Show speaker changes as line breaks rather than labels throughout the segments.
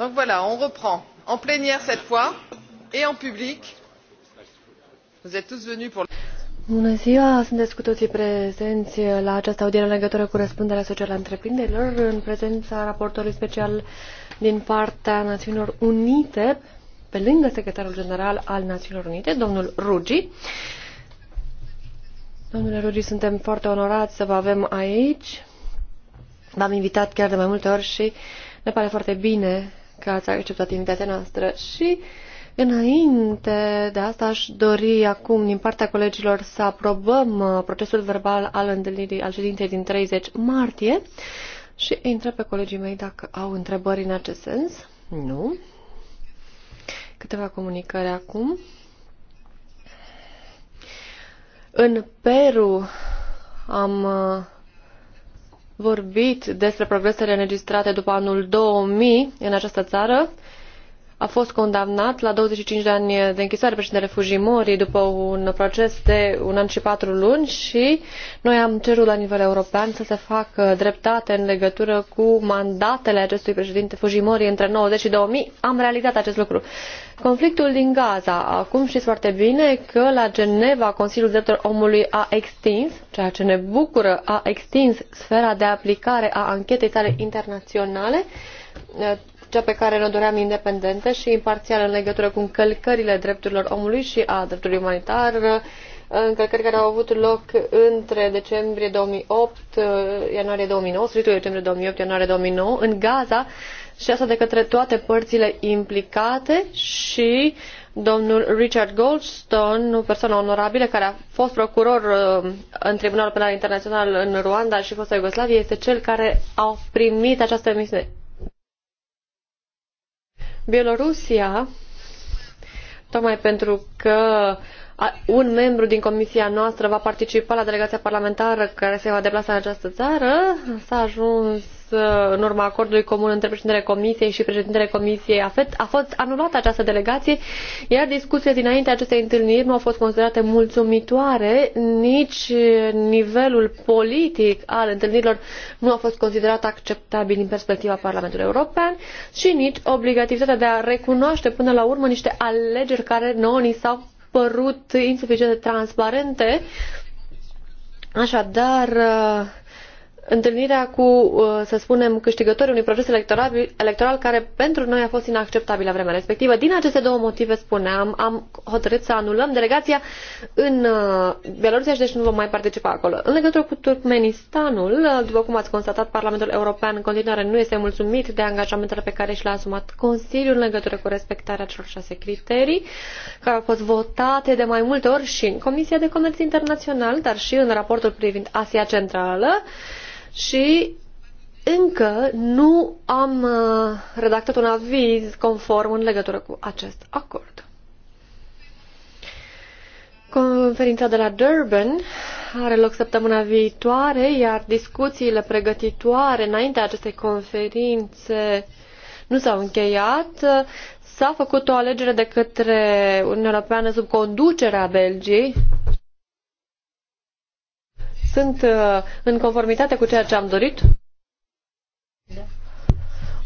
donc voilà on reprend en plénière cette fois et en public vous êtes tous venus pour Bună ziua! Sunteți cu toții prezenți la această audiere în legătură cu răspunderea socială a întreprinderilor, în prezența raportorului special din partea Națiunilor Unite, pe lângă secretarul general al Națiunilor Unite, domnul Rugi. Domnule Rugi, suntem foarte onorați să vă avem aici. V-am invitat chiar de mai multe ori și ne pare foarte bine că ați acceptat invitația noastră și înainte de asta aș dori acum din partea colegilor să aprobăm uh, procesul verbal al întâlnirii al ședinței din 30 martie și întreb pe colegii mei dacă au întrebări în acest sens. Nu. Câteva comunicări acum. În Peru am uh, vorbit despre progresele înregistrate după anul 2000 în această țară a fost condamnat la 25 de ani de închisoare președintele Fujimori după un proces de un an și patru luni și noi am cerut la nivel european să se facă dreptate în legătură cu mandatele acestui președinte Fujimori între 90 și 2000. Am realizat acest lucru. Conflictul din Gaza. Acum știți foarte bine că la Geneva Consiliul Drepturilor Omului a extins, ceea ce ne bucură, a extins sfera de aplicare a anchetei sale internaționale cea pe care ne doream independentă și imparțială în legătură cu încălcările drepturilor omului și a dreptului umanitar, uh, încălcări care au avut loc între decembrie 2008, uh, ianuarie 2009, sfârșitul decembrie 2008, ianuarie 2009, în Gaza și asta de către toate părțile implicate și domnul Richard Goldstone, o persoană onorabilă care a fost procuror uh, în Tribunalul Penal Internațional în Rwanda și fost Iugoslavie, este cel care a primit această misiune Bielorusia, tocmai pentru că un membru din comisia noastră va participa la delegația parlamentară care se va deplasa în această țară, s-a ajuns Uh, în urma acordului comun între președintele Comisiei și președintele Comisiei AFET, a fost anulată această delegație, iar discuțiile dinainte acestei întâlniri nu au fost considerate mulțumitoare, nici nivelul politic al întâlnirilor nu a fost considerat acceptabil din perspectiva Parlamentului European și nici obligativitatea de a recunoaște până la urmă niște alegeri care nouă ni s-au părut insuficient de transparente Așadar, uh, întâlnirea cu, uh, să spunem, câștigătorii unui proces electoral, electoral care pentru noi a fost inacceptabil la vremea respectivă. Din aceste două motive, spuneam, am hotărât să anulăm delegația în uh, Belarus și deci nu vom mai participa acolo. În legătură cu Turkmenistanul, uh, după cum ați constatat, Parlamentul European în continuare nu este mulțumit de angajamentele pe care și le-a asumat Consiliul în legătură cu respectarea celor șase criterii, care au fost votate de mai multe ori și în Comisia de Comerț Internațional, dar și în raportul privind Asia Centrală și încă nu am uh, redactat un aviz conform în legătură cu acest acord. Conferința de la Durban are loc săptămâna viitoare, iar discuțiile pregătitoare înaintea acestei conferințe nu s-au încheiat. S-a făcut o alegere de către Uniunea Europeană sub conducerea Belgiei sunt uh, în conformitate cu ceea ce am dorit?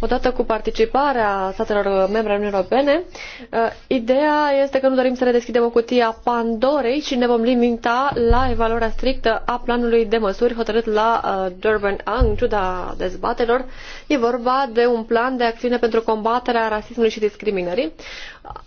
odată cu participarea statelor membre ale Uniunii Europene, uh, ideea este că nu dorim să redeschidem deschidem o cutie a Pandorei și ne vom limita la evaluarea strictă a planului de măsuri hotărât la uh, Durban A, în ciuda dezbaterilor. E vorba de un plan de acțiune pentru combaterea rasismului și discriminării.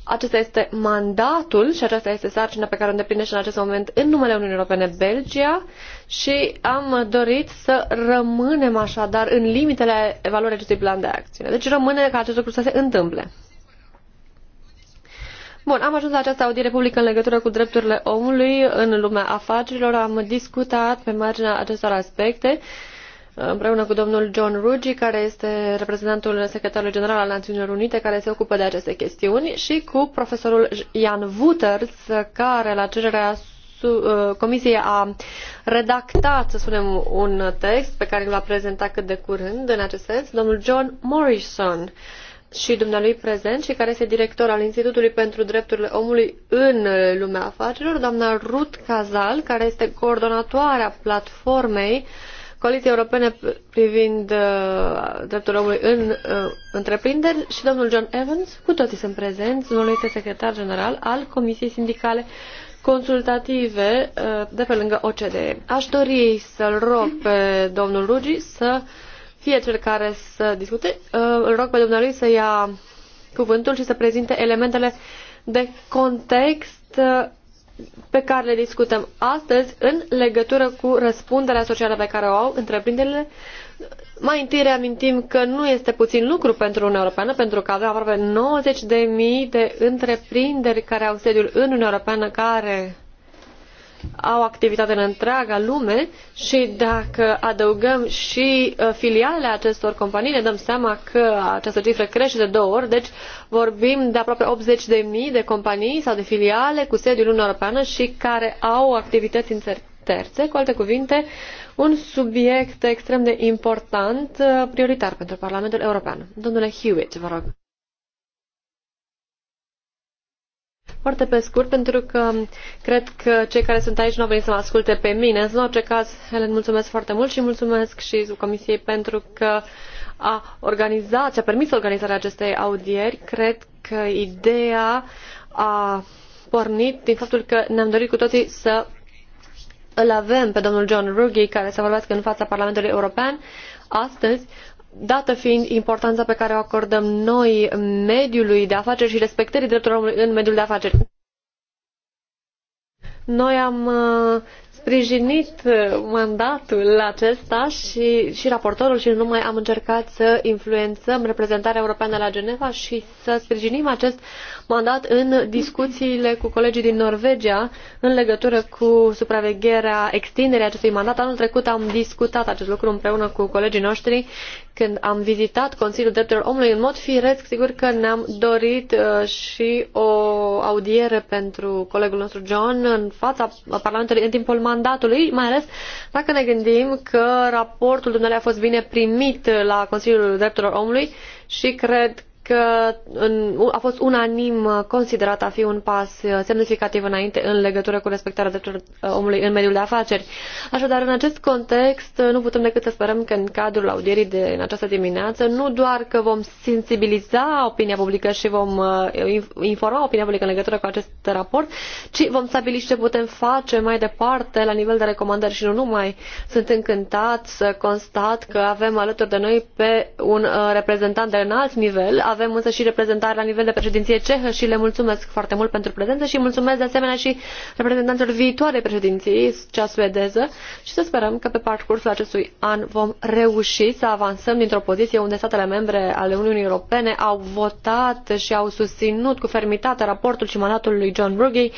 Acesta este mandatul și aceasta este sarcina pe care o îndeplinește în acest moment în numele Uniunii Europene Belgia și am dorit să rămânem așadar în limitele evaluării acestui plan de acțiune. Deci rămâne ca acest lucru să se întâmple. Bun, am ajuns la această audiere publică în legătură cu drepturile omului în lumea afacerilor. Am discutat pe marginea acestor aspecte împreună cu domnul John Ruggie, care este reprezentantul secretarului general al Națiunilor Unite, care se ocupă de aceste chestiuni, și cu profesorul Jan Wouters, care la cererea Uh, Comisiei a redactat, să spunem, un text pe care l-a prezentat cât de curând în acest sens, domnul John Morrison și dumnealui prezent și care este director al Institutului pentru Drepturile Omului în lumea afacerilor, doamna Ruth Cazal, care este coordonatoarea platformei Coaliției Europene privind uh, drepturile omului în uh, întreprinderi și domnul John Evans, cu toții sunt prezenți, domnul este secretar general al Comisiei Sindicale consultative uh, de pe lângă OCDE. Aș dori să-l rog pe domnul Rugi să fie cel care să discute. Uh, îl rog pe lui să ia cuvântul și să prezinte elementele de context uh, pe care le discutăm astăzi în legătură cu răspunderea socială pe care o au întreprinderile mai întâi reamintim că nu este puțin lucru pentru Uniunea Europeană, pentru că avem aproape 90 de mii de întreprinderi care au sediul în Uniunea Europeană, care au activitate în întreaga lume și dacă adăugăm și uh, filialele acestor companii, ne dăm seama că această cifră crește de două ori, deci vorbim de aproape 80 de mii de companii sau de filiale cu sediul în Uniunea Europeană și care au activități în țări terțe, cu alte cuvinte, un subiect extrem de important, uh, prioritar pentru Parlamentul European. Domnule Hewitt, vă rog. Foarte pe scurt, pentru că cred că cei care sunt aici nu au venit să mă asculte pe mine. În orice caz, Helen, mulțumesc foarte mult și mulțumesc și Comisiei pentru că a organizat, a permis organizarea acestei audieri. Cred că ideea a pornit din faptul că ne-am dorit cu toții să îl avem pe domnul John Ruggie care să vorbească în fața Parlamentului European astăzi, dată fiind importanța pe care o acordăm noi mediului de afaceri și respectării drepturilor omului în mediul de afaceri. Noi am uh, sprijinit uh, mandatul acesta și, și raportorul și numai am încercat să influențăm reprezentarea europeană la Geneva și să sprijinim acest mandat în discuțiile cu colegii din Norvegia în legătură cu supravegherea extinderii acestui mandat. Anul trecut am discutat acest lucru împreună cu colegii noștri când am vizitat Consiliul Drepturilor Omului. În mod firesc, sigur că ne-am dorit uh, și o audiere pentru colegul nostru John în fața Parlamentului în timpul mandatului, mai ales dacă ne gândim că raportul dumneavoastră a fost bine primit la Consiliul Drepturilor Omului și cred că a fost unanim uh, considerat a fi un pas uh, semnificativ înainte în legătură cu respectarea drepturilor uh, omului în mediul de afaceri. Așadar, în acest context, nu putem decât să sperăm că în cadrul audierii de în această dimineață, nu doar că vom sensibiliza opinia publică și vom informa opinia publică în legătură cu acest raport, ci vom stabili și ce putem face mai departe la nivel de recomandări și nu numai. Sunt încântat să constat că avem alături de noi pe un reprezentant de înalt nivel, avem însă și reprezentare la nivel de președinție cehă și le mulțumesc foarte mult pentru prezență și mulțumesc de asemenea și reprezentanților viitoarei președinției, cea suedeză, și să sperăm că pe parcursul acestui an vom reuși să avansăm dintr-o poziție unde statele membre ale Uniunii Europene au votat și au susținut cu fermitate raportul și mandatul lui John Ruggie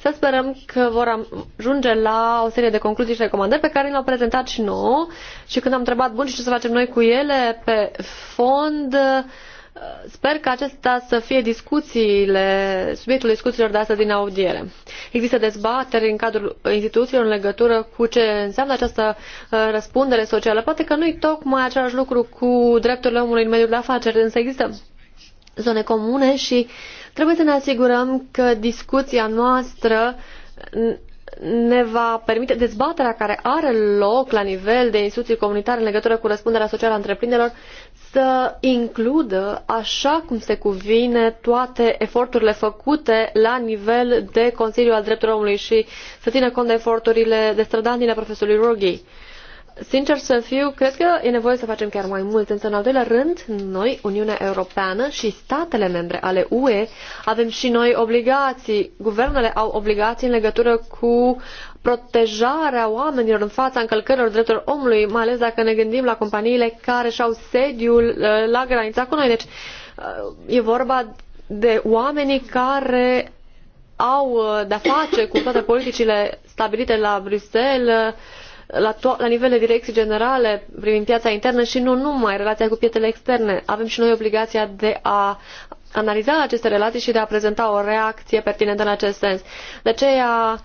să sperăm că vor ajunge la o serie de concluzii și recomandări pe care le-au prezentat și nouă și când am întrebat bun și ce să facem noi cu ele pe fond Uh, sper că acestea să fie discuțiile, subiectul discuțiilor de astăzi din audiere. Există dezbateri în cadrul instituțiilor în legătură cu ce înseamnă această uh, răspundere socială. Poate că nu-i tocmai același lucru cu drepturile omului în mediul de afaceri, însă există zone comune și trebuie să ne asigurăm că discuția noastră ne va permite dezbaterea care are loc la nivel de instituții comunitare în legătură cu răspunderea socială a întreprinderilor să includă, așa cum se cuvine, toate eforturile făcute la nivel de Consiliul al Drepturilor Omului și să țină cont de eforturile de strădanile profesorului Rogi. Sincer să fiu, cred că e nevoie să facem chiar mai mult, însă în al doilea rând, noi, Uniunea Europeană și statele membre ale UE, avem și noi obligații. Guvernele au obligații în legătură cu protejarea oamenilor în fața încălcărilor drepturilor omului, mai ales dacă ne gândim la companiile care și-au sediul uh, la granița cu noi. Deci uh, e vorba de oamenii care au uh, de-a face cu toate politicile stabilite la Bruxelles, la, to- la nivel de direcții generale privind piața internă și nu numai relația cu pietele externe. Avem și noi obligația de a analiza aceste relații și de a prezenta o reacție pertinentă în acest sens. De aceea,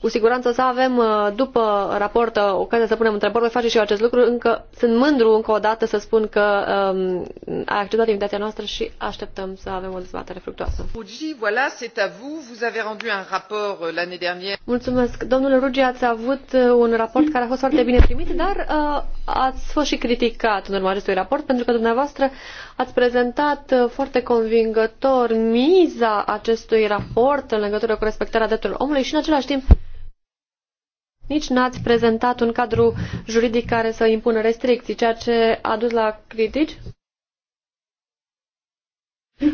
cu siguranță să avem uh, după raport uh, ocazia să punem întrebări, voi face și eu acest lucru. Încă sunt mândru încă o dată să spun că um, ai acceptat invitația noastră și așteptăm să avem o dezbatere fructuoasă. Rugi,
voilà, c'est à vous. Vous avez rendu un rapport euh, l'année dernière.
Mulțumesc. Domnule Rugi, ați avut uh, un raport care a fost foarte bine primit, dar uh, ați fost și criticat în urma acestui raport pentru că dumneavoastră Ați prezentat uh, foarte convingător miza acestui raport în legătură cu respectarea drepturilor omului și în același timp nici n-ați prezentat un cadru juridic care să impună restricții, ceea ce a dus la critici.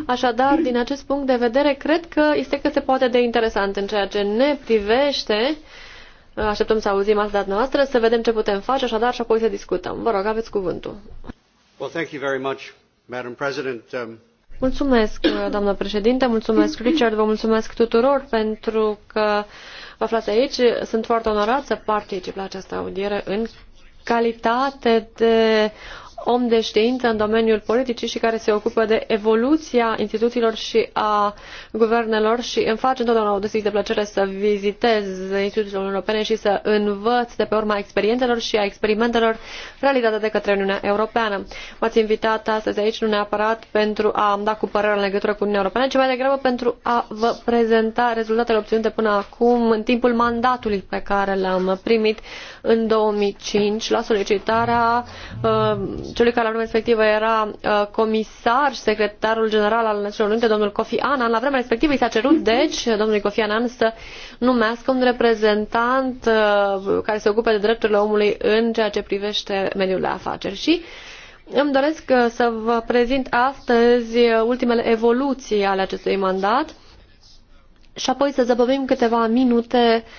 Așadar, din acest punct de vedere, cred că este că se poate de interesant în ceea ce ne privește. Așteptăm să auzim asta noastră, să vedem ce putem face, așadar, și apoi să discutăm. Vă rog, aveți cuvântul. Well, thank you very much Um, mulțumesc, uh, doamnă președinte, mulțumesc, Richard, vă mulțumesc tuturor pentru că vă aflați aici. Sunt foarte onorat să particip la această audiere în calitate de om de știință în domeniul politicii și care se ocupă de evoluția instituțiilor și a guvernelor și îmi face întotdeauna o de plăcere să vizitez instituțiile europene și să învăț de pe urma experiențelor și a experimentelor realizate de către Uniunea Europeană. M-ați invitat astăzi aici nu neapărat pentru a da cu părere în legătură cu Uniunea Europeană, ci mai degrabă pentru a vă prezenta rezultatele obținute până acum în timpul mandatului pe care l-am primit în 2005 la solicitarea uh, celui care la vremea respectivă era uh, comisar și secretarul general al Națiunilor Unite, domnul Kofi Annan. La vremea respectivă i s-a cerut, deci, domnului Kofi Annan să numească un reprezentant uh, care se ocupe de drepturile omului în ceea ce privește mediul de afaceri. Și îmi doresc uh, să vă prezint astăzi uh, ultimele evoluții ale acestui mandat și apoi să zăbăvim câteva minute uh,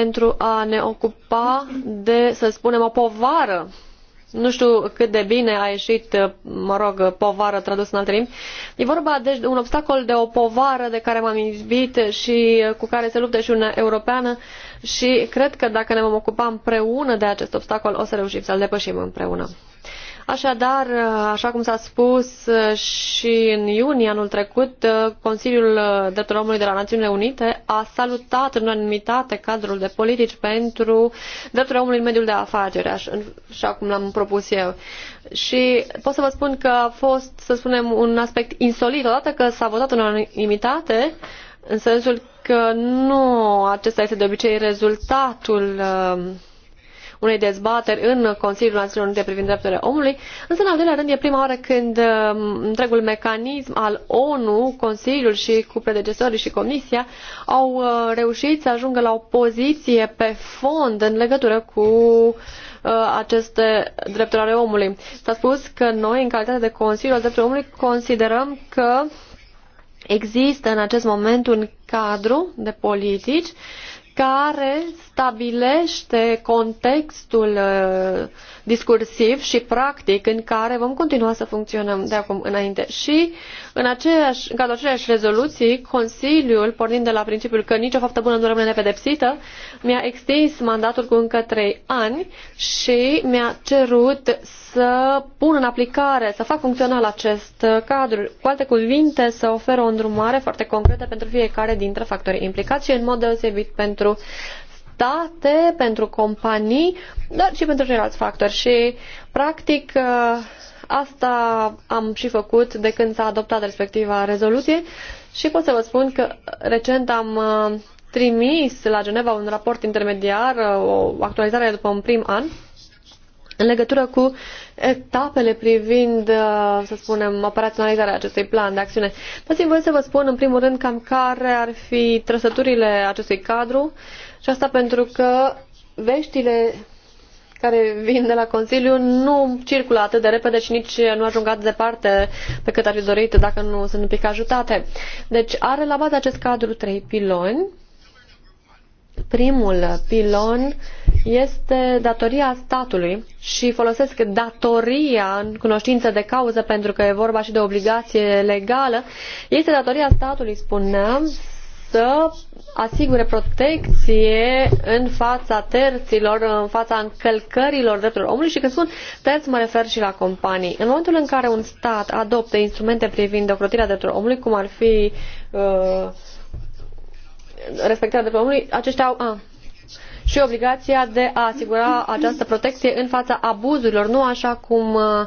pentru a ne ocupa de, să spunem, o povară. Nu știu cât de bine a ieșit, mă rog, povară tradus în alte limbi. E vorba deci de un obstacol, de o povară de care m-am izbit și cu care se luptă și una europeană și cred că dacă ne vom ocupa împreună de acest obstacol, o să reușim să-l depășim împreună. Așadar, așa cum s-a spus și în iunie anul trecut, Consiliul Drepturilor Omului de la Națiunile Unite a salutat în unanimitate cadrul de politici pentru drepturile omului în mediul de afaceri, așa cum l-am propus eu. Și pot să vă spun că a fost, să spunem, un aspect insolit, odată că s-a votat în unanimitate, în sensul că nu acesta este de obicei rezultatul uh, unei dezbateri în Consiliul Națiunilor Unite privind drepturile omului, însă în al doilea rând e prima oară când um, întregul mecanism al ONU, Consiliul și cu predecesorii și Comisia au uh, reușit să ajungă la o poziție pe fond în legătură cu uh, aceste drepturi ale omului. S-a spus că noi, în calitate de Consiliul Drepturilor Omului, considerăm că există în acest moment un cadru de politici care stabilește contextul uh, discursiv și practic în care vom continua să funcționăm de acum înainte. Și în, în cadrul aceleași rezoluții, Consiliul, pornind de la principiul că nicio faptă bună nu rămâne nepedepsită, mi-a extins mandatul cu încă trei ani și mi-a cerut să pun în aplicare, să fac funcțional acest cadru. Cu alte cuvinte, să ofer o îndrumare foarte concretă pentru fiecare dintre factorii implicați și în mod deosebit pentru state, pentru companii, dar și pentru ceilalți factori. Și, practic, Asta am și făcut de când s-a adoptat respectiva rezoluție și pot să vă spun că recent am uh, trimis la Geneva un raport intermediar, uh, o actualizare după un prim an, în legătură cu etapele privind, uh, să spunem, operaționalizarea acestui plan de acțiune. Dați-mi să vă spun, în primul rând, cam care ar fi trăsăturile acestui cadru și asta pentru că veștile care vin de la Consiliu nu circulă atât de repede și nici nu ajung atât de departe pe cât ar fi dorit dacă nu sunt un pic ajutate. Deci are la bază acest cadru trei piloni. Primul pilon este datoria statului și folosesc datoria în cunoștință de cauză pentru că e vorba și de obligație legală. Este datoria statului, spuneam, să asigure protecție în fața terților, în fața încălcărilor drepturilor omului și când sunt terți mă refer și la companii. În momentul în care un stat adopte instrumente privind ocrotirea drepturilor omului, cum ar fi uh, respectarea drepturilor omului, aceștia au... Uh, și obligația de a asigura această protecție în fața abuzurilor, nu așa cum uh,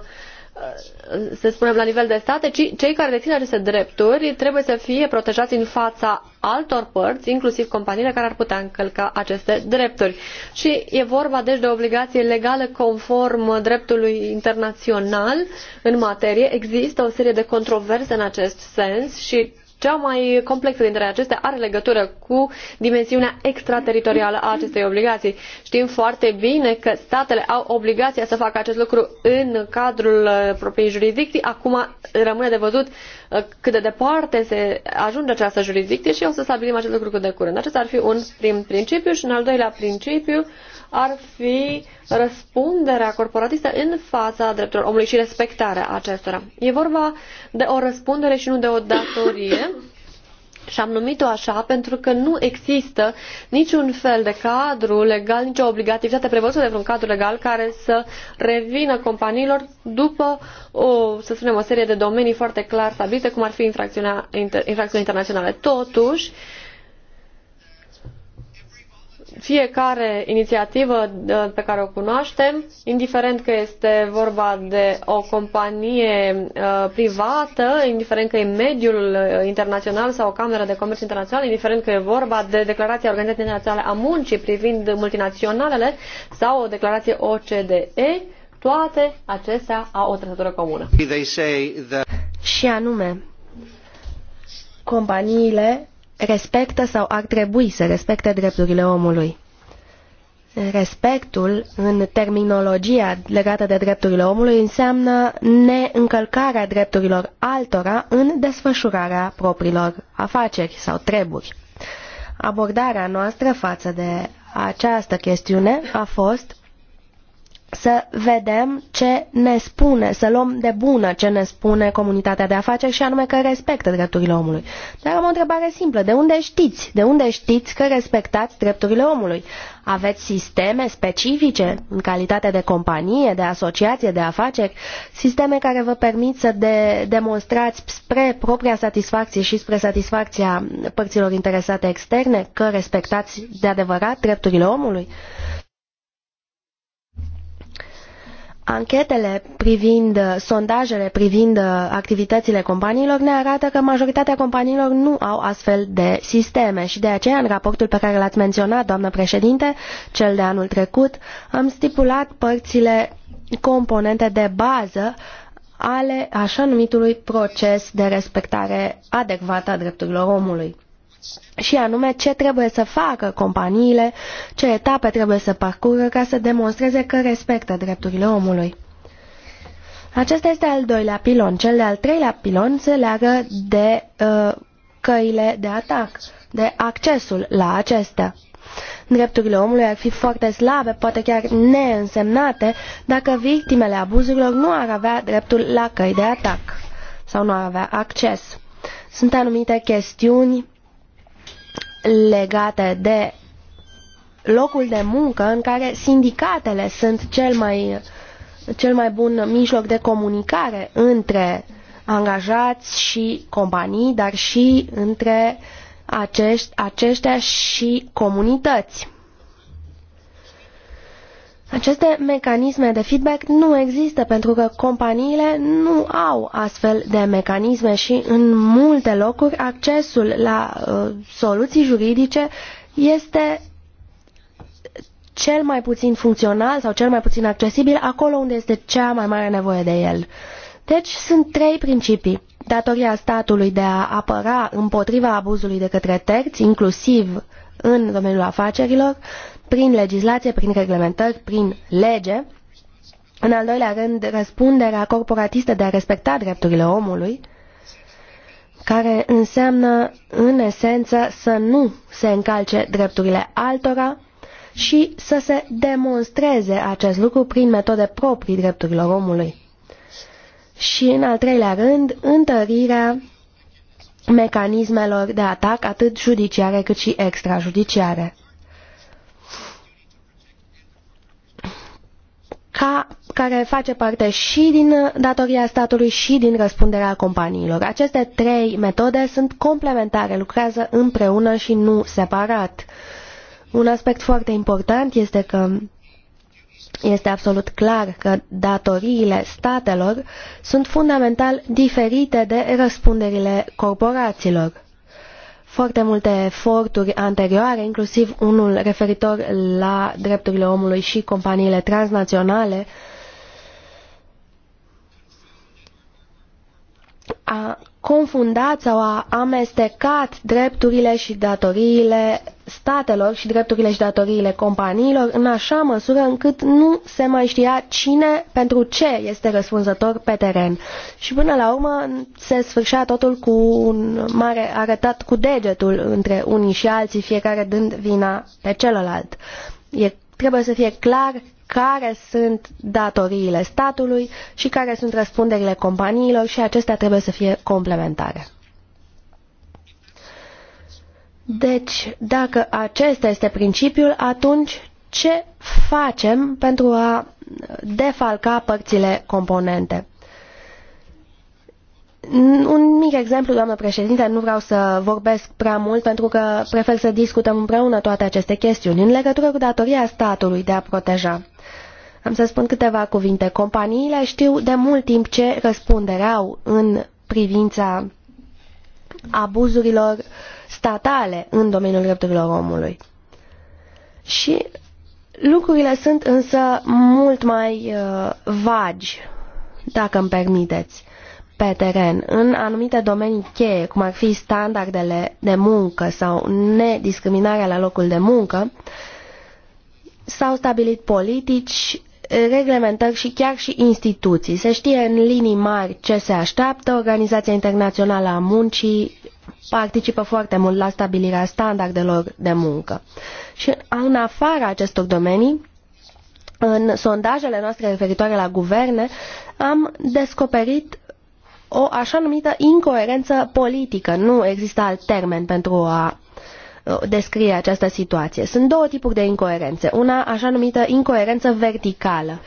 să spunem, la nivel de state, ci cei care dețin aceste drepturi trebuie să fie protejați în fața altor părți, inclusiv companiile care ar putea încălca aceste drepturi. Și e vorba deci de o obligație legală conform dreptului internațional în materie. Există o serie de controverse în acest sens și cea mai complexă dintre acestea are legătură cu dimensiunea extrateritorială a acestei obligații. Știm foarte bine că statele au obligația să facă acest lucru în cadrul propriei jurisdicții. Acum rămâne de văzut Uh, cât de departe se ajunge această jurisdicție și o să stabilim acest lucru cât de curând. Acesta ar fi un prim principiu și un al doilea principiu ar fi răspunderea corporatistă în fața drepturilor omului și respectarea acestora. E vorba de o răspundere și nu de o datorie și am numit-o așa pentru că nu există niciun fel de cadru legal, nicio obligativitate prevăzută de vreun cadru legal care să revină companiilor după o, să spunem, o serie de domenii foarte clar stabilite, cum ar fi infracțiunea, infracțiunea internaționale. Totuși, uh, fiecare inițiativă uh, pe care o cunoaștem, indiferent că este vorba de o companie uh, privată, indiferent că e mediul uh, internațional sau o cameră de comerț internațional, indiferent că e vorba de declarația Organizației Internaționale a Muncii privind multinaționalele sau o declarație OCDE, toate acestea au o trăsătură comună.
Și anume, companiile respectă sau ar trebui să respecte drepturile omului. Respectul în terminologia legată de drepturile omului înseamnă neîncălcarea drepturilor altora în desfășurarea propriilor afaceri sau treburi. Abordarea noastră față de această chestiune a fost să vedem ce ne spune, să luăm de bună ce ne spune comunitatea de afaceri și anume că respectă drepturile omului. Dar am o întrebare simplă. De unde știți? De unde știți că respectați drepturile omului? Aveți sisteme specifice în calitate de companie, de asociație, de afaceri? Sisteme care vă permit să de demonstrați spre propria satisfacție și spre satisfacția părților interesate externe că respectați de adevărat drepturile omului? Anchetele privind, sondajele privind activitățile companiilor ne arată că majoritatea companiilor nu au astfel de sisteme și de aceea în raportul pe care l-ați menționat, doamnă președinte, cel de anul trecut, am stipulat părțile componente de bază ale așa numitului proces de respectare adecvată a drepturilor omului și anume ce trebuie să facă companiile, ce etape trebuie să parcurgă ca să demonstreze că respectă drepturile omului. Acesta este al doilea pilon. Cel de-al treilea pilon se leagă de uh, căile de atac, de accesul la acestea. Drepturile omului ar fi foarte slabe, poate chiar neînsemnate, dacă victimele abuzurilor nu ar avea dreptul la căi de atac sau nu ar avea acces. Sunt anumite chestiuni legate de locul de muncă în care sindicatele sunt cel mai, cel mai bun mijloc de comunicare între angajați și companii, dar și între acești, aceștia și comunități. Aceste mecanisme de feedback nu există pentru că companiile nu au astfel de mecanisme și în multe locuri accesul la uh, soluții juridice este cel mai puțin funcțional sau cel mai puțin accesibil acolo unde este cea mai mare nevoie de el. Deci sunt trei principii. Datoria statului de a apăra împotriva abuzului de către terți, inclusiv în domeniul afacerilor, prin legislație, prin reglementări, prin lege. În al doilea rând, răspunderea corporatistă de a respecta drepturile omului, care înseamnă, în esență, să nu se încalce drepturile altora și să se demonstreze acest lucru prin metode proprii drepturilor omului. Și, în al treilea rând, întărirea mecanismelor de atac, atât judiciare cât și extrajudiciare. ca, care face parte și din datoria statului și din răspunderea companiilor. Aceste trei metode sunt complementare, lucrează împreună și nu separat. Un aspect foarte important este că este absolut clar că datoriile statelor sunt fundamental diferite de răspunderile corporațiilor foarte multe eforturi anterioare, inclusiv unul referitor la drepturile omului și companiile transnaționale, a confundat sau a amestecat drepturile și datoriile statelor și drepturile și datoriile companiilor în așa măsură încât nu se mai știa cine pentru ce este răspunzător pe teren. Și până la urmă se sfârșea totul cu un mare arătat cu degetul între unii și alții, fiecare dând vina pe celălalt. E, trebuie să fie clar care sunt datoriile statului și care sunt răspunderile companiilor și acestea trebuie să fie complementare. Deci, dacă acesta este principiul, atunci ce facem pentru a defalca părțile componente? Un mic exemplu, doamnă președinte, nu vreau să vorbesc prea mult pentru că prefer să discutăm împreună toate aceste chestiuni în legătură cu datoria statului de a proteja. Am să spun câteva cuvinte. Companiile știu de mult timp ce răspundere au în privința abuzurilor uh, statale în domeniul drepturilor omului. Și lucrurile sunt însă mult mai uh, vagi, dacă îmi permiteți, pe teren, în anumite domenii cheie, cum ar fi standardele de muncă sau nediscriminarea la locul de muncă, s-au stabilit politici, reglementări și chiar și instituții. Se știe în linii mari ce se așteaptă, Organizația Internațională a Muncii participă foarte mult la stabilirea standardelor de muncă. Și în afara acestor domenii, în sondajele noastre referitoare la guverne, am descoperit o așa numită incoerență politică. Nu există alt termen pentru a descrie această situație. Sunt două tipuri de incoerențe. Una așa numită incoerență verticală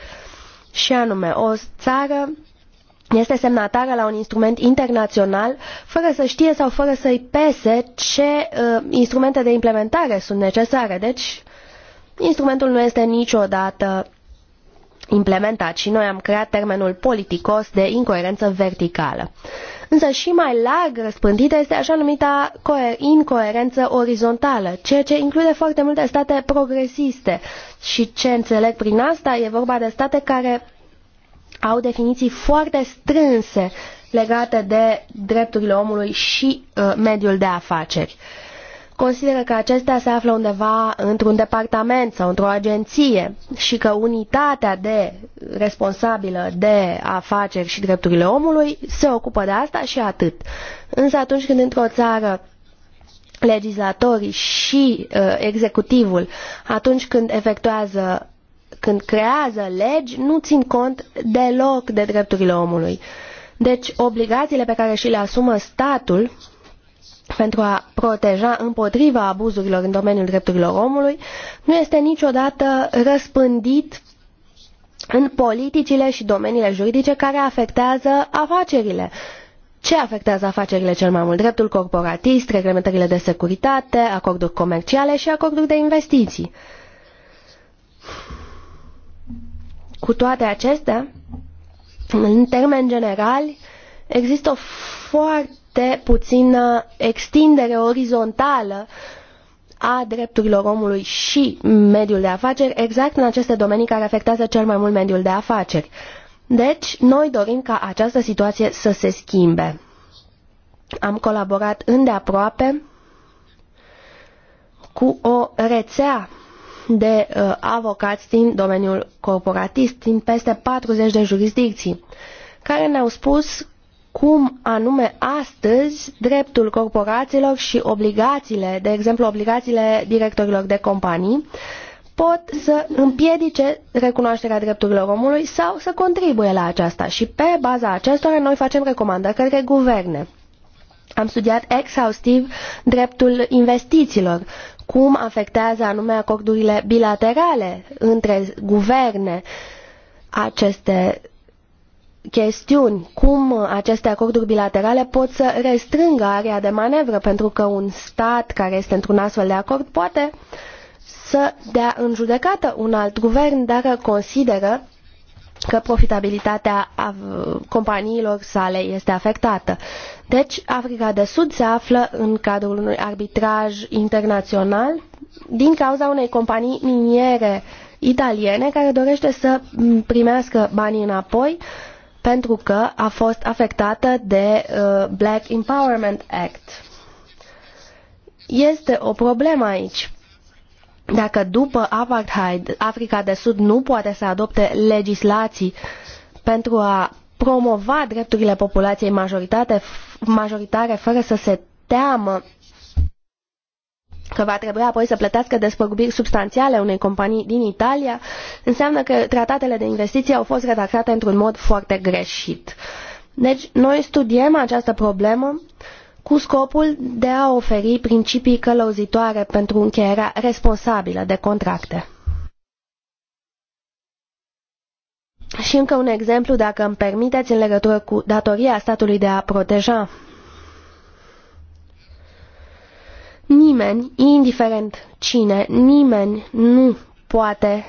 și anume o țară este semnatară la un instrument internațional fără să știe sau fără să-i pese ce uh, instrumente de implementare sunt necesare. Deci, instrumentul nu este niciodată implementat și noi am creat termenul politicos de incoerență verticală. Însă și mai larg răspândită este așa numita incoerență orizontală, ceea ce include foarte multe state progresiste și ce înțeleg prin asta e vorba de state care au definiții foarte strânse legate de drepturile omului și uh, mediul de afaceri. Consideră că acestea se află undeva într-un departament sau într-o agenție și că unitatea de responsabilă de afaceri și drepturile omului se ocupă de asta și atât. Însă atunci când într-o țară legislatorii și uh, executivul, atunci când efectuează când creează legi, nu țin cont deloc de drepturile omului. Deci, obligațiile pe care și le asumă statul pentru a proteja împotriva abuzurilor în domeniul drepturilor omului nu este niciodată răspândit în politicile și domeniile juridice care afectează afacerile. Ce afectează afacerile cel mai mult? Dreptul corporatist, reglementările de securitate, acorduri comerciale și acorduri de investiții. Cu toate acestea, în termeni generali, există o foarte puțină extindere orizontală a drepturilor omului și mediul de afaceri, exact în aceste domenii care afectează cel mai mult mediul de afaceri. Deci, noi dorim ca această situație să se schimbe. Am colaborat îndeaproape cu o rețea de uh, avocați din domeniul corporatist, din peste 40 de jurisdicții, care ne-au spus cum anume astăzi dreptul corporațiilor și obligațiile, de exemplu obligațiile directorilor de companii, pot să împiedice recunoașterea drepturilor omului sau să contribuie la aceasta și pe baza acestora noi facem recomandări către guverne. Am studiat exhaustiv dreptul investițiilor, cum afectează anume acordurile bilaterale între guverne aceste chestiuni, cum aceste acorduri bilaterale pot să restrângă area de manevră, pentru că un stat care este într-un astfel de acord poate să dea în judecată un alt guvern dacă consideră că profitabilitatea companiilor sale este afectată. Deci, Africa de Sud se află în cadrul unui arbitraj internațional din cauza unei companii miniere italiene care dorește să primească banii înapoi pentru că a fost afectată de uh, Black Empowerment Act. Este o problemă aici dacă după apartheid Africa de Sud nu poate să adopte legislații pentru a promova drepturile populației majoritate, majoritare fără să se teamă că va trebui apoi să plătească despăgubiri substanțiale unei companii din Italia, înseamnă că tratatele de investiții au fost redactate într-un mod foarte greșit. Deci, noi studiem această problemă cu scopul de a oferi principii călăuzitoare pentru încheierea responsabilă de contracte. Și încă un exemplu, dacă îmi permiteți, în legătură cu datoria statului de a proteja. Nimeni, indiferent cine, nimeni nu poate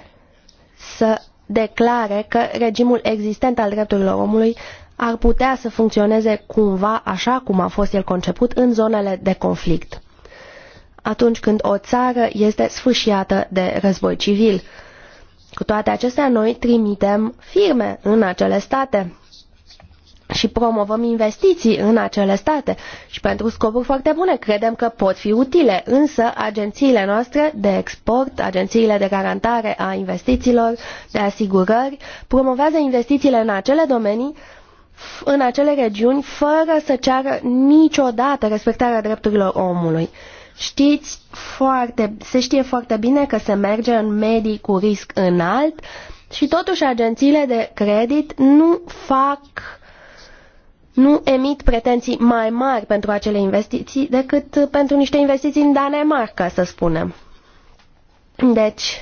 să declare că regimul existent al drepturilor omului ar putea să funcționeze cumva așa cum a fost el conceput în zonele de conflict. Atunci când o țară este sfâșiată de război civil. Cu toate acestea, noi trimitem firme în acele state și promovăm investiții în acele state și pentru scopuri foarte bune credem că pot fi utile, însă agențiile noastre de export, agențiile de garantare a investițiilor, de asigurări, promovează investițiile în acele domenii în acele regiuni fără să ceară niciodată respectarea drepturilor omului. Știți foarte, se știe foarte bine că se merge în medii cu risc înalt și totuși agențiile de credit nu fac nu emit pretenții mai mari pentru acele investiții decât pentru niște investiții în Danemarca, să spunem. Deci,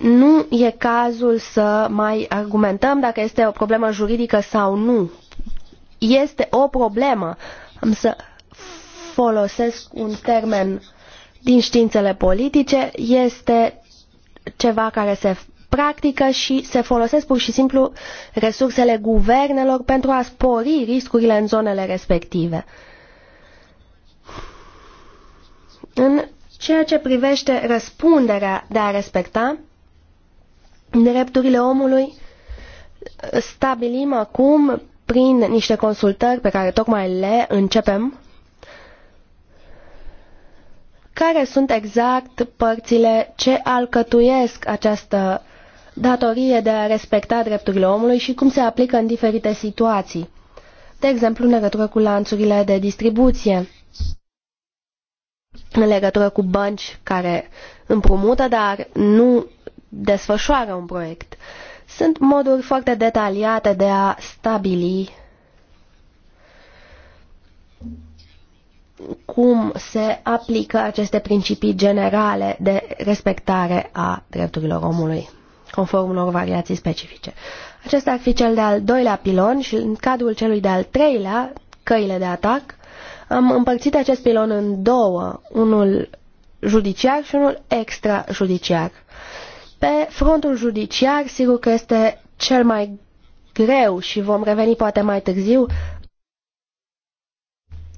nu e cazul să mai argumentăm dacă este o problemă juridică sau nu. Este o problemă. Am să folosesc un termen din științele politice. Este ceva care se practică și se folosesc pur și simplu resursele guvernelor pentru a spori riscurile în zonele respective. În ceea ce privește răspunderea de a respecta, drepturile omului, stabilim acum, prin niște consultări pe care tocmai le începem, care sunt exact părțile ce alcătuiesc această datorie de a respecta drepturile omului și cum se aplică în diferite situații. De exemplu, în legătură cu lanțurile de distribuție, în legătură cu bănci care împrumută, dar nu desfășoară un proiect. Sunt moduri foarte detaliate de a stabili cum se aplică aceste principii generale de respectare a drepturilor omului, conform unor variații specifice. Acesta ar fi cel de-al doilea pilon și în cadrul celui de-al treilea, căile de atac, am împărțit acest pilon în două, unul judiciar și unul extrajudiciar. Pe frontul judiciar, sigur că este cel mai greu și vom reveni poate mai târziu.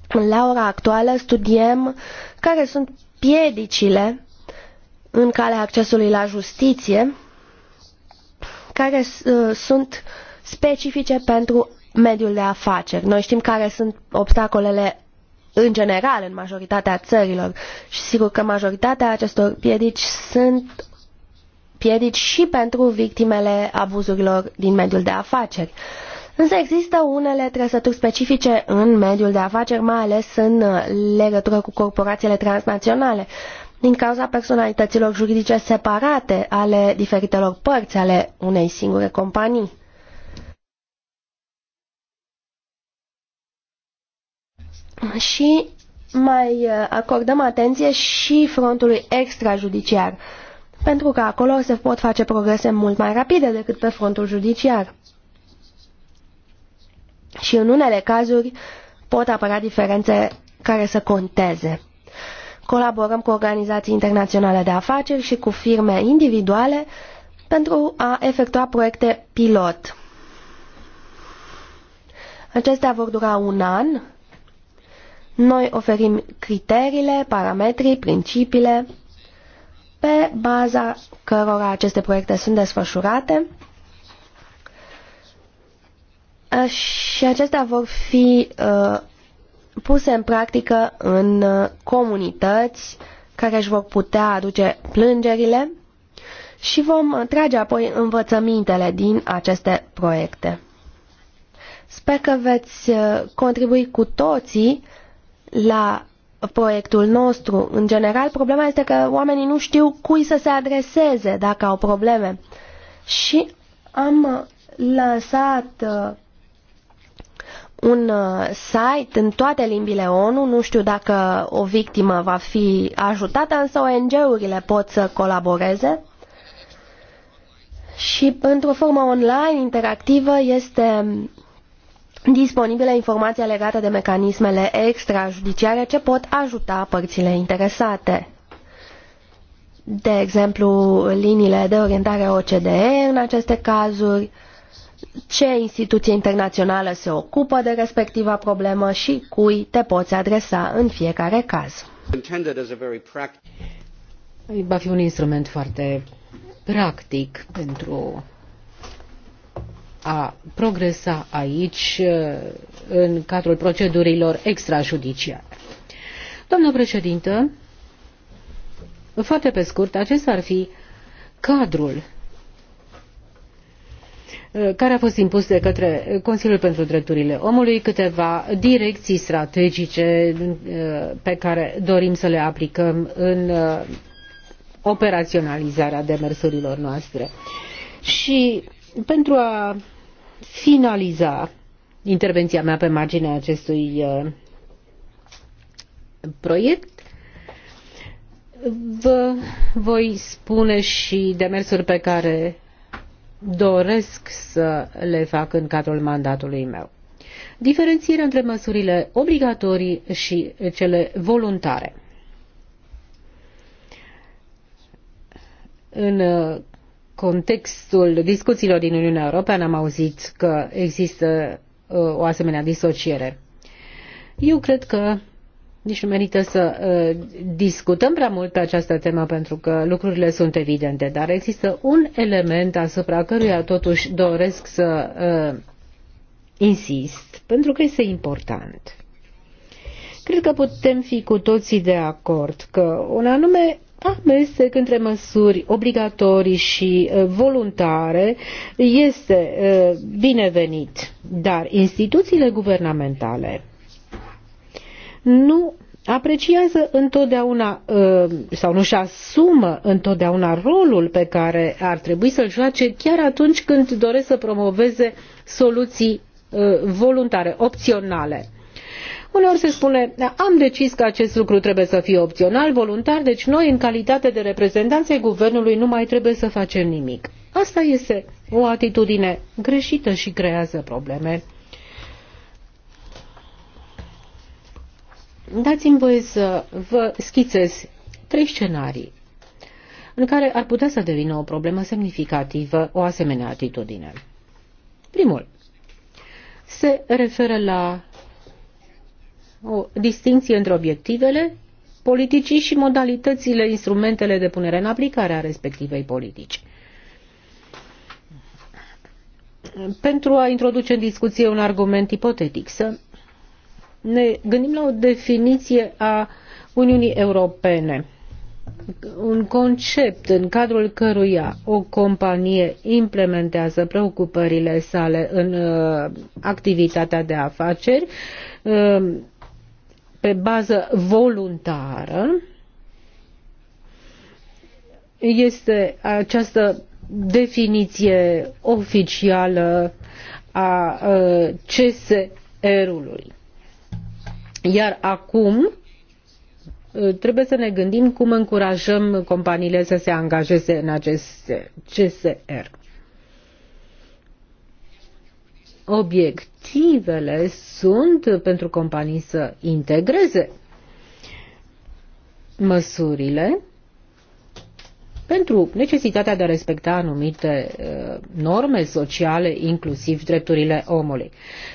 La ora actuală studiem care sunt piedicile în calea accesului la justiție, care uh, sunt specifice pentru mediul de afaceri. Noi știm care sunt obstacolele în general în majoritatea țărilor și sigur că majoritatea acestor piedici sunt piedici și pentru victimele abuzurilor din mediul de afaceri. Însă există unele trăsături specifice în mediul de afaceri, mai ales în uh, legătură cu corporațiile transnaționale, din cauza personalităților juridice separate ale diferitelor părți ale unei singure companii. Și mai uh, acordăm atenție și frontului extrajudiciar pentru că acolo se pot face progrese mult mai rapide decât pe frontul judiciar. Și în unele cazuri pot apărea diferențe care să conteze. Colaborăm cu organizații internaționale de afaceri și cu firme individuale pentru a efectua proiecte pilot. Acestea vor dura un an. Noi oferim criteriile, parametrii, principiile pe baza cărora aceste proiecte sunt desfășurate și acestea vor fi uh, puse în practică în uh, comunități care își vor putea aduce plângerile și vom trage apoi învățămintele din aceste proiecte. Sper că veți uh, contribui cu toții la proiectul nostru. În general, problema este că oamenii nu știu cui să se adreseze dacă au probleme. Și am uh, lansat uh, un uh, site în toate limbile ONU, nu știu dacă o victimă va fi ajutată, însă ONG-urile pot să colaboreze. Și într-o formă online, interactivă, este disponibile informația legată de mecanismele extrajudiciare ce pot ajuta părțile interesate. De exemplu, liniile de orientare OCDE în aceste cazuri, ce instituție internațională se ocupă de respectiva problemă și cui te poți adresa în fiecare caz. Va fi un instrument foarte practic
pentru a progresa aici uh, în cadrul procedurilor extrajudiciare. Doamnă președintă, foarte pe scurt, acesta ar fi cadrul uh, care a fost impus de către Consiliul pentru Drepturile Omului câteva direcții strategice uh, pe care dorim să le aplicăm în operaționalizarea demersurilor noastre. Și pentru a finaliza intervenția mea pe marginea acestui uh, proiect, vă voi spune și demersuri pe care doresc să le fac în cadrul mandatului meu. Diferențierea între măsurile obligatorii și cele voluntare. În uh, contextul discuțiilor din Uniunea Europeană am auzit că există uh, o asemenea disociere. Eu cred că nici nu merită să uh, discutăm prea mult pe această temă pentru că lucrurile sunt evidente, dar există un element asupra căruia totuși doresc să uh, insist, pentru că este important. Cred că putem fi cu toții de acord că un anume amestec între măsuri obligatorii și uh, voluntare este uh, binevenit, dar instituțiile guvernamentale nu apreciază întotdeauna uh, sau nu-și asumă întotdeauna rolul pe care ar trebui să-l joace chiar atunci când doresc să promoveze soluții voluntare, opționale. Uneori se spune, da, am decis că acest lucru trebuie să fie opțional, voluntar, deci noi, în calitate de reprezentanți ai guvernului, nu mai trebuie să facem nimic. Asta este o atitudine greșită și creează probleme. Dați-mi voie să vă schițez trei scenarii în care ar putea să devină o problemă semnificativă o asemenea atitudine. Primul se referă la o distinție între obiectivele politicii și modalitățile, instrumentele de punere în aplicare a respectivei politici. Pentru a introduce în discuție un argument ipotetic, să ne gândim la o definiție a Uniunii Europene, un concept în cadrul căruia o companie implementează preocupările sale în uh, activitatea de afaceri, uh, pe bază voluntară. Este această definiție oficială a CSR-ului. Iar acum trebuie să ne gândim cum încurajăm companiile să se angajeze în acest CSR. obiectivele sunt pentru companii să integreze măsurile pentru necesitatea de a respecta anumite uh, norme sociale, inclusiv drepturile omului.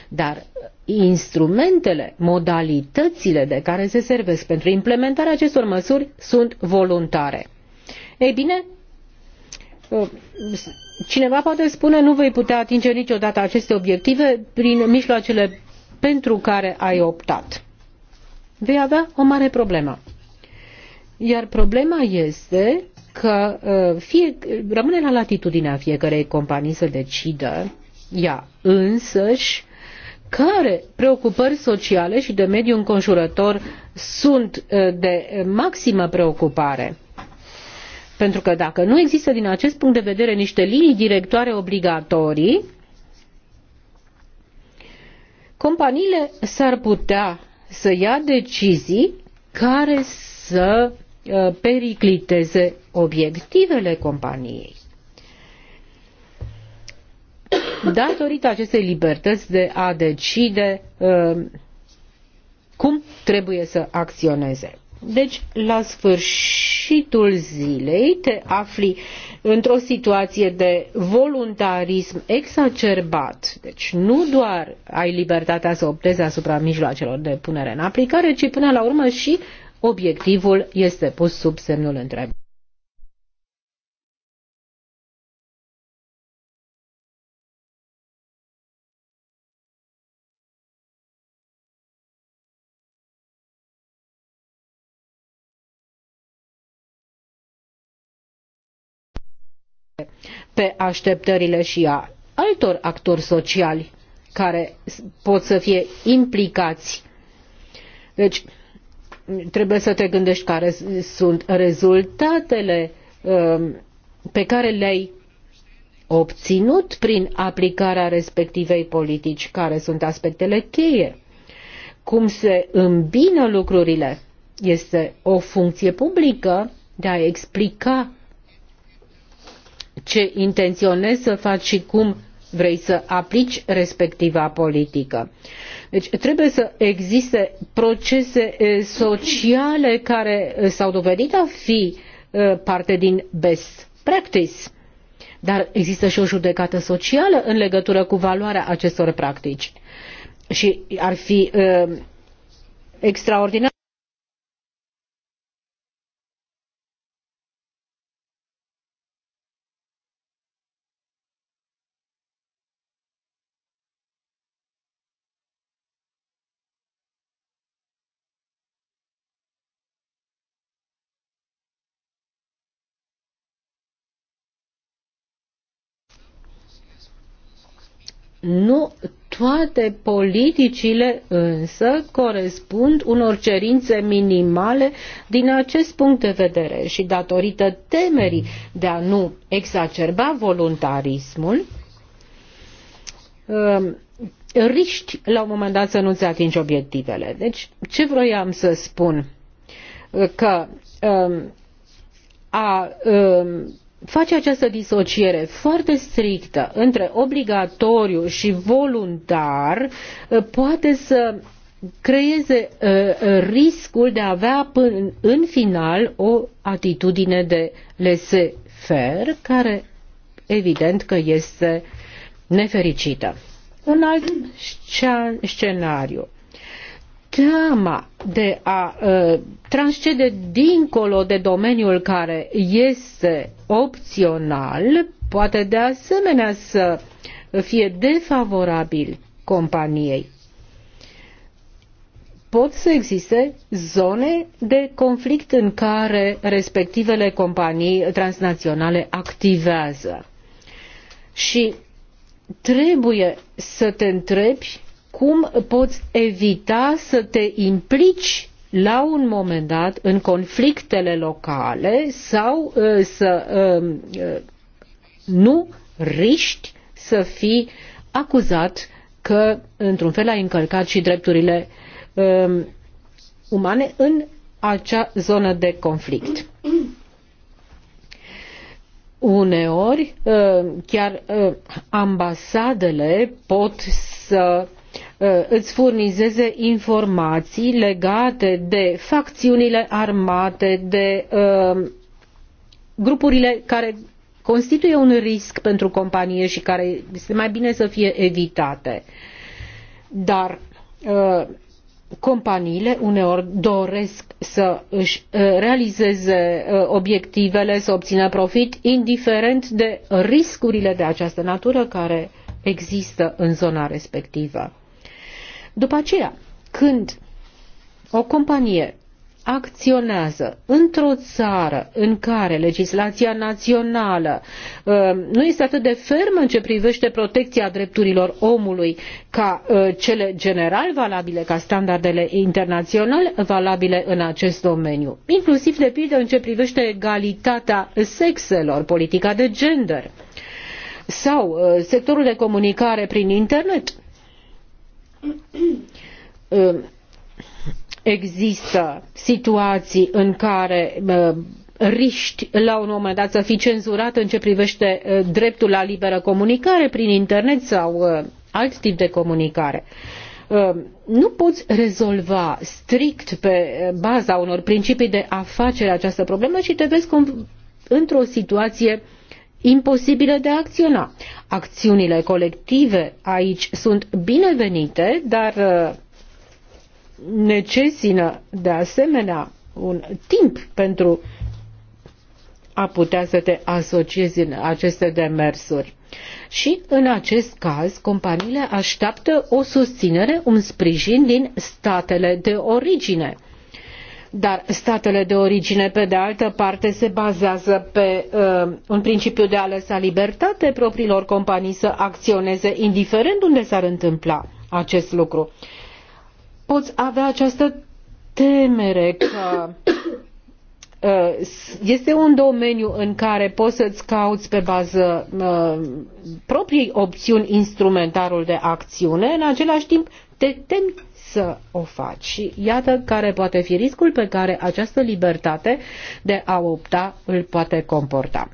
Dar instrumentele, modalitățile de care se servesc pentru implementarea acestor măsuri sunt voluntare. Ei bine, Uh, cineva poate spune nu vei putea atinge niciodată aceste obiective prin mijloacele pentru care ai optat. Vei avea o mare problemă. Iar problema este că uh, fie, rămâne la latitudinea fiecarei companii să decidă ea însăși care preocupări sociale și de mediu înconjurător sunt uh, de maximă preocupare. Pentru că dacă nu există din acest punct de vedere niște linii directoare obligatorii, companiile s-ar putea să ia decizii care să uh, pericliteze obiectivele companiei. Datorită acestei libertăți de a decide uh, cum trebuie să acționeze. Deci, la sfârșitul zilei te afli într-o situație de voluntarism exacerbat. Deci nu doar ai libertatea să optezi asupra mijloacelor de punere în aplicare, ci până la urmă și obiectivul este pus sub semnul întrebării. pe așteptările și a altor actori sociali care pot să fie implicați. Deci, trebuie să te gândești care sunt rezultatele um, pe care le-ai obținut prin aplicarea respectivei politici, care sunt aspectele cheie, cum se îmbină lucrurile. Este o funcție publică de a explica ce intenționezi să faci și cum vrei să aplici respectiva politică. Deci trebuie să existe procese sociale care s-au dovedit a fi parte din best practice. Dar există și o judecată socială în legătură cu valoarea acestor practici. Și ar fi extraordinar Nu toate politicile însă corespund unor cerințe minimale din acest punct de vedere și datorită temerii de a nu exacerba voluntarismul, um, riști la un moment dat să nu-ți atingi obiectivele. Deci, ce vroiam să spun? Că um, a um, face această disociere foarte strictă între obligatoriu și voluntar uh, poate să creeze uh, uh, riscul de a avea până în final o atitudine de laissez-faire care evident că este nefericită. Un alt scenariu teama de a uh, transcede dincolo de domeniul care este opțional poate de asemenea să fie defavorabil companiei. Pot să existe zone de conflict în care respectivele companii transnaționale activează. Și trebuie să te întrebi cum poți evita să te implici la un moment dat în conflictele locale sau uh, să um, uh, nu riști să fii acuzat că într-un fel ai încălcat și drepturile um, umane în acea zonă de conflict. Uneori, uh, chiar ambasadele pot să Uh, îți furnizeze informații legate de facțiunile armate, de uh, grupurile care constituie un risc pentru companie și care este mai bine să fie evitate. Dar uh, companiile uneori doresc să își realizeze obiectivele, să obțină profit, indiferent de riscurile de această natură care există în zona respectivă. După aceea, când o companie acționează într-o țară în care legislația națională ă, nu este atât de fermă în ce privește protecția drepturilor omului ca ă, cele general valabile, ca standardele internaționale valabile în acest domeniu, inclusiv de pildă în ce privește egalitatea sexelor, politica de gender sau ă, sectorul de comunicare prin internet există situații în care riști la un moment dat să fii cenzurat în ce privește ă, dreptul la liberă comunicare prin internet sau ă, alt tip de comunicare. Ă, nu poți rezolva strict pe baza unor principii de afacere această problemă și te vezi într-o situație uh, imposibile de a acționa. Acțiunile colective aici sunt binevenite, dar uh, necesită de asemenea un timp pentru a putea să te asociezi în aceste demersuri. Și în acest caz, companiile așteaptă o susținere, un sprijin din statele de origine. Dar statele de origine, pe de altă parte, se bazează pe uh, un principiu de a lăsa libertate propriilor companii să acționeze, indiferent unde s-ar întâmpla acest lucru. Poți avea această temere că uh, este un domeniu în care poți să-ți cauți pe bază uh, propriei opțiuni instrumentarul de acțiune, în același timp te temi să o faci. Și iată care poate fi riscul pe care această libertate de a opta îl poate comporta.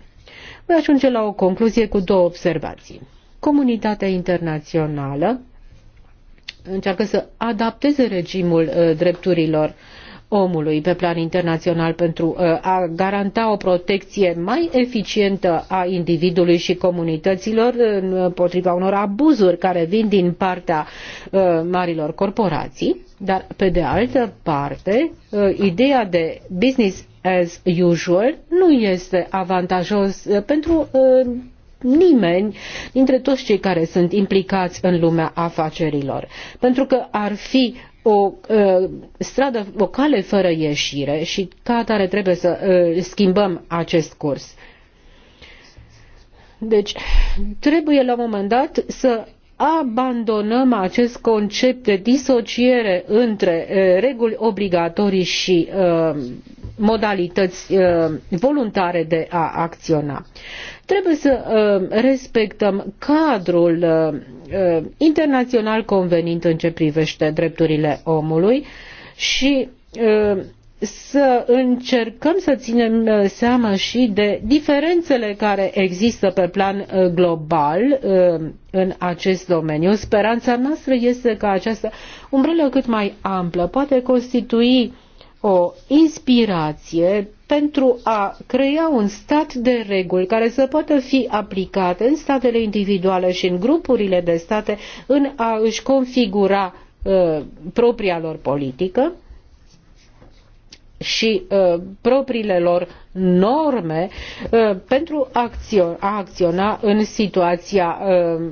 Voi ajunge la o concluzie cu două observații. Comunitatea internațională încearcă să adapteze regimul uh, drepturilor omului pe plan internațional pentru uh, a garanta o protecție mai eficientă a individului și comunităților uh, împotriva unor abuzuri care vin din partea uh, marilor corporații, dar pe de altă parte, ideea de business as usual nu este avantajos pentru nimeni dintre toți cei care sunt implicați în lumea afacerilor, pentru că ar fi o uh, stradă, o cale fără ieșire și ca atare trebuie să uh, schimbăm acest curs. Deci, trebuie la un moment dat să abandonăm acest concept de disociere între uh, reguli obligatorii și uh, modalități uh, voluntare de a acționa. Trebuie să uh, respectăm cadrul uh, uh, internațional convenit în ce privește drepturile omului și să încercăm să ținem seama și de diferențele care există pe plan global în acest domeniu. Speranța noastră este ca această umbrelă cât mai amplă poate constitui o inspirație pentru a crea un stat de reguli care să poată fi aplicat în statele individuale și în grupurile de state în a își configura uh, propria lor politică și uh, propriile lor norme uh, pentru acțio a acționa în situația uh,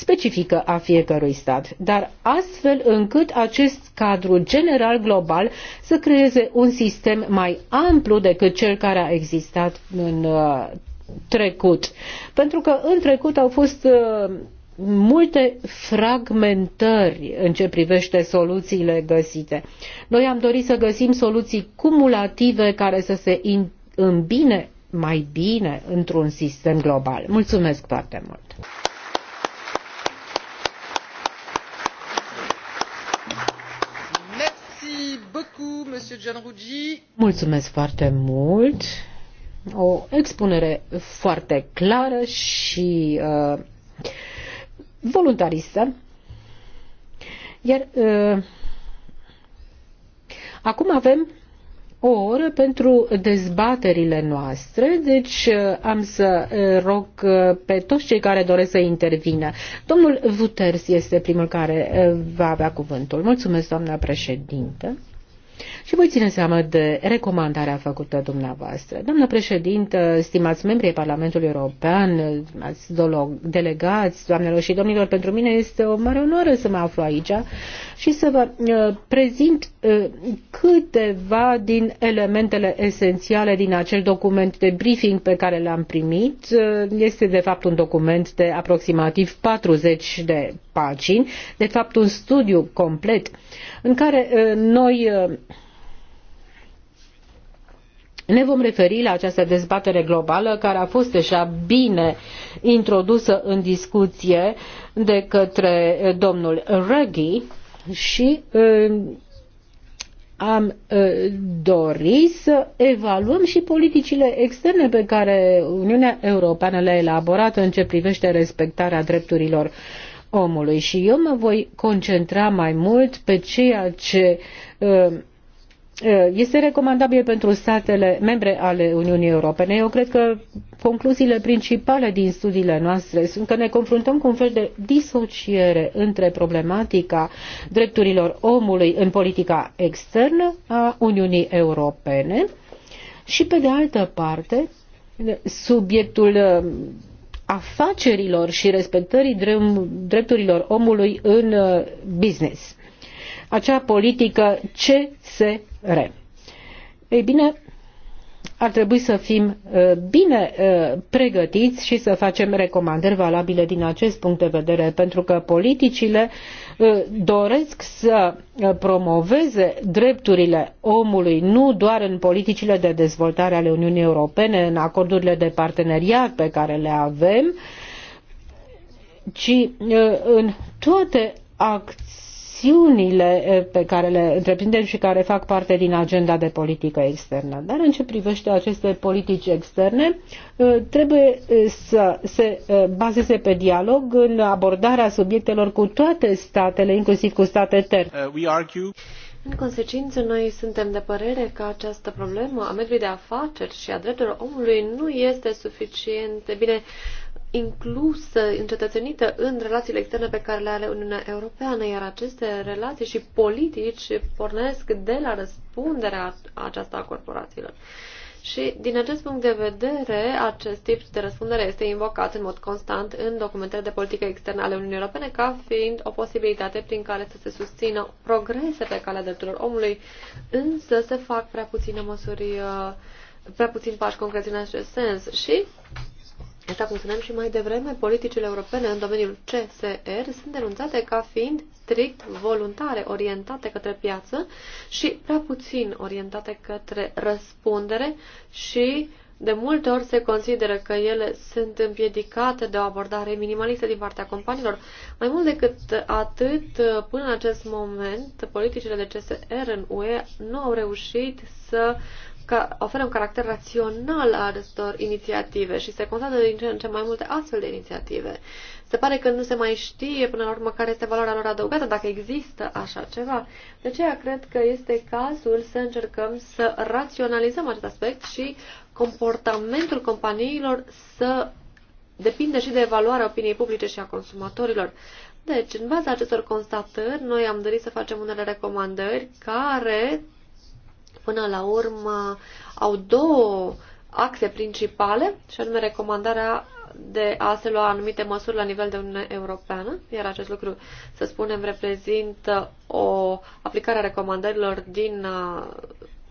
specifică a fiecărui stat, dar astfel încât acest cadru general global să creeze un sistem mai amplu decât cel care a existat în uh, trecut. Pentru că în trecut au fost uh, multe fragmentări în ce privește soluțiile găsite. Noi am dorit să găsim soluții cumulative care să se îmbine mai bine într-un sistem global. Mulțumesc foarte mult! Mulțumesc foarte mult. O expunere foarte clară și uh, voluntaristă. Iar uh, acum avem o oră pentru dezbaterile noastre, deci uh, am să uh, rog uh, pe toți cei care doresc să intervină. Domnul Vuters este primul care va avea cuvântul. Mulțumesc, doamna președintă și voi ține seama de recomandarea făcută dumneavoastră. Doamnă președintă, stimați membrii Parlamentului European, ați delegați, doamnelor și domnilor, pentru mine este o mare onoare să mă aflu aici și să vă uh, prezint uh, câteva din elementele esențiale din acel document de briefing pe care l-am primit. Uh, este de fapt un document de aproximativ 40 de pagini, de fapt un studiu complet în care uh, noi uh, ne vom referi la această dezbatere globală care a fost deja bine introdusă în discuție de către uh, domnul Reghi și am dorit să evaluăm și politicile externe pe care Uniunea Europeană le-a elaborat în ce privește respectarea drepturilor omului și eu mă voi concentra mai mult pe ceea ce uh, uh, este recomandabil pentru statele membre ale Uniunii Europene. Eu cred că concluziile principale din studiile noastre sunt că ne confruntăm cu un fel de disociere între problematica drepturilor omului în politica externă a Uniunii Europene și, pe de altă parte, subiectul uh, afacerilor și respectării drepturilor omului în uh, business. Acea politică CSR. Ei bine, ar trebui să fim uh, bine uh, pregătiți și să facem recomandări valabile din acest punct de vedere, pentru că politicile doresc să promoveze drepturile omului nu doar în politicile de dezvoltare ale Uniunii Europene, în acordurile de parteneriat pe care le avem, ci în toate acțiunile acțiunile pe care le întreprindem și care fac parte din agenda de politică externă. Dar în ce privește aceste politici externe, trebuie să se bazeze pe dialog în abordarea subiectelor cu toate statele, inclusiv cu state terțe. Uh,
în consecință, noi suntem de părere că această problemă a mediului de afaceri și a drepturilor omului nu este suficient de bine inclusă, încetățenită în relațiile externe pe care le are Uniunea Europeană, iar aceste relații și politici pornesc de la răspunderea aceasta a corporațiilor. Și din acest punct de vedere, acest tip de răspundere este invocat în mod constant în documentele de politică externă ale Uniunii Europene ca fiind o posibilitate prin care să se susțină progrese pe calea drepturilor omului, însă se fac prea puține măsuri, uh, prea puțin pași concreți în acest sens. Și Așa cum spuneam și mai devreme, politicile europene în domeniul CSR sunt denunțate ca fiind strict voluntare, orientate către piață și prea puțin orientate către răspundere și de multe ori se consideră că ele sunt împiedicate de o abordare minimalistă din partea companiilor. Mai mult decât atât, până în acest moment, politicile de CSR în UE nu au reușit să că oferă un caracter rațional a acestor inițiative și se constată din ce în ce mai multe astfel de inițiative. Se pare că nu se mai știe până la urmă care este valoarea lor adăugată, dacă există așa ceva. De aceea cred că este cazul să încercăm să raționalizăm acest aspect și comportamentul companiilor să depinde și de evaluarea opiniei publice și a consumatorilor. Deci, în baza acestor constatări, noi am dorit să facem unele recomandări care până la urmă au două axe principale, și anume recomandarea de a se lua anumite măsuri la nivel de Uniune Europeană, iar acest lucru, să spunem, reprezintă o aplicare a recomandărilor din uh,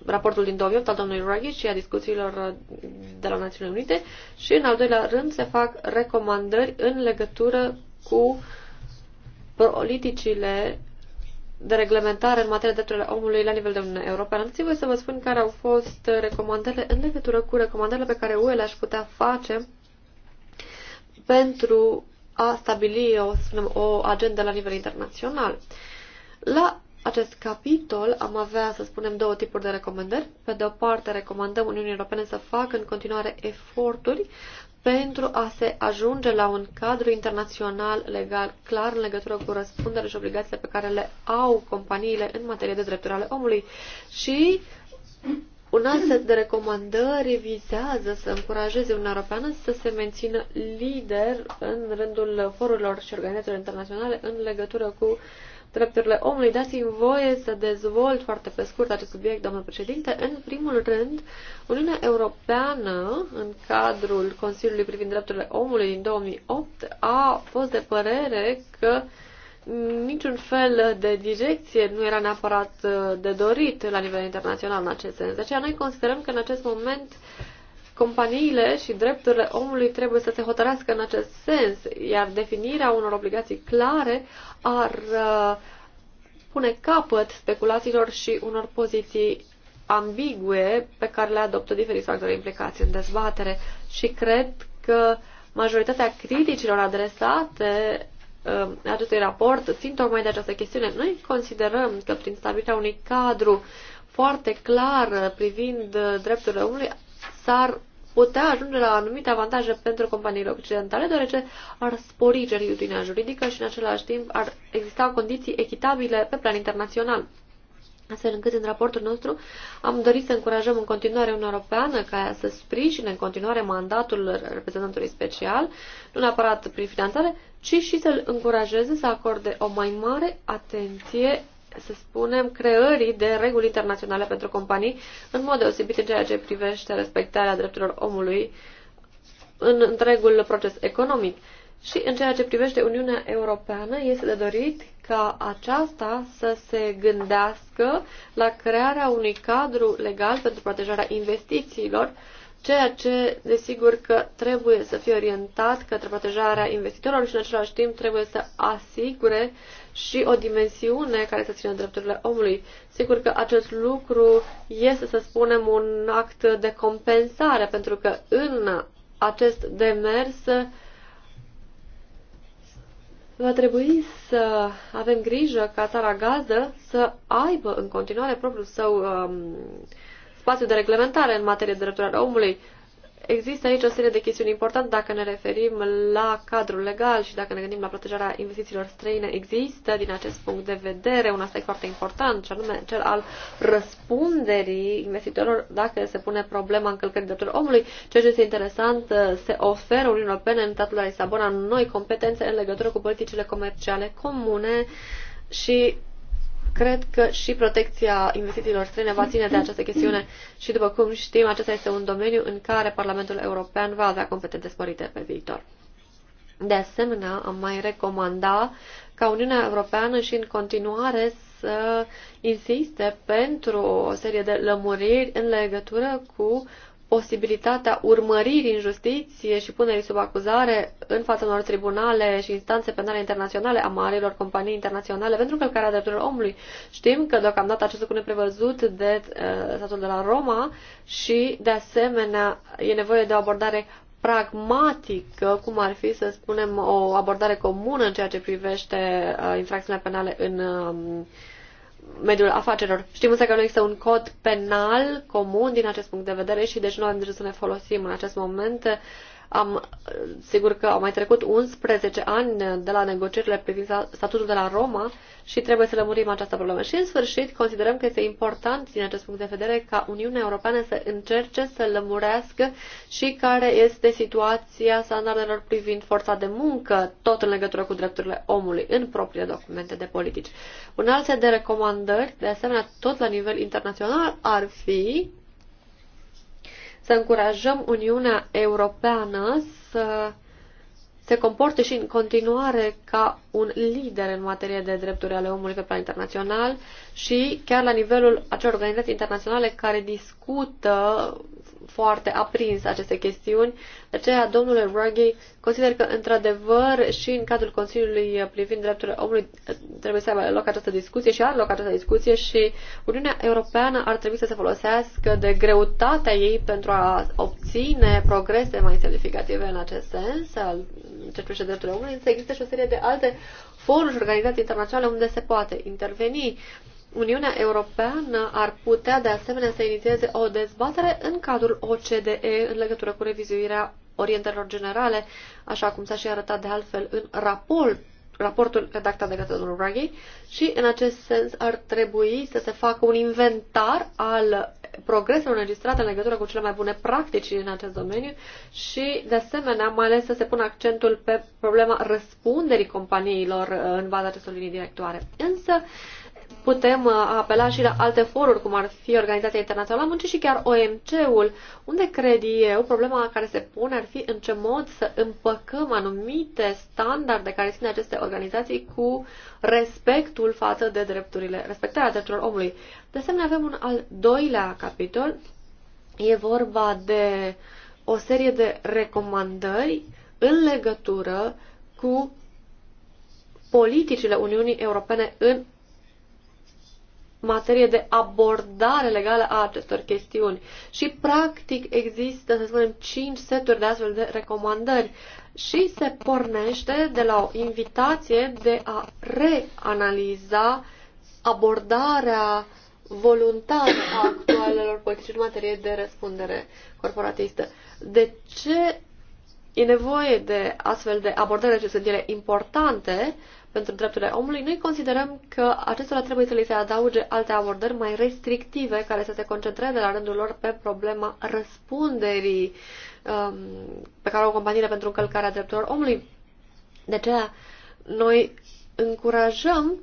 raportul din 2008 al domnului Raghi și a discuțiilor uh, de la Națiunile Unite și, în al doilea rând, se fac recomandări în legătură cu politicile de reglementare în materie de drepturile omului la nivel de Uniune Europeană. Dați voi să vă spun care au fost recomandările în legătură cu recomandările pe care UE le-aș putea face pentru a stabili o, spunem, o agendă la nivel internațional. La acest capitol am avea, să spunem, două tipuri de recomandări. Pe de o parte, recomandăm Uniunii Europene să facă în continuare eforturi pentru a se ajunge la un cadru internațional legal clar în legătură cu răspunderea și obligațiile pe care le au companiile în materie de drepturi ale omului. Și un set de recomandări vizează să încurajeze Uniunea Europeană să se mențină lider în rândul forurilor și organizațiilor internaționale în legătură cu uh, drepturile omului. Dați-mi voie să dezvolt foarte pe scurt acest subiect, domnul președinte. În primul rând, Uniunea Europeană, în cadrul Consiliului privind drepturile omului din 2008, a fost de părere că niciun fel de direcție nu era neapărat de dorit la nivel internațional în acest sens. Deci noi considerăm că în acest moment uh, Companiile și drepturile omului trebuie să se hotărească în acest sens, iar definirea unor obligații clare ar uh, pune capăt speculațiilor și unor poziții ambigue pe care le adoptă diferiți factori implicați în dezbatere și cred că majoritatea criticilor adresate uh, acestui raport țin tocmai de această chestiune. Noi considerăm că prin stabilirea unui cadru foarte clar privind drepturile omului s-ar putea ajunge la anumite avantaje pentru companiile occidentale, deoarece ar spori certitudinea juridică și în același timp ar exista condiții echitabile pe plan internațional. Astfel încât în raportul nostru am dorit să încurajăm în continuare Uniunea Europeană ca să sprijine în continuare mandatul reprezentantului special, nu neapărat prin finanțare, ci și să-l încurajeze să acorde o mai mare atenție să spunem, creării de reguli internaționale pentru companii, în mod deosebit în ceea ce privește respectarea drepturilor omului în întregul proces economic. Și în ceea ce privește Uniunea Europeană, este de dorit ca aceasta să se gândească la crearea unui cadru legal pentru protejarea investițiilor, ceea ce, desigur, că trebuie să fie orientat către protejarea investitorilor și, în același timp, trebuie să asigure și o dimensiune care să țină drepturile omului. Sigur că acest lucru este, să spunem, un act de compensare, pentru că în acest demers va trebui să avem grijă ca țara gazdă să aibă în continuare propriul său um, spațiu de reglementare în materie de drepturile omului. Există aici o serie de chestiuni importante dacă ne referim la cadrul legal și dacă ne gândim la protejarea investițiilor străine. Există, din acest punct de vedere, un aspect foarte important, cel, anume, cel al răspunderii investitorilor dacă se pune problema încălcării drepturilor omului. Ceea ce este interesant, se oferă Uniunii Europene în Tratatul la Lisabona noi competențe în legătură cu politicile comerciale comune și cred că și protecția investițiilor străine va ține de această chestiune și, după cum știm, acesta este un domeniu în care Parlamentul European va avea competențe sporite pe viitor. De asemenea, am mai recomanda ca Uniunea Europeană și în continuare să insiste pentru o serie de lămuriri în legătură cu uh, posibilitatea urmăririi în justiție și punerii sub acuzare în fața unor tribunale și instanțe penale internaționale a marilor companii internaționale pentru încălcarea drepturilor omului. Știm că deocamdată acest lucru nu prevăzut de uh, statul de la Roma și, de asemenea, e nevoie de o abordare pragmatică, cum ar fi, să spunem, o abordare comună în ceea ce privește uh, infracțiunile penale în uh, mediul afacerilor. Știm însă că nu există un cod penal comun din acest punct de vedere și deci nu am de să ne folosim în acest moment am, sigur că au mai trecut 11 ani de la negocierile privind statutul de la Roma și trebuie să lămurim această problemă. Și, în sfârșit, considerăm că este important, din acest punct de vedere, ca Uniunea Europeană să încerce să lămurească și care este situația standardelor privind forța de muncă, tot în legătură cu drepturile omului, în propriile documente de politici. Un alt set de recomandări, de asemenea, tot la nivel internațional, ar fi să încurajăm Uniunea Europeană să se comporte și în continuare ca un lider în materie de drepturi ale omului pe plan internațional și chiar la nivelul acelor organizații internaționale care discută foarte aprins aceste chestiuni. De aceea, domnule Ruggie, consider că, într-adevăr, și în cadrul Consiliului privind drepturile omului trebuie să aibă loc această discuție și are loc această discuție și Uniunea Europeană ar trebui să se folosească de greutatea ei pentru a obține progrese mai semnificative în acest sens, al cercetării drepturilor drepturile omului, însă există și o serie de alte foruri și organizații internaționale unde se poate interveni. Uniunea Europeană ar putea de asemenea să inițieze o dezbatere în cadrul OCDE în legătură cu revizuirea orientărilor generale, așa cum s-a și arătat de altfel în raport, raportul redactat de către domnul Ruggie și în acest sens ar trebui să se facă un inventar al progreselor înregistrate în legătură cu cele mai bune practici în acest domeniu și, de asemenea, mai ales să se pună accentul pe problema răspunderii companiilor uh, în baza acestor linii directoare. Însă, Putem uh, apela și la alte foruri, cum ar fi Organizația Internațională a Muncii și chiar OMC-ul, unde cred eu problema care se pune ar fi în ce mod să împăcăm anumite standarde care țin aceste organizații cu respectul față de drepturile, respectarea drepturilor omului. De asemenea, avem un al doilea capitol. E vorba de o serie de recomandări în legătură cu politicile Uniunii Europene în materie de abordare legală a acestor chestiuni. Și, practic, există, să spunem, cinci seturi de astfel de recomandări și se pornește de la o invitație de a reanaliza abordarea voluntară a actualelor politici în materie de răspundere corporatistă. De ce e nevoie de astfel de abordări, ce sunt ele importante? pentru drepturile omului, noi considerăm că acestora trebuie să li se adauge alte abordări mai restrictive care să se concentreze la rândul lor pe problema răspunderii um, pe care o companie pentru încălcarea drepturilor omului. De aceea, noi încurajăm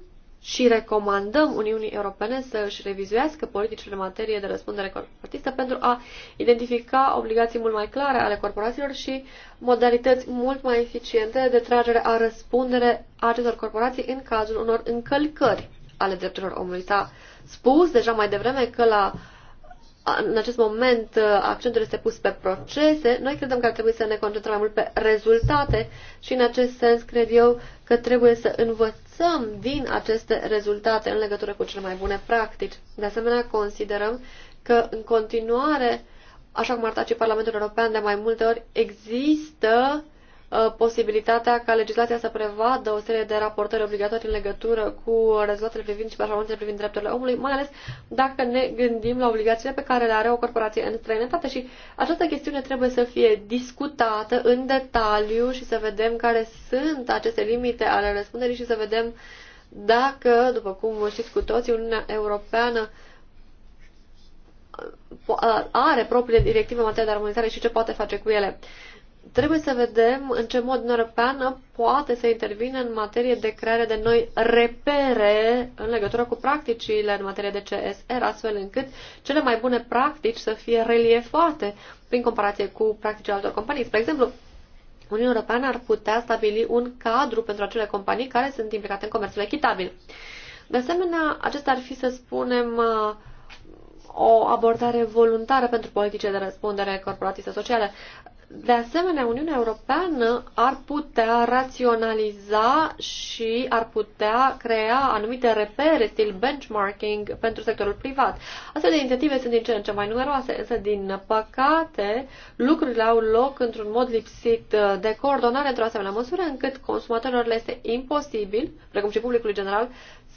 și recomandăm Uniunii Europene să își revizuiască politicile în materie de răspundere corporatistă pentru a identifica obligații mult mai clare ale corporațiilor și modalități mult mai eficiente de tragere a răspundere a acestor corporații în cazul unor încălcări ale drepturilor omului. S-a spus deja mai devreme că la în acest moment uh, accentul este pus pe procese, noi credem că ar trebui să ne concentrăm mai mult pe rezultate și în acest sens cred eu că trebuie să învățăm învățăm din aceste rezultate în legătură cu cele mai bune practici. De asemenea, considerăm că în continuare, așa cum arată și Parlamentul European de mai multe ori, există Uh, posibilitatea ca legislația să prevadă o serie de raportări obligatorii în legătură cu rezultatele privind și performanțele privind drepturile omului, mai ales dacă ne gândim la obligațiile pe care le are o corporație în străinătate și această chestiune trebuie să fie discutată în detaliu și să vedem care sunt aceste limite ale răspunderii și să vedem dacă, după cum știți cu toții, Uniunea Europeană are propriile directive în materie de armonizare și ce poate face cu ele trebuie să vedem în ce mod Uniunea Europeană poate să intervină în materie de creare de noi repere în legătură cu practicile în materie de CSR, astfel încât cele mai bune practici să fie reliefate prin comparație cu practicile altor companii. Spre exemplu, Uniunea Europeană ar putea stabili un cadru pentru acele companii care sunt implicate în comerțul echitabil. De asemenea, acesta ar fi, să spunem, uh, o abordare voluntară pentru politice de răspundere corporatistă sociale. De asemenea, Uniunea Europeană ar putea raționaliza și ar putea crea anumite repere, stil benchmarking, pentru sectorul privat. Astfel de inițiative sunt din ce în ce mai numeroase, însă, din păcate, lucrurile au loc într-un mod lipsit de coordonare într-o asemenea măsură încât consumatorilor le este imposibil, precum și publicului general,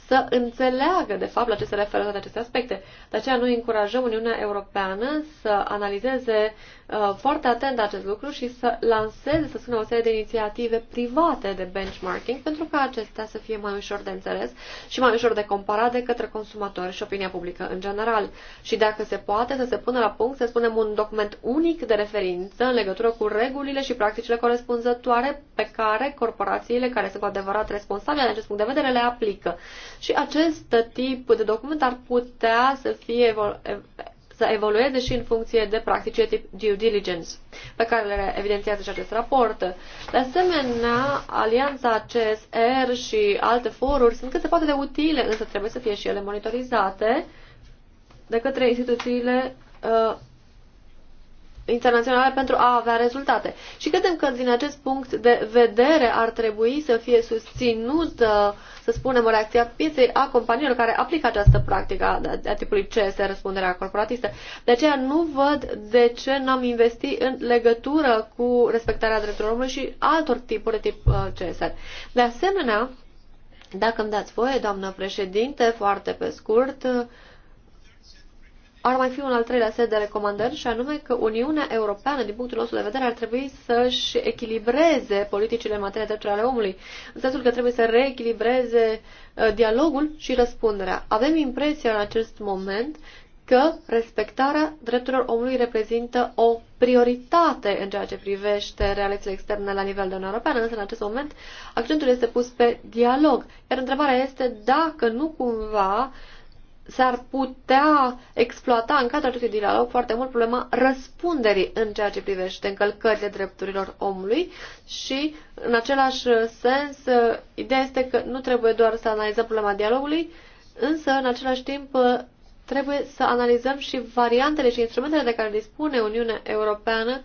să înțeleagă, de fapt, la ce se referă toate aceste aspecte. De aceea noi încurajăm Uniunea Europeană să analizeze uh, foarte atent acest lucru și să lanseze, să spună o serie de inițiative private de benchmarking pentru ca acestea să fie mai ușor de înțeles și mai ușor de comparat de către consumatori și opinia publică în general. Și dacă se poate să se pună la punct, să spunem, un document unic de referință în legătură cu regulile și practicile corespunzătoare pe care corporațiile care sunt cu adevărat responsabile în acest punct de vedere le aplică și acest tip de document ar putea să fie să evolueze și în funcție de practici de tip due diligence, pe care le evidențiază și acest raport. De asemenea, alianța CSR și alte foruri sunt cât se poate de utile, însă trebuie să fie și ele monitorizate de către instituțiile uh, internaționale pentru a avea rezultate. Și credem că din acest punct de vedere ar trebui să fie susținută, uh, să spunem, o reacție a pieței a companiilor care aplică această practică a, a tipului CS, răspunderea corporatistă. De aceea nu văd de ce n-am investit în legătură cu respectarea drepturilor omului și altor tipuri de tip uh, CSR. De asemenea, dacă îmi dați voie, doamnă președinte, foarte pe scurt, uh, ar mai fi un al treilea set de recomandări și anume că Uniunea Europeană, din punctul nostru de vedere, ar trebui să-și echilibreze politicile în materie de drepturi ale omului, în sensul că trebuie să reechilibreze uh, dialogul și răspunderea. Avem impresia în acest moment că respectarea drepturilor omului reprezintă o prioritate în ceea ce privește reacțiile externe la nivel de Uniunea Europeană, însă în acest moment accentul este pus pe dialog. Iar întrebarea este dacă nu cumva uh, s-ar putea exploata în cadrul acestui dialog foarte mult problema răspunderii în ceea ce privește încălcările drepturilor omului și, în același sens, ideea este că nu trebuie doar să analizăm problema dialogului, însă, în același timp, trebuie să analizăm și variantele și instrumentele de care dispune Uniunea Europeană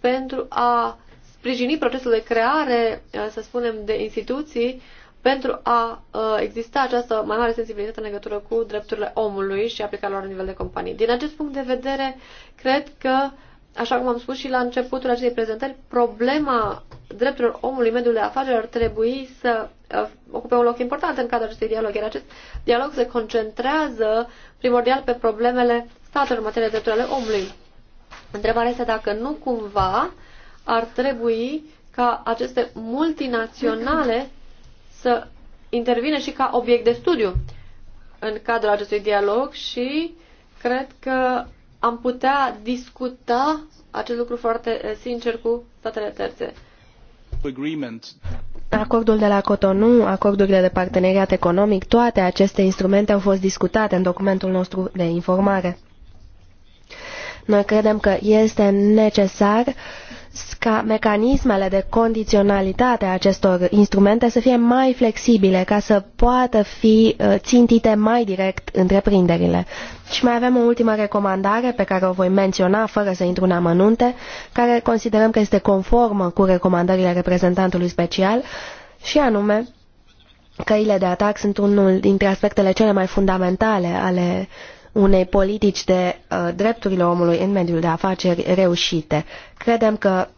pentru a sprijini procesul de creare, să spunem, de instituții pentru a uh, exista această mai mare sensibilitate în legătură cu drepturile omului și aplicarea lor la nivel de companii. Din acest punct de vedere, cred că, așa cum am spus și la începutul acestei prezentări, problema drepturilor omului, mediul de afaceri, ar trebui să uh, ocupe un loc important în cadrul acestui dialog, iar acest dialog se concentrează primordial pe problemele statelor în materie de drepturile omului. Întrebarea este dacă nu cumva ar trebui ca aceste multinaționale să intervine și ca obiect de studiu în cadrul acestui dialog și cred că am putea
discuta
acest lucru foarte eh, sincer cu statele terțe.
Acordul de la Cotonou, acordurile de parteneriat economic, toate aceste instrumente au fost discutate în documentul nostru de informare. Noi credem că este necesar ca mecanismele de condiționalitate a acestor instrumente să fie mai flexibile ca să poată fi uh, țintite mai direct întreprinderile. Și mai avem o ultimă recomandare pe care o voi menționa fără să intru în amănunte, care considerăm că este conformă cu recomandările reprezentantului special și anume căile de atac sunt unul dintre aspectele cele mai fundamentale ale uh, unei politici de uh, drepturile omului în mediul de afaceri reușite. Credem că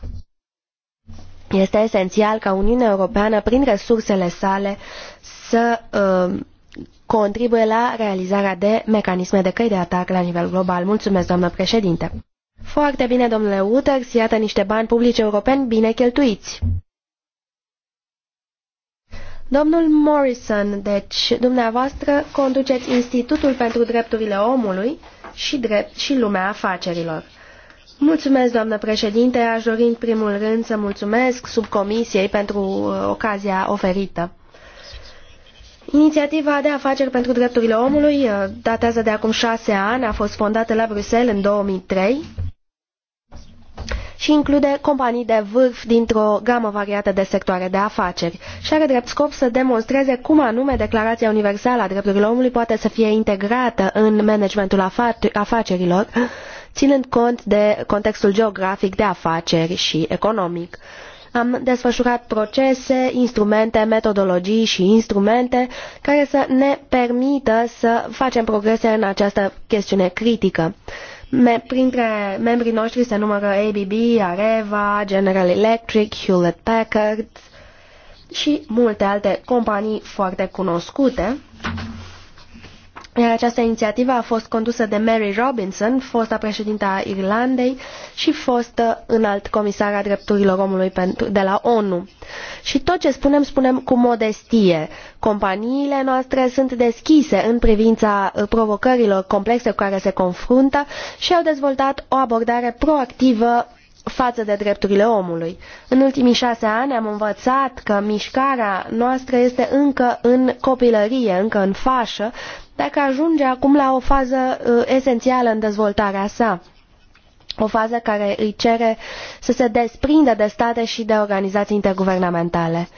este esențial ca Uniunea Europeană, prin resursele sale, să uh, contribuie la realizarea de mecanisme de căi de atac la nivel global. Mulțumesc, doamnă președinte! Foarte bine, domnule Uters, iată niște bani publici europeni bine cheltuiți! Domnul Morrison, deci, dumneavoastră conduceți Institutul pentru Drepturile Omului și, drept, și lumea afacerilor. Mulțumesc, doamnă președinte. Aș dori în primul rând să mulțumesc subcomisiei pentru uh, ocazia oferită. Inițiativa de afaceri pentru drepturile omului uh, datează de acum șase ani, a fost fondată la Bruxelles în 2003 și include companii de vârf dintr-o gamă variată de sectoare de afaceri și are drept scop să demonstreze cum anume Declarația Universală a Drepturilor Omului poate să fie integrată în managementul afacerilor, ținând cont de contextul geografic de afaceri și economic. Am desfășurat procese, instrumente, metodologii și instrumente care să ne permită să facem progrese în această chestiune critică. Printre membrii noștri se numără ABB, Areva, General Electric, Hewlett Packard și multe alte companii foarte cunoscute iar această inițiativă a fost condusă de Mary Robinson, fosta a Irlandei și fostă înalt comisar a drepturilor omului de la ONU. Și tot ce spunem, spunem cu modestie. Companiile noastre sunt deschise în privința uh, provocărilor complexe cu care se confruntă și au dezvoltat o abordare proactivă față de drepturile omului. În ultimii șase ani am învățat că mișcarea noastră este încă în copilărie, încă în fașă, dacă ajunge acum la o fază uh, esențială în dezvoltarea sa o fază care îi cere să se desprindă de state și de organizații interguvernamentale.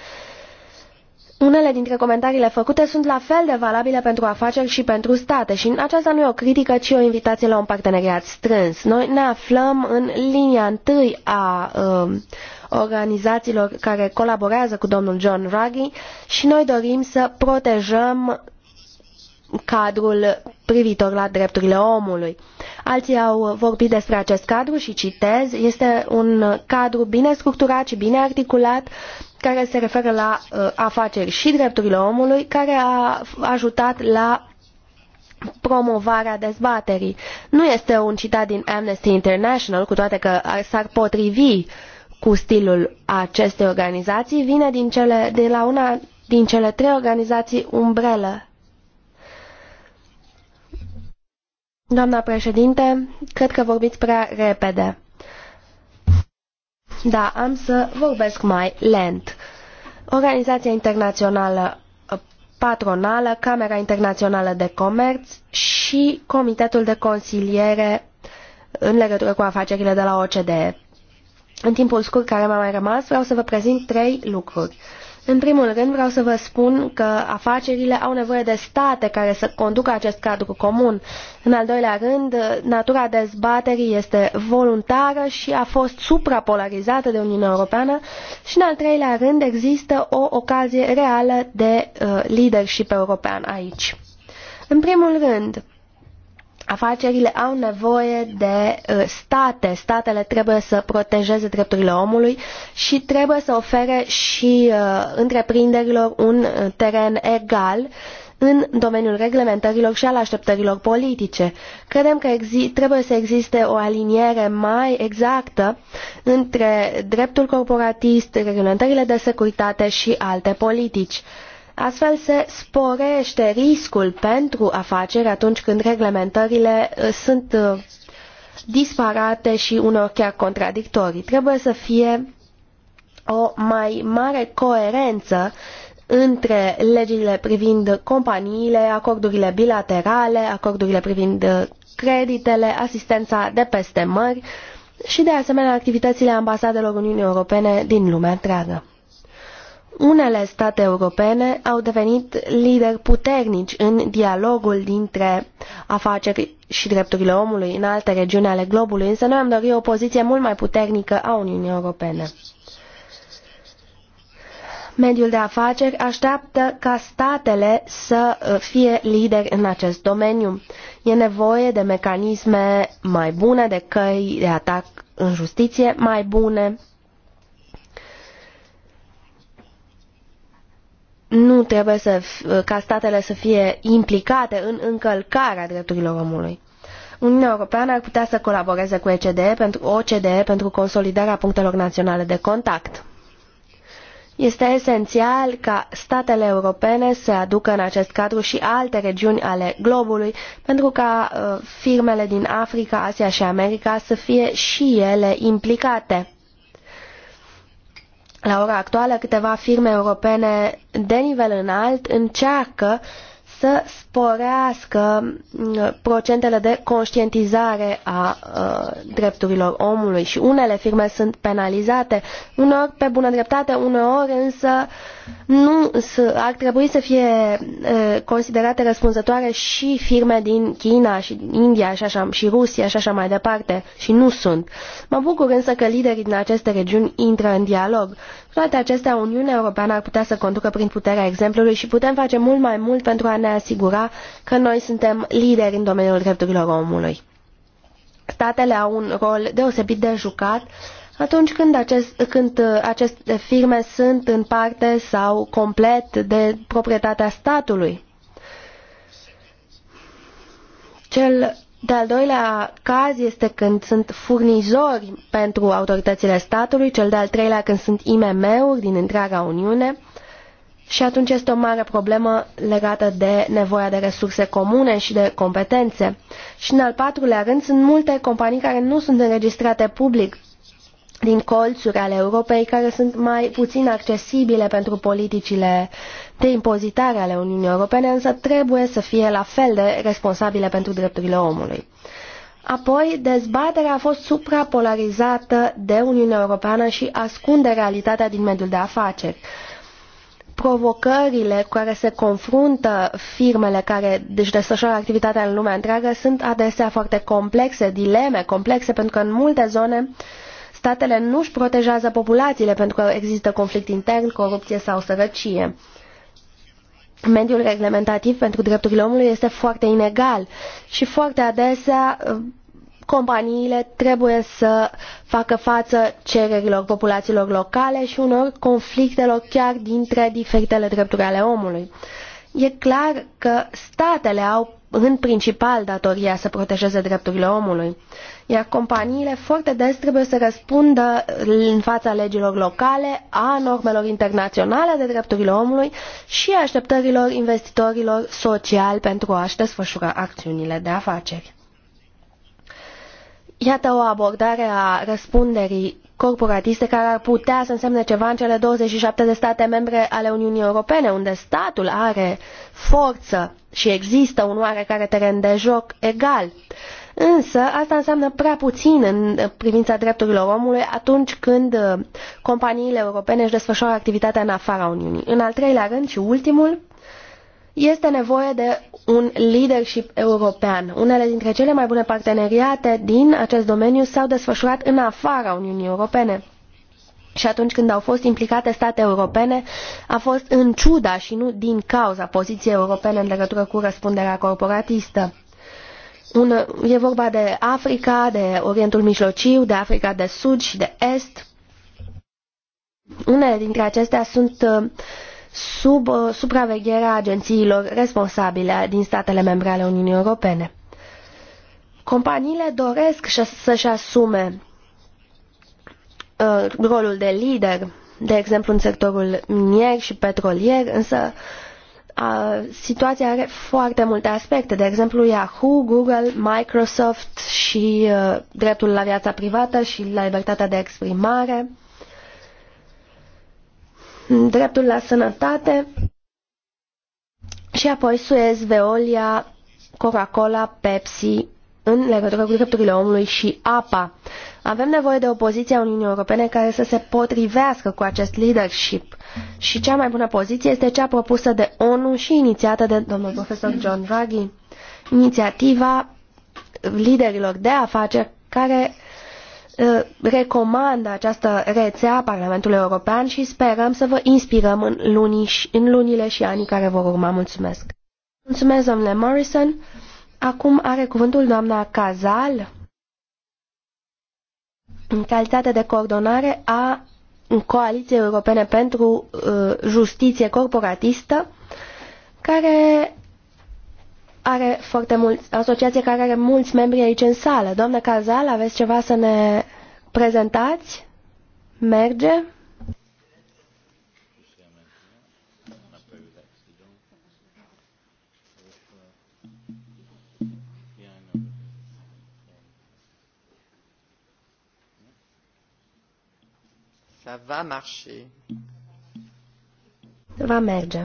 Unele dintre comentariile făcute sunt la fel de valabile pentru afaceri și pentru state și aceasta nu e o critică, ci o invitație la un parteneriat strâns. Noi ne aflăm în linia întâi a uh, organizațiilor care colaborează cu domnul John Ruggie și noi dorim să protejăm cadrul privitor la drepturile omului. Alții au vorbit despre acest cadru și citez, este un cadru bine structurat și bine articulat care se referă la uh, afaceri și drepturile omului, care a ajutat la promovarea dezbaterii. Nu este un citat din Amnesty International, cu toate că s-ar potrivi cu stilul acestei organizații, vine din cele, de la una din cele trei organizații umbrelă. Doamna președinte, cred că vorbiți prea repede. Da, am să vorbesc mai lent. Organizația Internațională uh, Patronală, Camera Internațională de Comerț și Comitetul de Consiliere în legătură cu afacerile de la OCDE. În timpul scurt care m a mai rămas, vreau să vă prezint trei lucruri. În primul rând vreau să vă spun că afacerile au nevoie de state care să conducă acest cadru comun. În al doilea rând, natura dezbaterii este voluntară și a fost suprapolarizată de Uniunea Europeană și în al treilea rând există o ocazie reală de uh, leadership european aici. În primul rând, afacerile au nevoie de uh, state. Statele trebuie să protejeze drepturile omului și trebuie să ofere și uh, întreprinderilor un uh, teren egal în domeniul reglementărilor și al așteptărilor politice. Credem că trebuie să existe o aliniere mai exactă între dreptul corporatist, reglementările de securitate și alte politici. Astfel se sporește riscul pentru afaceri atunci când reglementările uh, sunt uh, disparate și uneori chiar contradictorii. Trebuie să fie o mai mare coerență între legile privind companiile, acordurile bilaterale, acordurile privind uh, creditele, asistența de peste mări și, de asemenea, activitățile ambasadelor Uniunii Europene din lumea întreagă. Unele state europene au devenit lideri puternici în dialogul dintre afaceri și drepturile omului în alte regiuni ale globului, însă noi am dorit o poziție mult mai puternică a Uniunii Europene. Mediul de afaceri așteaptă ca statele să uh, fie lideri în acest domeniu. E nevoie de mecanisme mai bune, de căi de atac în justiție mai bune, nu trebuie să, ca statele să fie implicate în încălcarea drepturilor omului. Uniunea Europeană ar putea să colaboreze cu ECDE pentru OCDE pentru consolidarea punctelor naționale de contact. Este esențial ca statele europene să aducă în acest cadru și alte regiuni ale globului pentru ca uh, firmele din Africa, Asia și America să fie și ele implicate. La ora actuală, câteva firme europene de nivel înalt încearcă să sporească mm, procentele de conștientizare a uh, drepturilor omului și unele firme sunt penalizate, uneori pe bună dreptate, uneori însă uh, nu ar trebui să fie considerate răspunzătoare și firme din China și India și, așa, și Rusia și așa mai departe și nu sunt. Mă bucur însă că liderii din aceste regiuni intră în dialog. Cu toate acestea, Uniunea Europeană ar putea să conducă prin puterea exemplului și putem face mult mai mult pentru a ne asigura că noi suntem lideri în domeniul drepturilor omului. Statele au un rol deosebit de jucat uh, atunci când, acest, când uh, aceste firme sunt în parte sau complet de proprietatea statului. Cel de-al doilea caz este când sunt furnizori pentru autoritățile statului, cel de-al treilea când sunt IMM-uri din întreaga Uniune și atunci este o mare problemă legată de nevoia de resurse comune și de competențe. Și în al patrulea rând sunt multe companii care nu sunt înregistrate public din colțuri ale Europei care sunt mai puțin accesibile pentru politicile de impozitare ale Uniunii Europene, însă trebuie să fie la fel de responsabile pentru drepturile omului. Apoi, dezbaterea a fost suprapolarizată de Uniunea Europeană și ascunde realitatea din mediul de afaceri. Provocările cu care se confruntă firmele care deși desfășoară activitatea în lumea întreagă sunt adesea foarte complexe, dileme complexe, pentru că în multe zone uh, statele nu își protejează populațiile pentru că există conflict intern, corupție sau sărăcie. Mediul reglementativ pentru drepturile omului este foarte inegal și foarte adesea uh, companiile trebuie să facă față cererilor populațiilor locale și unor conflictelor chiar dintre diferitele drepturi ale omului. E clar că statele au în principal datoria să protejeze drepturile omului iar companiile foarte des trebuie să răspundă în fața legilor locale, a normelor internaționale de drepturile omului și a așteptărilor investitorilor sociali pentru a-și desfășura acțiunile de afaceri. Iată o abordare a răspunderii corporatiste care ar putea să însemne ceva în cele 27 de state membre ale Uniunii Europene, unde statul are forță și există un oarecare teren de joc egal. Uh, Însă, asta înseamnă prea puțin în privința drepturilor omului atunci când uh, companiile europene își desfășoară activitatea în afara Uniunii. În al treilea rând și ultimul, este nevoie de un leadership european. Unele dintre cele mai bune parteneriate din acest domeniu s-au desfășurat în afara Uniunii Europene. Și atunci când au fost implicate state europene, a fost în ciuda și nu din cauza poziției europene în legătură cu răspunderea corporatistă un, e vorba de Africa, de Orientul Mijlociu, de Africa de Sud și de Est. Unele dintre acestea sunt uh, sub uh, supravegherea agențiilor responsabile din statele membre ale Uniunii Europene. Companiile doresc să-și asume uh, rolul de lider, de exemplu în sectorul minier și petrolier, însă uh, situația are foarte multe aspecte, de exemplu Yahoo, Google, Microsoft și uh, dreptul la viața privată și la libertatea de exprimare, dreptul la sănătate și apoi Suez, Veolia, Coca-Cola, Pepsi în legătură cu drepturile omului și apa. Avem nevoie de o poziție a Uniunii Europene care să se potrivească cu acest leadership. Și cea mai bună poziție este cea propusă de ONU și inițiată de domnul profesor John Draghi. Inițiativa liderilor de afaceri care ă, recomandă această rețea Parlamentului European și sperăm să vă inspirăm în, lunii, în lunile și anii care vor urma. Mulțumesc! Mulțumesc, domnule Morrison! Acum are cuvântul doamna Cazal în calitate de coordonare a Coaliției Europene pentru uh, Justiție Corporatistă, care are foarte mulți, asociație care are mulți membri aici în sală. Doamna Cazal, aveți ceva să ne prezentați? Merge?
Ça va marcher.
Ça Va merge.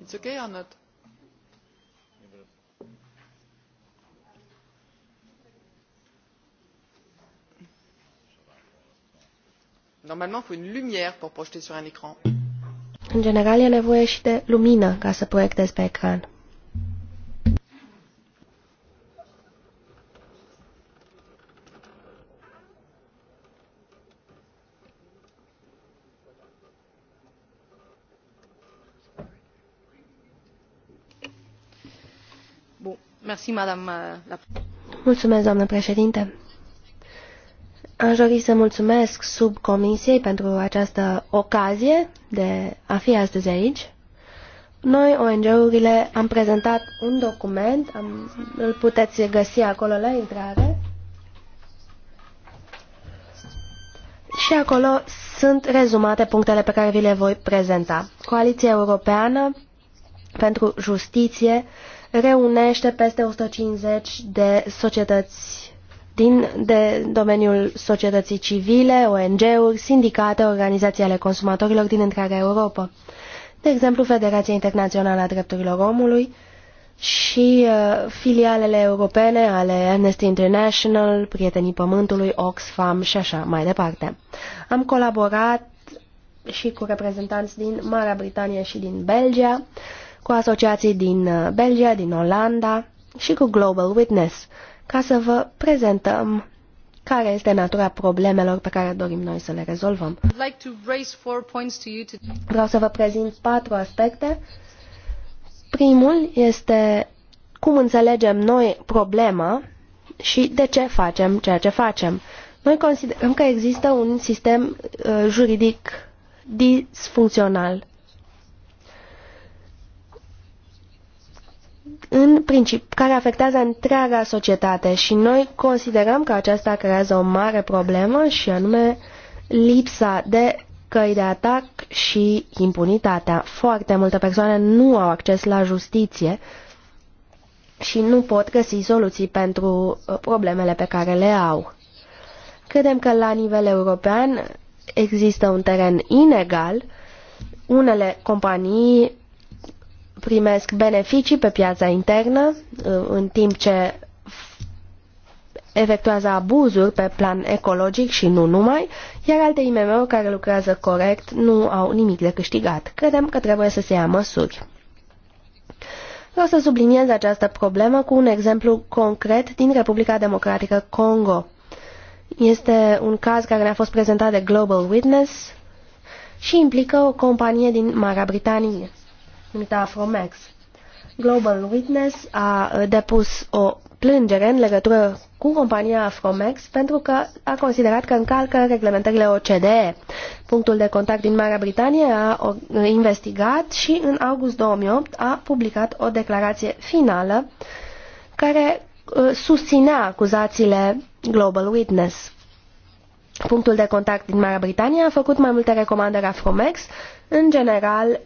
It's okay or not?
Normalement, il faut une lumière pour projeter sur un écran.
În general, e nevoie și de lumină ca să proiectezi pe ecran. Mulțumesc, doamnă președinte. Aș dori să mulțumesc subcomisiei pentru această ocazie de a fi astăzi aici. Noi, ONG-urile, am prezentat un document, am, îl puteți găsi acolo la intrare. Și acolo sunt rezumate punctele pe care vi le voi prezenta. Coaliția Europeană pentru Justiție reunește peste 150 de societăți din de domeniul societății civile, ONG-uri, sindicate, organizații ale consumatorilor din întreaga Europa. De exemplu, Federația Internațională a Drepturilor Omului și uh, filialele europene ale Amnesty International, Prietenii Pământului, Oxfam și așa mai departe. Am colaborat și cu reprezentanți din Marea Britanie și din Belgia, cu asociații din uh, Belgia, din Olanda și cu Global Witness, ca să vă prezentăm care este natura problemelor pe care dorim noi să le rezolvăm. Vreau să vă prezint patru aspecte. Primul este cum înțelegem noi problema și de ce facem ceea ce facem. Noi considerăm că există un sistem uh, juridic disfuncțional în princip, care afectează întreaga societate și noi considerăm că aceasta creează o mare problemă și anume lipsa de căi de atac și impunitatea. Foarte multe persoane nu au acces la justiție și nu pot găsi soluții pentru uh, problemele pe care le au. Credem că la nivel european există un teren inegal. Unele companii primesc beneficii pe piața internă, uh, în timp ce efectuează abuzuri pe plan ecologic și nu numai, iar alte IMM-uri care lucrează corect nu au nimic de câștigat. Credem că trebuie să se ia măsuri. Vreau să subliniez această problemă cu un exemplu concret din Republica Democratică Congo. Este un caz care ne-a fost prezentat de Global Witness și implică o companie din Marea Britanie numită Afromex. Global Witness a uh, depus o plângere în legătură cu compania Afromex pentru că a considerat că încalcă reglementările OCDE. Punctul de contact din Marea Britanie a uh, investigat și în august 2008 a publicat o declarație finală care uh, susținea acuzațiile Global Witness. Punctul de contact din Marea Britanie a făcut mai multe recomandări Afromex, în general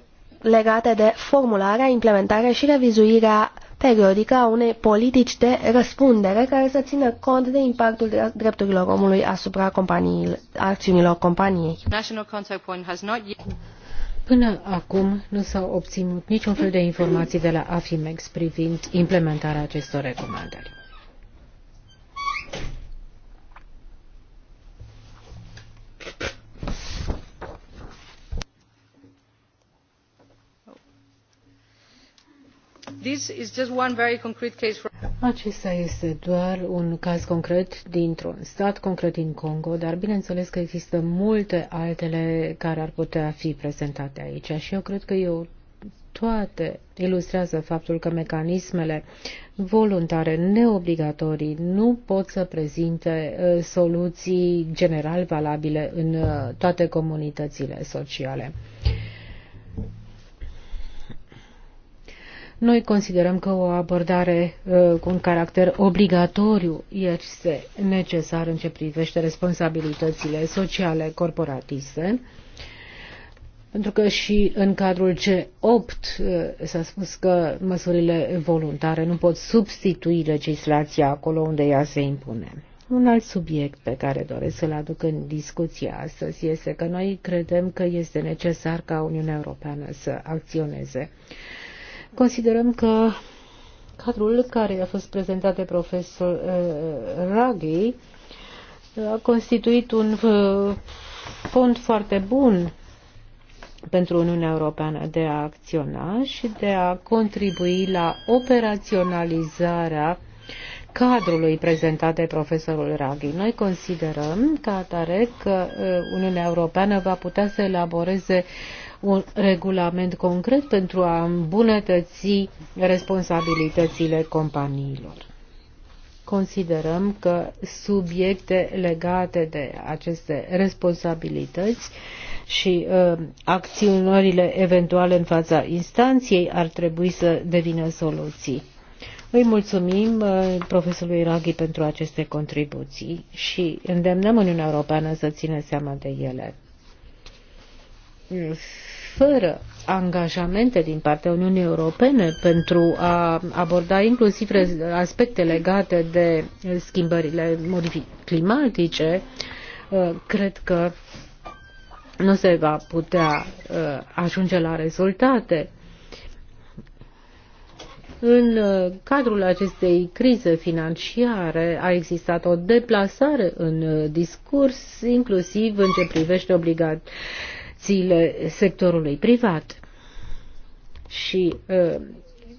legate de formularea, implementarea și revizuirea periodică a unei politici de răspundere care să țină cont de impactul drepturilor omului asupra acțiunilor companiei.
Până acum nu s-au obținut niciun fel de informații de la AFIMEX privind implementarea acestor recomandări. Acesta este doar un caz concret dintr-un stat concret din Congo, dar bineînțeles că există multe altele care ar putea fi prezentate aici și eu cred că eu toate ilustrează faptul că mecanismele voluntare, neobligatorii, nu pot să prezinte uh, soluții general valabile în uh, toate comunitățile sociale. Noi considerăm că o abordare uh, cu un caracter obligatoriu este necesară în ce privește responsabilitățile sociale corporatiste, pentru că și în cadrul C8 uh, s-a spus că măsurile voluntare nu pot substitui legislația acolo unde ea se impune. Un alt subiect pe care doresc să-l aduc în discuție astăzi este că noi credem că este necesar ca Uniunea Europeană să acționeze Considerăm că cadrul care a fost prezentat de profesor uh, Raghi a constituit un uh, fond foarte bun pentru Uniunea Europeană de a acționa și de a contribui la operaționalizarea cadrului prezentat de profesorul Raghi. Noi considerăm ca atare că uh, Uniunea Europeană va putea să elaboreze uh, un regulament concret pentru a îmbunătăți responsabilitățile companiilor. Considerăm că subiecte legate de aceste responsabilități și uh, ă, acțiunările eventuale în fața instanției ar trebui să devină soluții. Îi mulțumim ă, profesorului Raghi pentru aceste contribuții și îndemnăm Uniunea Europeană să țină seama de ele fără angajamente din partea Uniunii Europene pentru a aborda inclusiv aspecte legate de schimbările climatice, uh, cred că nu se va putea uh, ajunge la rezultate. În uh, cadrul acestei crize financiare a existat o deplasare în discurs, inclusiv în ce privește obligat investițiile sectorului privat. Și ă,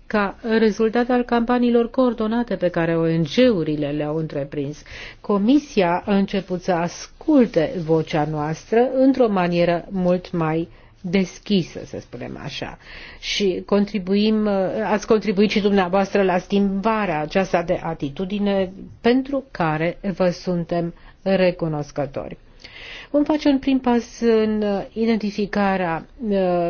ca rezultat al campaniilor coordonate pe care ONG-urile le-au întreprins, Comisia a început să asculte vocea noastră într-o manieră mult mai deschisă, să spunem așa. Și contribuim, ă, ați contribuit și dumneavoastră la schimbarea aceasta de atitudine pentru care vă suntem recunoscători. Vom face un prim pas în uh, identificarea uh,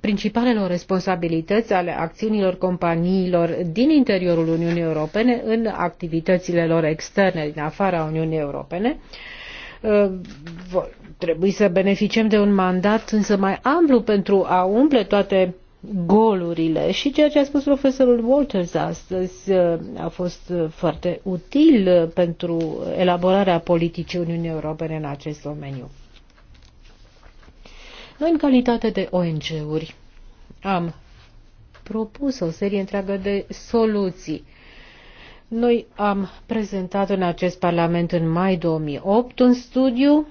principalelor responsabilități ale acțiunilor companiilor din interiorul Uniunii Europene în activitățile lor externe din afara Uniunii Europene. Uh, trebuie să beneficiem de un mandat însă mai amplu pentru a umple toate golurile și ceea ce a spus profesorul Walters astăzi uh, a fost uh, foarte util uh, pentru elaborarea politicii Uniunii Europene în acest domeniu. Noi, în calitate de ONG-uri, am propus o serie întreagă de soluții. Noi am prezentat în acest Parlament în mai 2008 un studiu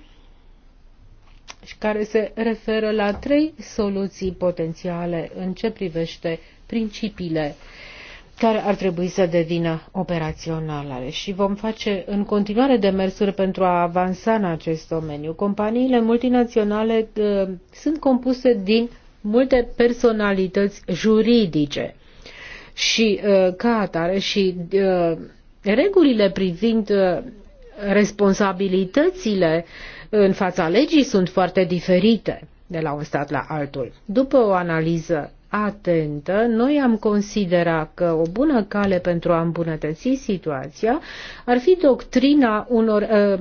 și care se referă la trei soluții potențiale în ce privește principiile care ar trebui să devină operaționale și vom face în continuare demersuri pentru a avansa în acest domeniu. Companiile multinaționale uh, sunt compuse din multe personalități juridice și uh, ca atare și uh, regulile privind uh, responsabilitățile în fața legii sunt foarte diferite de la un stat la altul. După o analiză atentă, noi am considerat că o bună cale pentru a îmbunătăți situația ar fi doctrina unor uh,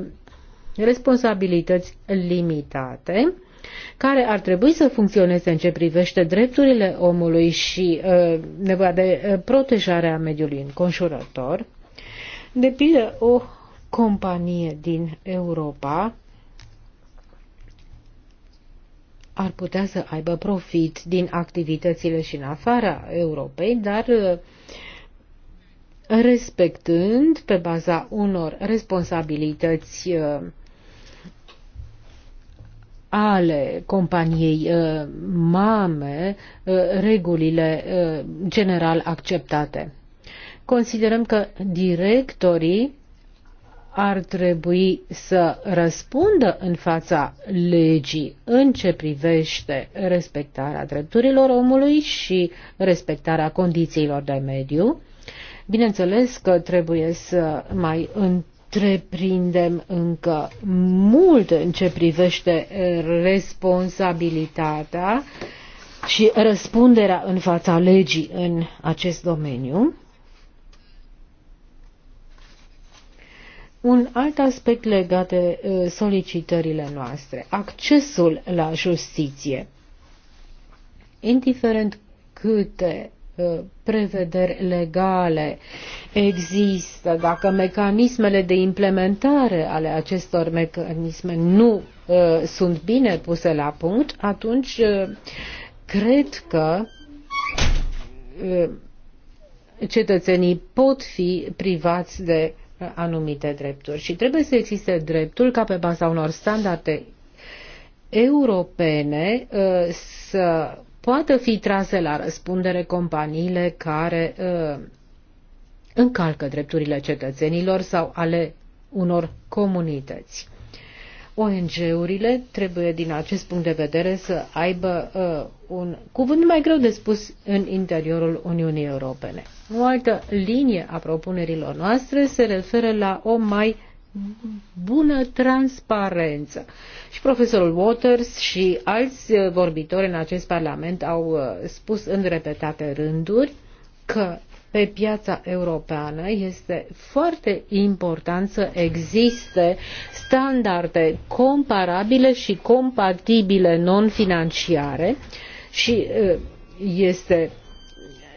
responsabilități limitate care ar trebui să funcționeze în ce privește drepturile omului și uh, nevoia de ă, protejare a mediului înconjurător. De pildă, o companie din Europa ar putea să aibă profit din activitățile și în afara Europei, dar uh, respectând pe baza unor responsabilități uh, ale companiei uh, mame regulile general acceptate. Considerăm că directorii ar trebui să răspundă în fața legii în ce privește respectarea drepturilor omului și respectarea condițiilor de mediu. Bineînțeles că trebuie să mai întreprindem încă mult în ce privește responsabilitatea și răspunderea în fața legii în acest domeniu. Un alt aspect legat de uh, solicitările noastre, accesul la justiție. Indiferent câte uh, prevederi legale există, dacă mecanismele de implementare ale acestor mecanisme nu uh, sunt bine puse la punct, atunci cred că cetățenii pot fi privați de anumite drepturi. Și trebuie să existe dreptul ca pe baza unor standarde europene uh, să poată fi trase la răspundere companiile care uh, încalcă drepturile cetățenilor sau ale unor comunități. ONG-urile trebuie din acest punct de vedere să aibă uh, un cuvânt mai greu de spus în interiorul Uniunii Europene. O altă linie a propunerilor noastre se referă la o mai bună transparență. Și profesorul Waters și alți uh, vorbitori în acest parlament au uh, spus în repetate rânduri că pe piața europeană, este foarte important să existe standarde comparabile și compatibile non-financiare și uh, este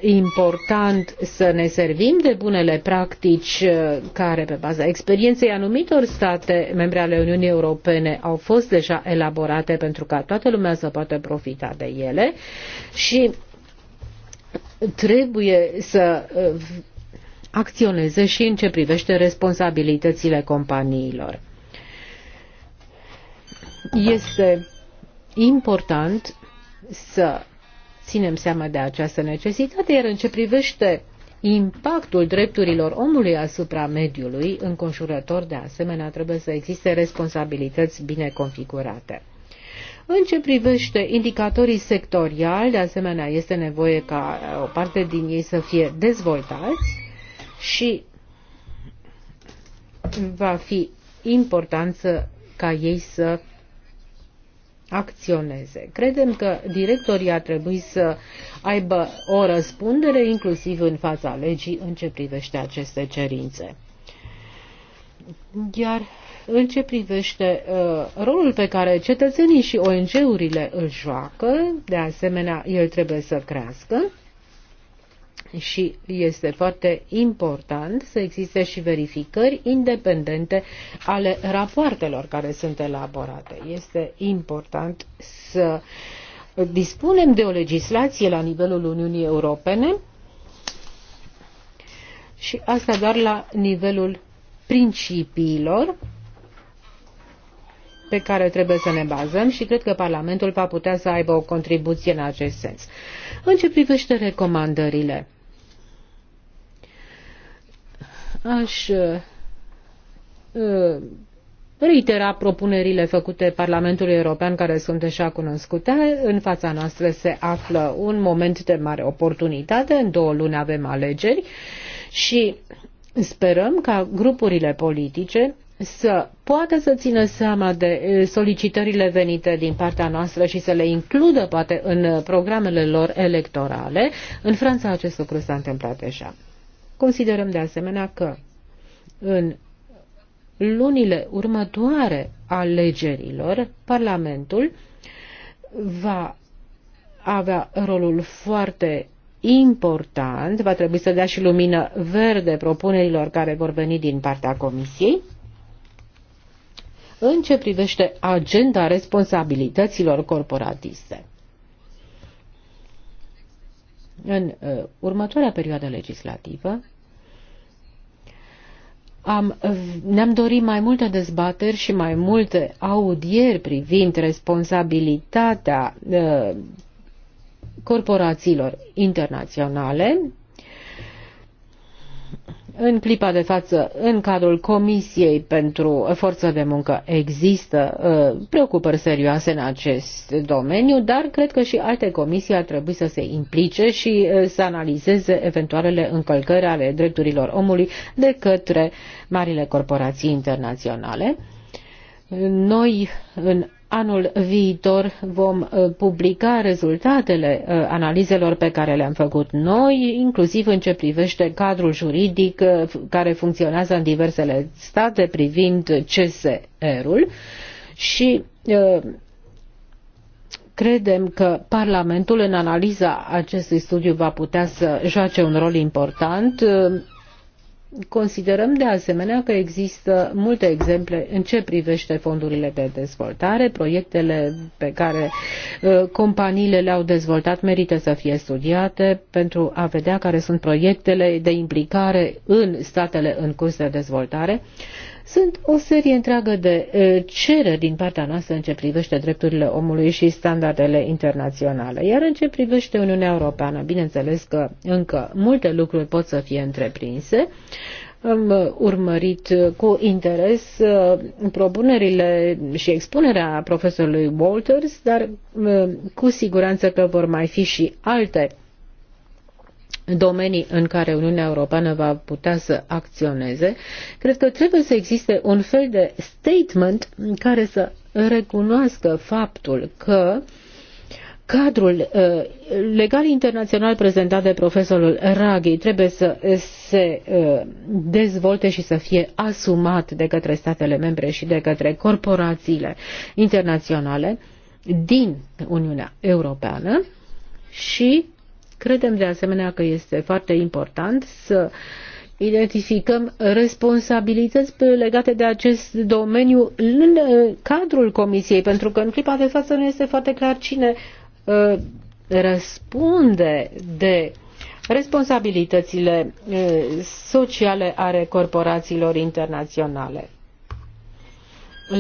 important să ne servim de bunele practici uh, care, pe baza experienței anumitor state membre ale Uniunii Europene, au fost deja elaborate pentru ca toată lumea să poată profita de ele și trebuie să uh, acționeze și în ce privește responsabilitățile companiilor. Este important să ținem seama de această necesitate, iar în ce privește impactul drepturilor omului asupra mediului înconjurător, de asemenea, trebuie să existe responsabilități bine configurate. În ce privește indicatorii sectoriali, de asemenea, este nevoie ca uh, o parte din ei să fie dezvoltați și va fi important să, ca ei să acționeze. Credem că directorii ar trebui să aibă o răspundere inclusiv în fața legii în ce privește aceste cerințe. Iar în ce privește uh, rolul pe care cetățenii și ONG-urile îl joacă, de asemenea, el trebuie să crească și este foarte important să existe și verificări independente ale rapoartelor care sunt elaborate. Este important să dispunem de o legislație la nivelul Uniunii Europene și asta doar la nivelul principiilor pe care trebuie să ne bazăm și cred că Parlamentul va putea să aibă o contribuție în acest sens. În ce privește recomandările, aș uh, reitera propunerile făcute Parlamentului European care sunt deja cunoscute. În fața noastră se află un moment de mare oportunitate. În două luni avem alegeri și sperăm ca grupurile politice să poată să țină seama de solicitările venite din partea noastră și să le includă poate în programele lor electorale. În Franța acest lucru s-a întâmplat deja. Considerăm de asemenea că în lunile următoare alegerilor, Parlamentul va avea rolul foarte important, va trebui să dea și lumină verde propunerilor care vor veni din partea Comisiei în ce privește agenda responsabilităților corporatiste. În uh, următoarea perioadă legislativă, am, ne-am dorit mai multe dezbateri și mai multe audieri privind responsabilitatea uh, corporațiilor internaționale în clipa de față, în cadrul Comisiei pentru Forță de Muncă, există uh, preocupări serioase în acest domeniu, dar cred că și alte comisii ar trebui să se implice și uh, să analizeze eventualele încălcări ale drepturilor omului de către marile corporații internaționale. Noi, în Anul viitor vom uh, publica rezultatele uh, analizelor pe care le-am făcut noi, inclusiv în ce privește cadrul juridic uh, care funcționează în diversele state privind CSR-ul și credem că Parlamentul în analiza acestui studiu va putea să joace un rol important Considerăm de asemenea că există multe exemple în ce privește fondurile de dezvoltare. Proiectele pe care uh, companiile le-au dezvoltat merită să fie studiate pentru a vedea care sunt proiectele de implicare în statele în curs de dezvoltare sunt o serie întreagă de cereri din partea noastră în ce privește drepturile omului și standardele internaționale. Iar în ce privește Uniunea Europeană, bineînțeles că încă multe lucruri pot să fie întreprinse. Am urmărit cu interes propunerile și expunerea profesorului Walters, dar cu siguranță că vor mai fi și alte domenii în care Uniunea Europeană va putea să acționeze, cred că trebuie să existe un fel de statement care să recunoască faptul că cadrul uh, legal internațional prezentat de profesorul Raghi trebuie să se uh, dezvolte și să fie asumat de către statele membre și de către corporațiile internaționale din Uniunea Europeană și Credem de asemenea că este foarte important să identificăm responsabilități legate de acest domeniu în uh, cadrul Comisiei, pentru că în clipa de față nu este foarte clar cine uh, răspunde de responsabilitățile uh, sociale ale corporațiilor internaționale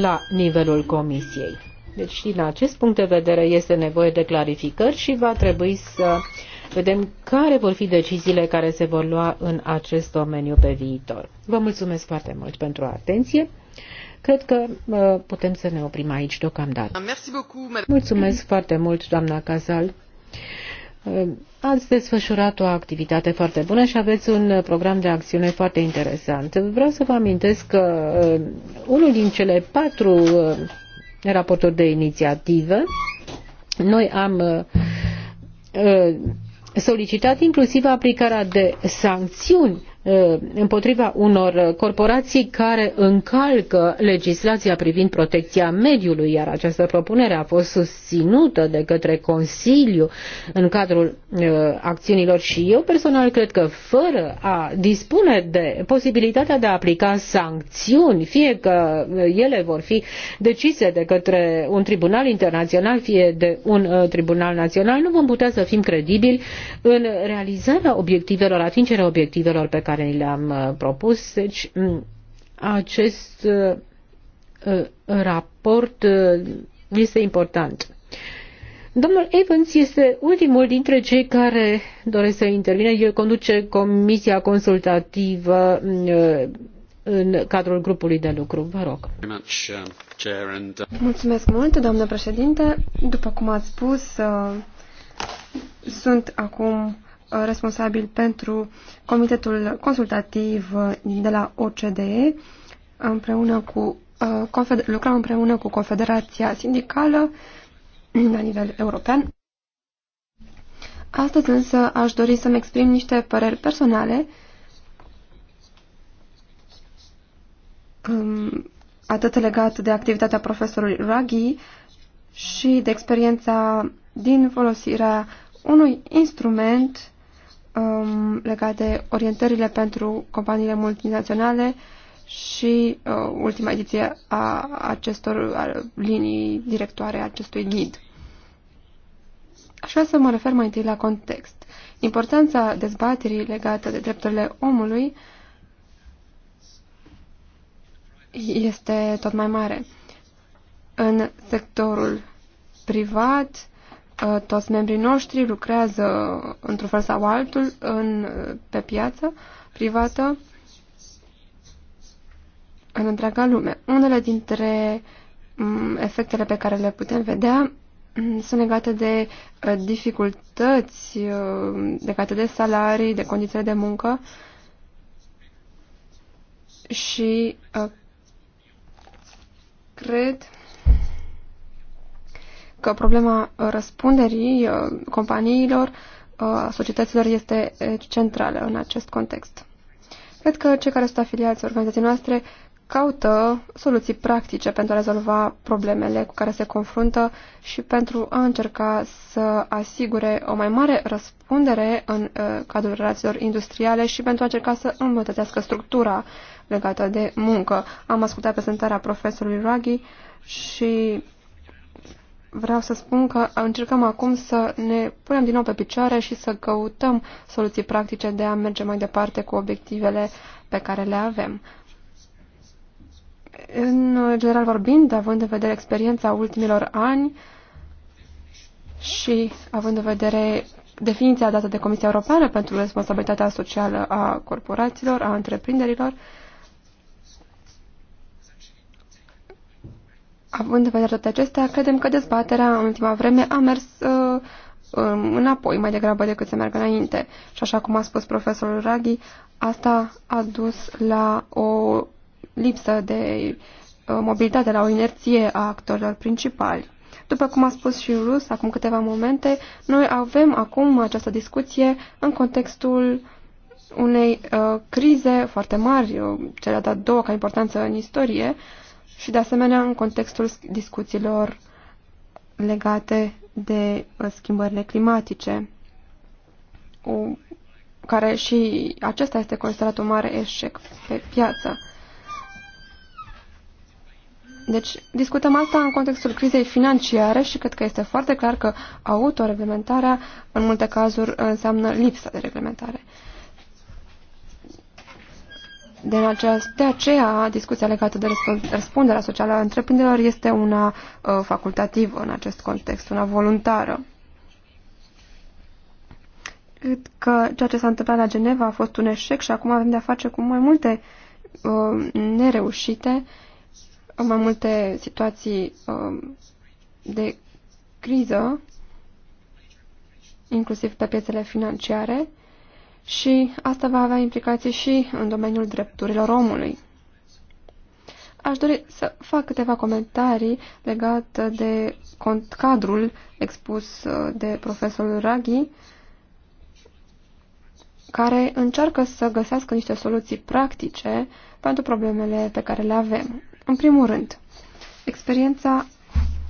la nivelul Comisiei. Deci, din acest punct de vedere, este nevoie de clarificări și va trebui să vedem care vor fi deciziile care se vor lua în acest domeniu pe viitor. Vă mulțumesc foarte mult pentru atenție. Cred că uh, putem să ne oprim aici deocamdată. Mulțumesc foarte mult, doamna Cazal. Ați desfășurat o activitate foarte bună și aveți un program de acțiune foarte interesant. Vreau să vă amintesc că uh, unul din cele patru uh, raportor de inițiativă. Noi am uh, uh, solicitat inclusiv aplicarea de sancțiuni Uh, împotriva unor corporații care încalcă legislația privind protecția mediului, iar această propunere a fost susținută de către Consiliu în cadrul uh, acțiunilor și eu personal cred că fără a dispune de posibilitatea de a aplica sancțiuni, fie că ele vor fi decise de către un tribunal internațional, fie de un uh, tribunal național, nu vom putea să fim credibili în realizarea obiectivelor, atingerea obiectivelor pe care care ni le-am uh, propus. Deci, acest uh, uh, raport este important. Domnul Evans este ultimul dintre cei care doresc să intervine. El conduce comisia consultativă în cadrul grupului de lucru. Vă rog. Mulțumesc mult, doamnă
președinte. După cum ați spus, sunt acum Uh, responsabil pentru Comitetul Consultativ uh, de la OCDE, împreună cu, uh, lucrăm împreună cu Confederația Sindicală la nivel european. Astăzi însă aș dori să-mi exprim niște păreri personale um, atât legat de activitatea profesorului Raghi și de experiența din folosirea unui instrument um, legat de orientările pentru companiile multinaționale și uh, ultima ediție a acestor a linii directoare a acestui ghid. Aș vrea să mă refer mai întâi la context. Importanța dezbaterii legată de drepturile omului este tot mai mare. În sectorul privat, Uh, toți membrii noștri lucrează într-un fel sau altul în, uh, pe piață privată în întreaga lume. Unele dintre mm, efectele pe care le putem vedea mm, sunt legate de uh, dificultăți legate de salarii, de condițiile de muncă și cred că problema uh, răspunderii uh, companiilor, uh, societăților este centrală în acest context. Cred că cei care sunt afiliați organizației noastre caută soluții practice pentru a rezolva problemele cu care se confruntă și pentru a încerca să asigure o mai mare răspundere în uh, cadrul relațiilor industriale și pentru a încerca să îmbunătățească structura legată de muncă. Am ascultat prezentarea profesorului Raghi și vreau să spun că încercăm acum să ne punem din nou pe picioare și să căutăm soluții practice de a merge mai departe cu obiectivele pe care le avem. În general vorbind, având în vedere experiența ultimilor ani și având în vedere definiția dată de Comisia Europeană pentru responsabilitatea socială a corporațiilor, a întreprinderilor, uh, Având în vedere toate acestea, credem că dezbaterea în ultima vreme a mers uh, um, înapoi mai degrabă decât să meargă înainte. Și așa cum a spus profesorul Raghi, asta a dus la o lipsă de uh, mobilitate, la o inerție a actorilor principali. După cum a spus și Rus acum câteva momente, noi avem acum această discuție în contextul unei uh, crize foarte mari, uh, cele de-a doua ca importanță în istorie, uh, și, de asemenea, în contextul discuțiilor legate de uh, schimbările climatice, care și acesta este considerat un mare eșec pe piață. Deci, discutăm asta în contextul crizei financiare și cred că este foarte clar că autoreglementarea, în multe cazuri, înseamnă lipsa de reglementare. De, aceast, de aceea, discuția legată de răspunderea socială a întreprinderilor este una uh, facultativă în acest context, una voluntară. Cred că ceea ce s-a întâmplat la Geneva a fost un eșec și acum avem de-a face cu mai multe uh, nereușite, mai multe situații uh, de criză, inclusiv pe piețele financiare, și asta va avea implicații și în domeniul drepturilor omului. Aș dori să fac câteva comentarii legate de cadrul expus de profesorul Raghi, care încearcă să găsească niște soluții practice pentru problemele pe care le avem. În primul rând, experiența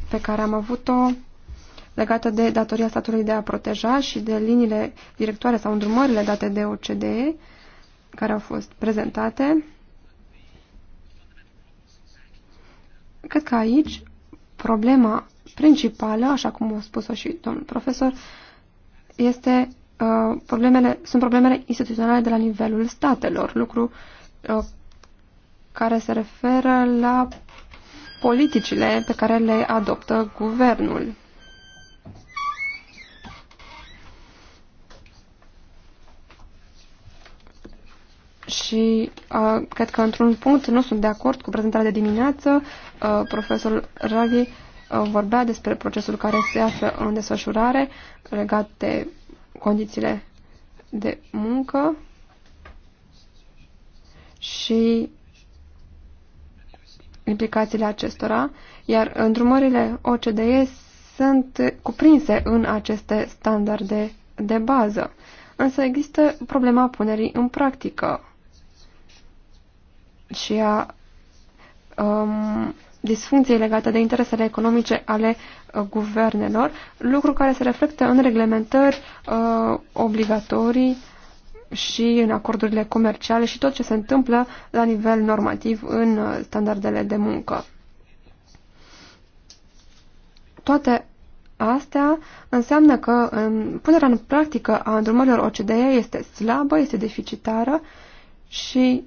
pe care am avut-o legată de datoria statului de a proteja și de liniile directoare sau îndrumările date de OCDE care au fost prezentate. Cred că aici problema principală, așa cum a spus-o și domnul profesor, este, uh, problemele, sunt problemele instituționale de la nivelul statelor, lucru uh, care se referă la politicile pe care le adoptă guvernul. și uh, cred că într-un punct nu sunt de acord cu prezentarea de dimineață. Uh, profesorul Ravi uh, vorbea despre procesul care se află în desfășurare legat de condițiile de muncă și implicațiile acestora, iar îndrumările OCDE sunt cuprinse în aceste standarde de bază. Însă există problema punerii în practică și a um, disfuncției legate de interesele economice ale uh, guvernelor, lucru care se reflectă în reglementări uh, obligatorii și în acordurile comerciale și tot ce se întâmplă la nivel normativ în uh, standardele de muncă. Toate astea înseamnă că în, punerea în practică a îndrumărilor OCDE este slabă, este deficitară și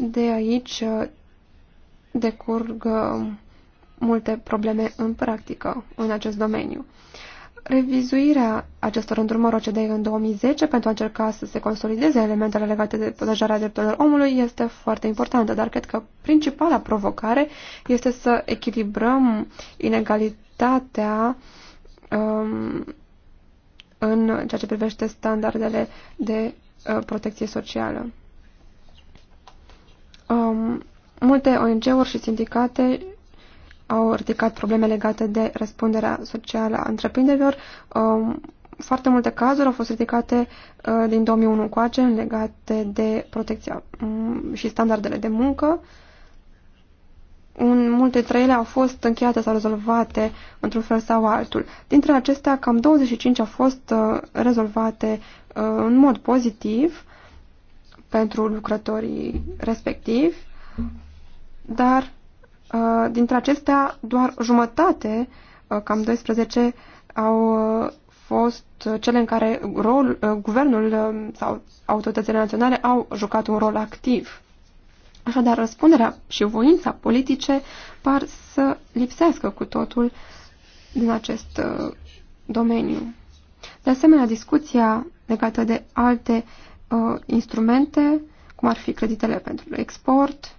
De aici uh, decurg uh, multe probleme în practică în acest domeniu. Revizuirea acestor îndrumări OCD în 2010 pentru a încerca să se consolideze elementele legate de protejarea drepturilor omului este foarte importantă, dar cred că principala provocare este să echilibrăm inegalitatea um, în ceea ce privește standardele de uh, protecție socială. Um, multe ONG-uri și sindicate au ridicat probleme legate de răspunderea socială a întreprinderilor. Um, foarte multe cazuri au fost ridicate uh, din 2001 încoace legate de protecția um, și standardele de muncă. Un, multe dintre ele au fost încheiate sau rezolvate într-un fel sau altul. Dintre acestea, cam 25 au fost uh, rezolvate uh, în mod pozitiv pentru lucrătorii respectivi, dar uh, dintre acestea doar jumătate, uh, cam 12, au uh, fost cele în care rol, guvernul sau autoritățile naționale au jucat un rol activ. Așadar, răspunderea și voința politice par să lipsească cu totul din acest domeniu. De asemenea, discuția legată de alte uh, instrumente, cum ar fi creditele pentru export,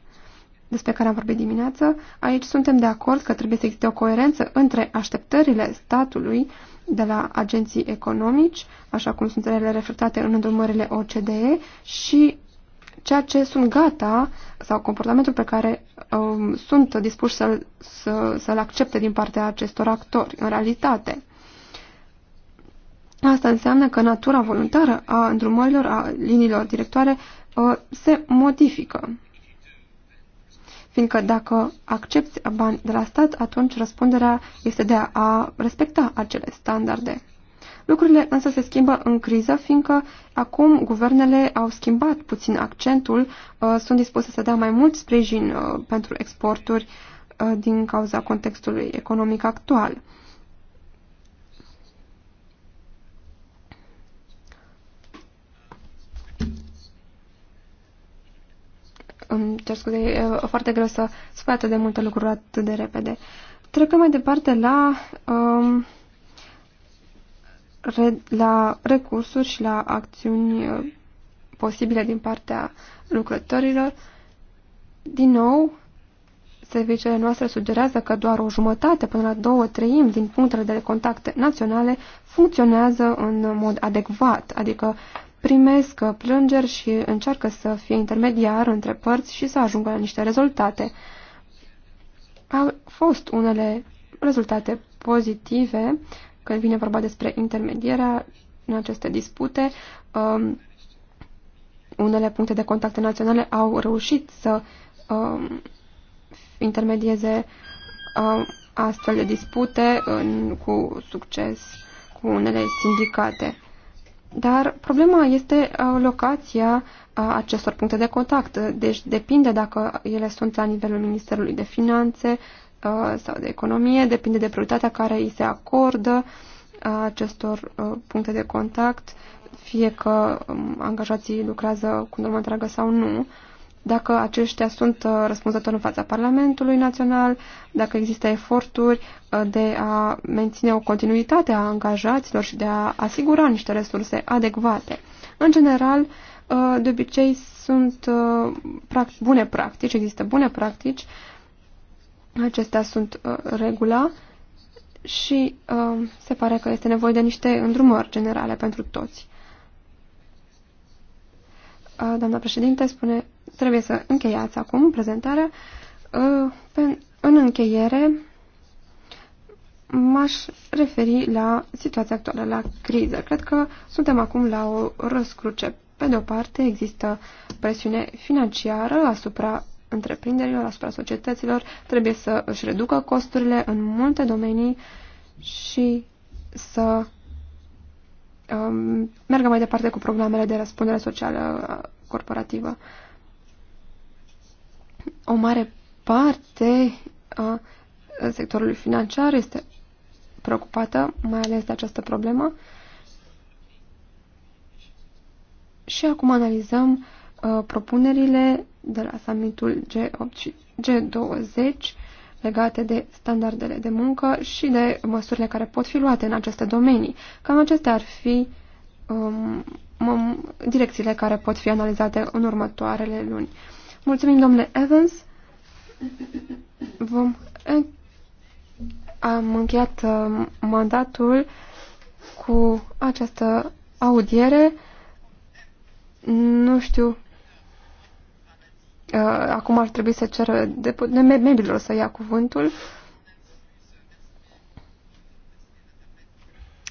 despre care am vorbit dimineață, aici suntem de acord că trebuie să existe o coerență între așteptările statului de la agenții economici, așa cum sunt ele reflectate în îndrumările OCDE, și ceea ce sunt gata sau comportamentul pe care um, sunt dispuși să-l să, să, accepte din partea acestor actori în realitate. Asta înseamnă că natura voluntară a îndrumărilor, a liniilor directoare, uh, se modifică. Fiindcă dacă accepti bani de la stat, atunci răspunderea este de a respecta acele standarde. Lucrurile însă se schimbă în criză, fiindcă acum guvernele au schimbat puțin accentul, uh, sunt dispuse să dea mai mult sprijin uh, pentru exporturi din cauza contextului economic actual. îmi cer scuze, e foarte greu să spui atât de multe lucruri atât de repede. Trecăm mai departe la, um, re, la recursuri și la acțiuni uh, posibile din partea lucrătorilor. Din nou, serviciile noastre sugerează că doar o jumătate până la două treimi din punctele de contact naționale funcționează în mod adecvat, adică primesc plângeri și încearcă să fie intermediar între părți și să ajungă la niște rezultate. Au fost unele rezultate pozitive când vine vorba despre intermedierea în aceste dispute. Um, unele puncte de contact naționale au reușit să um, intermedieze um, astfel de dispute în, cu succes cu unele sindicate. Dar problema este uh, locația uh, acestor puncte de contact. Deci depinde dacă ele sunt la nivelul Ministerului de Finanțe uh, sau de Economie, depinde de prioritatea care îi se acordă acestor puncte de contact, fie că um, angajații lucrează cu normă întreagă sau nu dacă aceștia sunt uh, răspunzători în fața Parlamentului Național, dacă există eforturi uh, de a menține o continuitate a angajaților și de a asigura niște resurse adecvate. În general, uh, de obicei sunt bune practici, există bune practici, acestea sunt regula și se pare că este nevoie de niște îndrumări generale pentru toți doamna președinte, spune, trebuie să încheiați acum prezentarea. În încheiere, m-aș referi la situația actuală, la criză. Cred că suntem acum la o răscruce. Pe de o parte, există presiune financiară asupra întreprinderilor, asupra societăților, trebuie să își reducă costurile în multe domenii și să um, meargă mai departe cu programele de răspundere socială uh, corporativă. O mare parte a uh, sectorului financiar este preocupată mai ales de această problemă și acum analizăm uh, propunerile de la summitul G8 și G20 legate de standardele de muncă și de măsurile care pot fi luate în aceste domenii. Cam acestea ar fi um, direcțiile care pot fi analizate în următoarele luni. Mulțumim, domnule Evans. Vom Am încheiat um, mandatul cu această audiere. Nu știu Uh, acum ar trebui să ceră de, membrilor să ia cuvântul.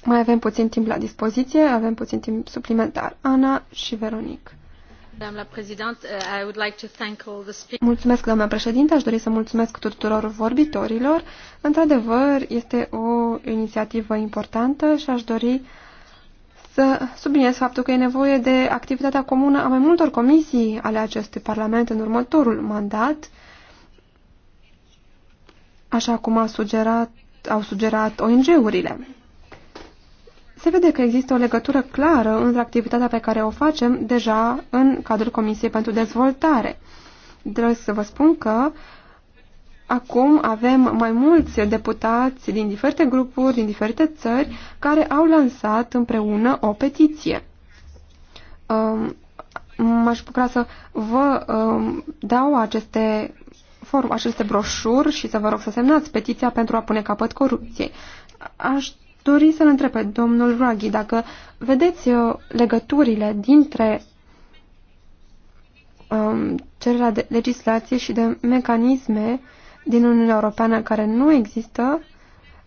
Mai avem puțin timp la dispoziție, avem puțin timp suplimentar. Ana și Veronic.
Uh,
mulțumesc, doamna președinte. Aș dori să mulțumesc tuturor vorbitorilor. Într-adevăr, este o inițiativă importantă și aș dori uh, să subliniez faptul că e nevoie de activitatea comună a mai multor comisii ale acestui Parlament în următorul mandat, așa cum a sugerat, au sugerat ONG-urile. Se vede că există o legătură clară între activitatea pe care o facem deja în cadrul Comisiei pentru Dezvoltare. Trebuie să vă spun că Acum avem mai mulți deputați din diferite grupuri, din diferite țări, care au lansat împreună o petiție. Um, m-aș bucura să vă um, dau aceste, form, aceste broșuri și să vă rog să semnați petiția pentru a pune capăt corupției. Aș dori să-l întreb pe domnul Raghi dacă vedeți uh, legăturile dintre um, cererea de legislație și de mecanisme uh, din Uniunea Europeană care nu există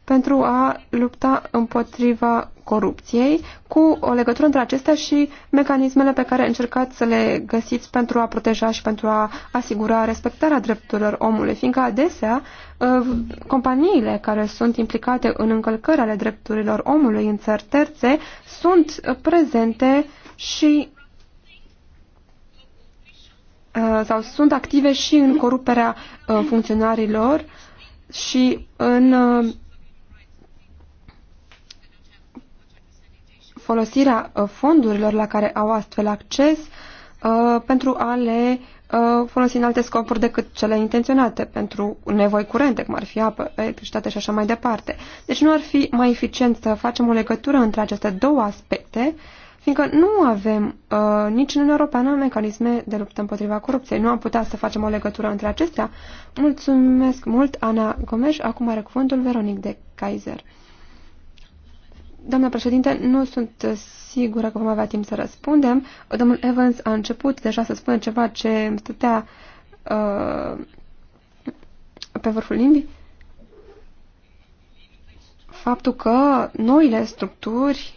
pentru a lupta împotriva corupției, cu o legătură între acestea și mecanismele pe care încercați să le găsiți pentru a proteja și pentru a asigura respectarea drepturilor omului, fiindcă adesea ă, companiile care sunt implicate în încălcări ale drepturilor omului în țări terțe sunt prezente și Uh, sau sunt active și în coruperea uh, funcționarilor și în uh, folosirea fondurilor la care au astfel acces pentru a le folosi în alte scopuri decât cele intenționate, pentru nevoi curente, cum ar fi apă, electricitate și așa mai departe. Deci nu ar fi mai eficient să facem o legătură între aceste două aspecte uh, fiindcă nu avem uh, nici în Uniunea Europeană mecanisme de luptă împotriva corupției. Nu am putea să facem o legătură între acestea. Mulțumesc mult, Ana Gomes. Acum are cuvântul Veronic de Kaiser. Doamna președinte, nu sunt sigură că vom avea timp să răspundem. Domnul Evans a început deja să spună ceva ce îmi stătea uh, pe vârful limbii. Faptul că noile structuri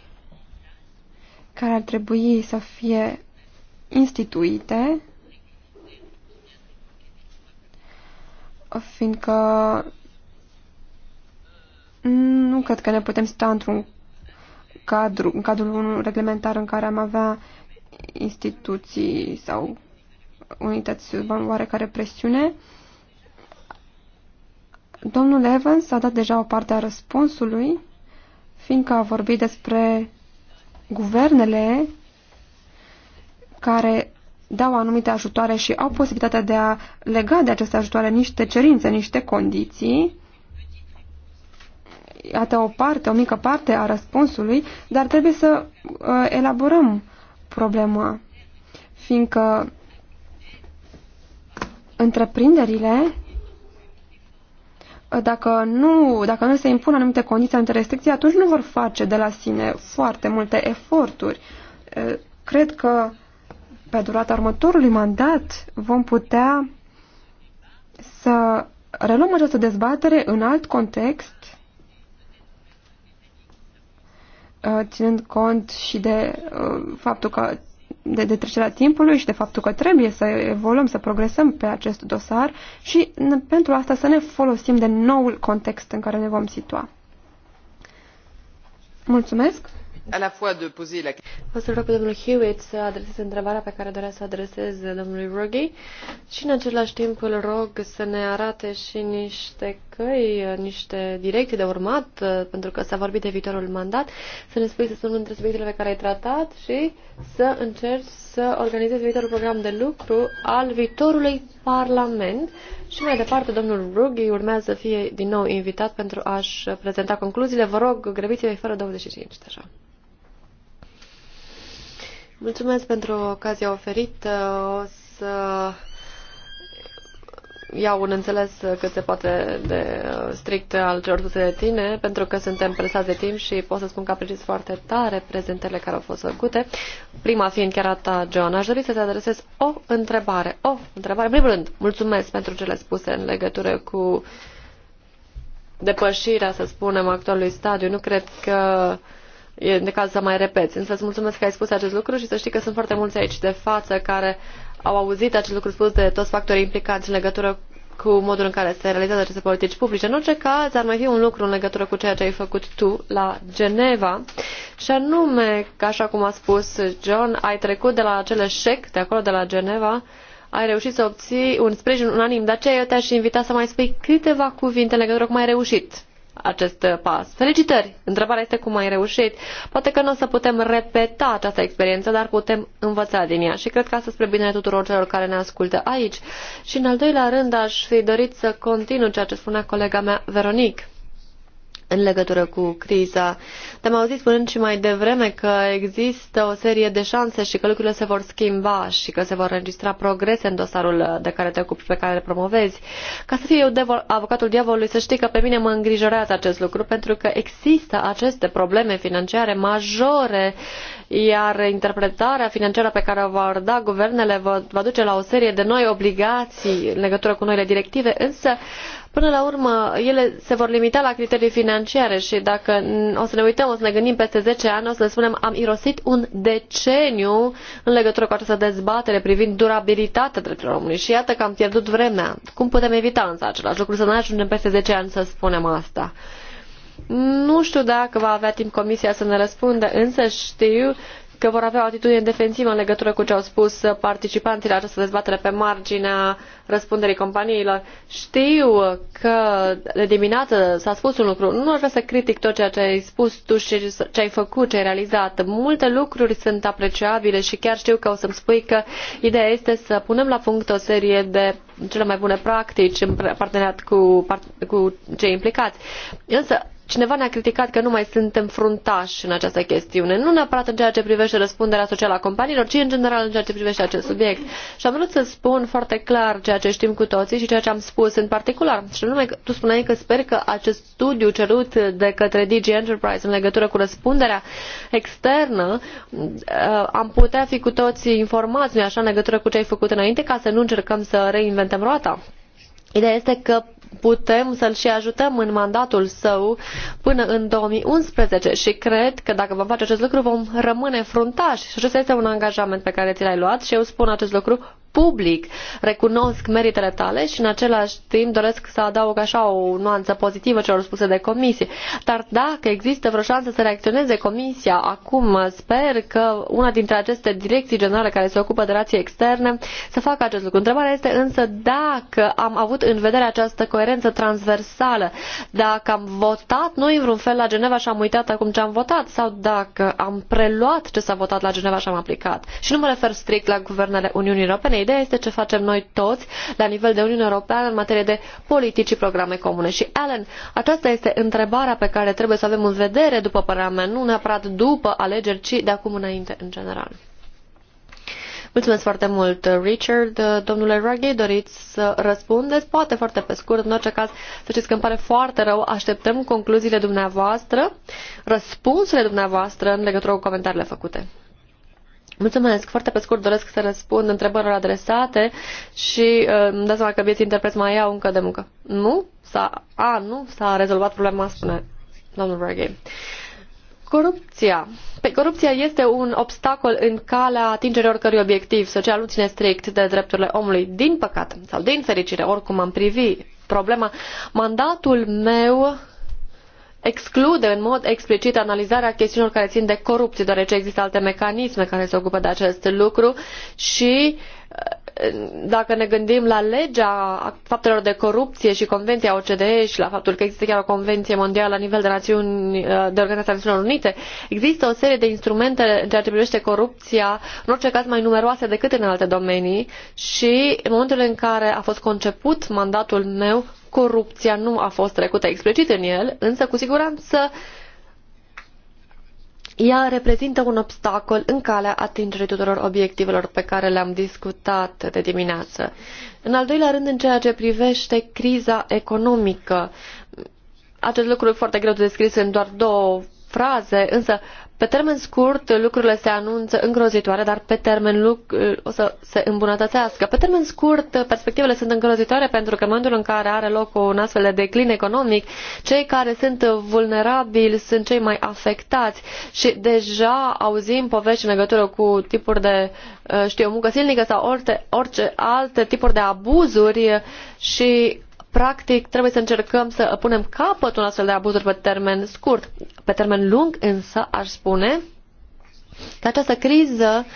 care ar trebui să fie instituite, fiindcă nu cred că ne putem sta într-un cadru, în cadrul unui reglementar în care am avea instituții sau unități sub oarecare presiune. Domnul Evans a dat deja o parte a răspunsului, fiindcă a vorbit despre guvernele care dau anumite ajutoare și au posibilitatea de a lega de aceste ajutoare niște cerințe, niște condiții, iată o parte, o mică parte a răspunsului, dar trebuie să uh, elaborăm problema, fiindcă întreprinderile dacă nu, dacă nu se impun anumite condiții, anumite restricții, atunci nu vor face de la sine foarte multe eforturi. Cred că pe durata următorului mandat vom putea să reluăm această dezbatere în alt context, ținând cont și de faptul că de, de trecerea timpului și de faptul că trebuie să evoluăm, să progresăm pe acest dosar și pentru asta să ne folosim de noul context
în care ne vom situa. Mulțumesc!
À la fois de poser
la... O să rog pe domnul Hewitt să adreseze întrebarea pe care dorea să adreseze domnului Ruggie și în același timp îl rog să ne arate și niște căi, uh, niște direcții de urmat, uh, pentru că s-a vorbit de viitorul mandat, să ne spui să sunt între subiectele pe care ai tratat și să încerci să organizezi viitorul program de lucru al viitorului Parlament. Și mai departe, domnul Rughi urmează să fie din nou invitat pentru a-și prezenta concluziile. Vă rog, grăbiți-vă fără 25 deci așa. Mulțumesc pentru ocazia oferită. O să iau un înțeles cât se poate de uh, strict al celor duse de tine, pentru că suntem presați de timp și pot să spun că apreciez foarte tare prezentele care au fost făcute. Prima fiind chiar a ta, John. Aș dori să te adresez o întrebare. O întrebare. În primul rând, mulțumesc pentru cele spuse în legătură cu depășirea, să spunem, actualului stadiu. Nu cred că e de caz să mai repeți. Însă îți mulțumesc că ai spus acest lucru și să știi că sunt foarte mulți aici de față care au auzit acest lucru spus de toți factorii implicați în legătură cu modul în care se realizează aceste politici publice. În orice caz, ar mai fi un lucru în legătură cu ceea ce ai făcut tu la Geneva, și anume, că așa cum a spus John, ai trecut de la acel eșec de acolo, de la Geneva, ai reușit să obții un sprijin unanim. De aceea eu te-aș invita să mai spui câteva cuvinte în legătură cu cum ai reușit acest uh, pas. Felicitări! Întrebarea este cum ai reușit. Poate că nu o să putem repeta această experiență, dar putem învăța din ea și cred că asta spre binele tuturor celor care ne ascultă aici. Și în al doilea rând aș fi dorit să continu ceea ce spunea colega mea, Veronique în legătură cu criza. Te-am auzit spunând și mai devreme că există o serie de șanse și că lucrurile se vor schimba și că se vor înregistra progrese în dosarul de care te ocupi, pe care îl promovezi. Ca să fiu eu avocatul diavolului, să știi că pe mine mă îngrijorează acest lucru, pentru că există aceste probleme financiare majore, iar interpretarea financiară pe care o vor da guvernele va duce la o serie de noi obligații în legătură cu noile directive, însă Până la urmă, ele se vor limita la criterii financiare și dacă o să ne uităm, o să ne gândim peste 10 ani, o să ne spunem am irosit un deceniu în legătură cu această dezbatere privind durabilitatea drepturilor omului și iată că am pierdut vremea. Cum putem evita însă același lucru, să nu ajungem peste 10 ani să spunem asta? Nu știu dacă va avea timp comisia să ne răspundă, însă știu că vor avea o atitudine defensivă în legătură cu ce au spus participanții la această dezbatere pe marginea răspunderii companiilor. Știu că de dimineață s-a spus un lucru. Nu aș vrea să critic tot ceea ce ai spus tu și ce ai făcut, ce ai realizat. Multe lucruri sunt apreciabile și chiar știu că o să-mi spui că ideea este să punem la punct o serie de cele mai bune practici în parteneriat cu, cu cei implicați. Însă, Cineva ne-a criticat că nu mai suntem fruntași în această chestiune, nu neapărat în ceea ce privește răspunderea socială a companiilor, ci în general în ceea ce privește acest subiect. Și am vrut să spun foarte clar ceea ce știm cu toții și ceea ce am spus în particular. Și numai tu spuneai că sper că acest studiu cerut de către DG Enterprise în legătură cu răspunderea externă uh, am putea fi cu toții informați, nu așa, în legătură cu ce ai făcut înainte, ca să nu încercăm să reinventăm roata. Ideea este că putem să-l și ajutăm în mandatul său până în 2011 și cred că dacă vom face acest lucru vom rămâne fruntași și acesta este un angajament pe care ți l-ai luat și eu spun acest lucru public recunosc meritele tale și în același timp doresc să adaug așa o nuanță pozitivă celor spuse de comisie. Dar dacă există vreo șansă să reacționeze comisia acum, sper că una dintre aceste direcții generale care se ocupă de relații externe să facă acest lucru. Întrebarea este însă dacă am avut în vedere această coerență transversală, dacă am votat noi în vreun fel la Geneva și am uitat acum ce am votat sau dacă am preluat ce s-a votat la Geneva și am aplicat. Și nu mă refer strict la guvernele Uniunii Europene, ideea este ce facem noi toți la nivel de Uniune Europeană în materie de politici și programe comune. Și, Alan, aceasta este întrebarea pe care trebuie să avem în vedere, după părerea mea, nu neapărat după alegeri, ci de acum înainte, în general. Mulțumesc foarte mult, Richard. Domnule Ruggie, doriți să răspundeți? Poate foarte pe scurt, în orice caz, să știți că îmi pare foarte rău. Așteptăm concluziile dumneavoastră, răspunsurile dumneavoastră în legătură cu comentariile făcute. Mulțumesc. Foarte pe scurt doresc să răspund întrebărilor adresate și uh, îmi dați seama că vieții interpreți mai iau încă de muncă. Nu? S-a, a, nu? S-a rezolvat problema, spune domnul Berghe. Corupția. Pe corupția este un obstacol în calea atingerii oricărui obiectiv social, nu ține strict de drepturile omului. Din păcate sau din fericire, oricum am privit problema, mandatul meu exclude în mod explicit analizarea chestiunilor care țin de corupție, deoarece există alte mecanisme care se ocupă de acest lucru și eh, dacă ne gândim la legea faptelor de corupție și convenția OCDE și la faptul că există chiar o convenție mondială la nivel de națiuni, eh, de Organizația Națiunilor Unite, există o serie de instrumente în ceea ce privește corupția, în orice caz mai numeroase decât în alte domenii și în momentul în care a fost conceput mandatul meu, corupția nu a fost trecută explicit în el, însă cu siguranță ea reprezintă un obstacol în calea atingerii tuturor obiectivelor pe care le-am discutat de dimineață. În al doilea rând, în ceea ce privește criza economică, acest lucru e foarte greu de descris în doar două fraze, însă pe termen scurt, lucrurile se anunță îngrozitoare, dar pe termen lung uh, o să se îmbunătățească. Pe termen scurt, perspectivele sunt îngrozitoare pentru că în momentul în care are loc un astfel de declin economic, cei care sunt vulnerabili sunt cei mai afectați și deja auzim povești în legătură cu tipuri de, uh, știu eu, muncă silnică sau orice, orice alte tipuri de abuzuri și practic trebuie să încercăm să punem capăt un astfel de abuzuri pe termen scurt. Pe termen lung însă aș spune că această criză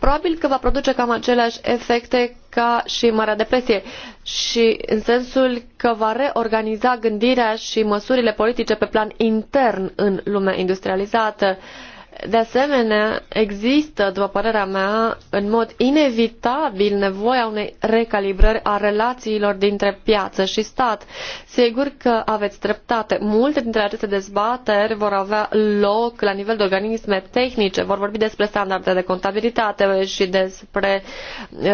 probabil că va produce cam aceleași efecte ca și Marea Depresie și în sensul că va reorganiza gândirea și măsurile politice pe plan intern în lumea industrializată. Uh, de asemenea, există, după părerea mea, în mod inevitabil nevoia unei recalibrări a relațiilor dintre piață și stat. Sigur că aveți dreptate. Multe dintre aceste dezbateri vor avea loc la nivel de organisme tehnice. Vor vorbi despre standarde de contabilitate și despre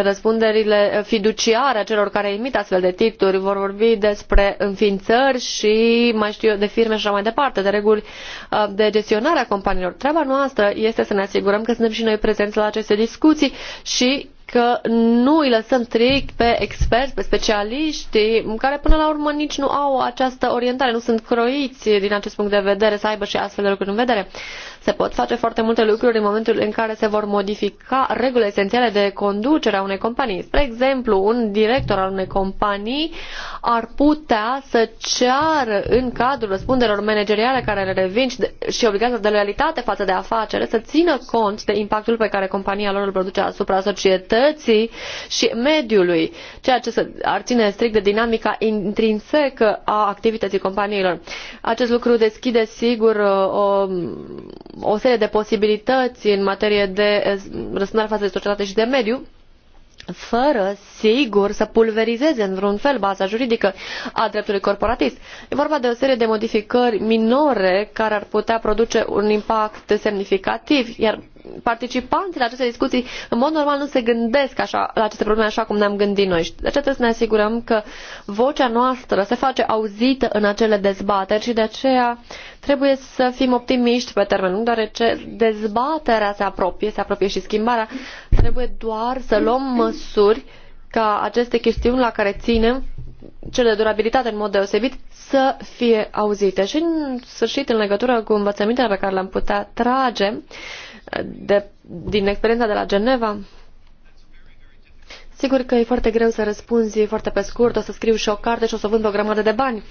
răspunderile fiduciare a celor care emit astfel de titluri. Vor vorbi despre înființări și mai știu eu de firme și așa mai departe, de reguli uh, de gestionare a companiilor. Treaba nu noastră este să ne asigurăm că suntem și noi prezenți la aceste discuții și că nu îi lăsăm strict pe experți, pe specialiști, care până la urmă nici nu au această orientare, nu sunt croiți din acest punct de vedere să aibă și astfel de lucruri în vedere. Se pot face foarte multe lucruri în momentul în care se vor modifica regulile esențiale de conducere a unei companii. Spre exemplu, un director al unei companii ar putea să ceară în cadrul răspunderilor manageriale care le revin și, de, și obligația de loialitate față de afacere să țină cont de impactul pe care compania lor îl produce asupra societății sănătății și mediului, ceea ce ar ține strict de dinamica intrinsecă a activității companiilor. Acest lucru deschide, sigur, o, o serie de posibilități în materie de răspundere față de societate și de mediu, fără, sigur, să pulverizeze într-un fel baza juridică a dreptului corporatist. E vorba de o serie de modificări minore care ar putea produce un impact semnificativ, iar participanții la aceste discuții în mod normal nu se gândesc așa, la aceste probleme așa cum ne-am gândit noi. De aceea trebuie să ne asigurăm că vocea noastră se face auzită în acele dezbateri și de aceea trebuie să fim optimiști pe termen lung, deoarece dezbaterea se apropie, se apropie și schimbarea. Trebuie doar să luăm măsuri ca aceste chestiuni la care ținem cele de durabilitate în mod deosebit să fie auzite. Și în sfârșit, în legătură cu învățămintele pe care le-am putea trage, de, din experiența de la Geneva? Sigur că e foarte greu să răspunzi foarte pe scurt, o să scriu și o carte și o să vând o grămadă de bani.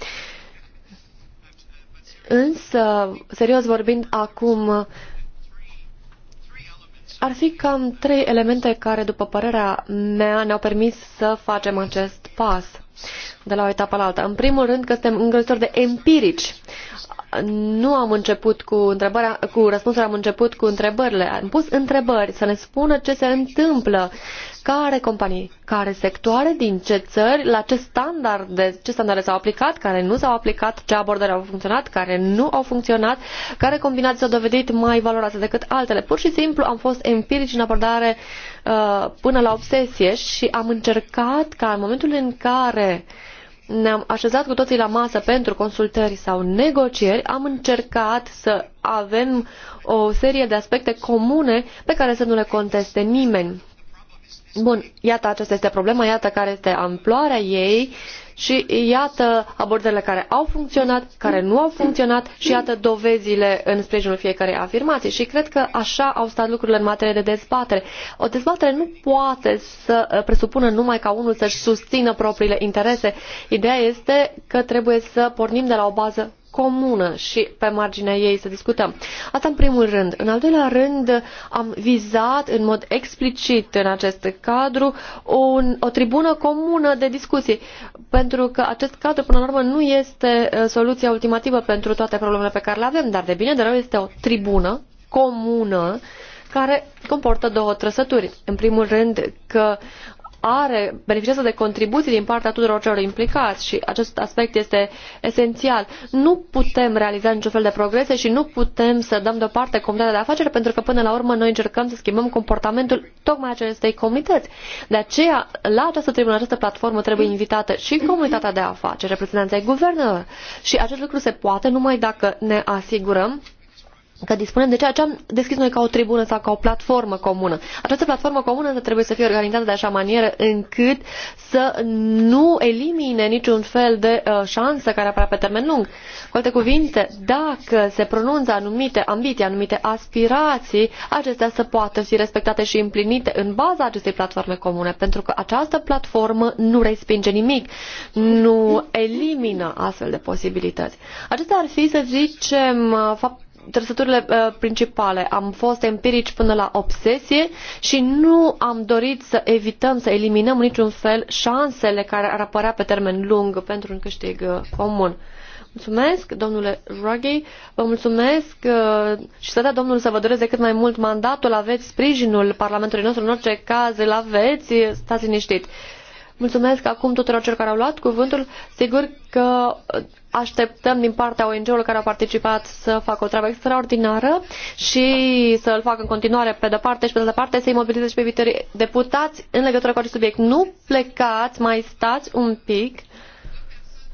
Însă, serios vorbind, acum ar fi cam trei elemente care, după părerea mea, ne-au permis să facem acest pas de la o etapă la alta. În primul rând că suntem îngrozitori de empirici nu am început cu întrebarea, cu răspunsul am început cu întrebările. Am pus întrebări să ne spună ce se întâmplă, care companii, care sectoare, din ce țări, la ce standarde, ce standarde s-au aplicat, care nu s-au aplicat, ce abordări au funcționat, care nu au funcționat, care combinații s-au dovedit mai valoroase decât altele. Pur și simplu am fost empirici în abordare uh, până la obsesie și am încercat ca în momentul în care ne-am așezat cu toții la masă pentru consultări sau negocieri, am încercat să avem o serie de aspecte comune pe care să nu le conteste nimeni. Bun, iată aceasta este problema, iată care este amploarea ei și iată abordările care au funcționat, care nu au funcționat și iată dovezile în sprijinul fiecarei afirmații. Și cred că așa au stat lucrurile în materie de dezbatere. O dezbatere nu poate să uh, presupună numai ca unul să-și susțină propriile interese. Ideea este că trebuie să pornim de la o bază comună și pe marginea ei să discutăm. Asta în primul rând. În al doilea rând, am vizat în mod explicit în acest cadru un, o tribună comună de discuții, pentru că acest cadru, până la urmă, nu este uh, soluția ultimativă pentru toate problemele pe care le avem, dar de bine de rău este o tribună comună care comportă două trăsături. În primul rând că are, beneficiază de contribuții din partea tuturor celor implicați și acest aspect este esențial. Nu putem realiza niciun fel de progrese și nu putem să dăm deoparte comunitatea de afaceri pentru că până la urmă noi încercăm să schimbăm comportamentul tocmai acestei comunități. De aceea, la această tribună, această platformă trebuie invitată și comunitatea de afaceri, reprezentanții guvernelor. Și acest lucru se poate numai dacă ne asigurăm că dispunem de ceea ce am deschis noi ca o tribună sau ca o platformă comună. Această platformă comună trebuie să fie organizată de așa manieră încât să nu elimine niciun fel de uh, șansă care apare pe termen lung. Cu alte cuvinte, dacă se pronunță anumite ambiții, anumite aspirații, acestea să poată fi respectate și împlinite în baza acestei platforme comune, pentru că această platformă nu respinge nimic, nu elimină astfel de posibilități. Acestea ar fi, să zicem, uh, fapt trăsăturile uh, principale. Am fost empirici până la obsesie și nu am dorit să evităm, să eliminăm niciun fel șansele care ar apărea pe termen lung pentru un câștig uh, comun. Mulțumesc, domnule Ruggie, vă mulțumesc uh, și să dea domnul să vă doreze cât mai mult mandatul, aveți sprijinul Parlamentului nostru, în orice caz îl aveți, stați liniștit. Mulțumesc acum tuturor celor care au luat cuvântul. Sigur că uh, așteptăm din partea ONG-ului care a participat să facă o treabă extraordinară și să îl facă în continuare pe de parte și pe de parte să-i mobilizeze și pe viitorii deputați în legătură cu acest subiect. Nu plecați, mai stați un pic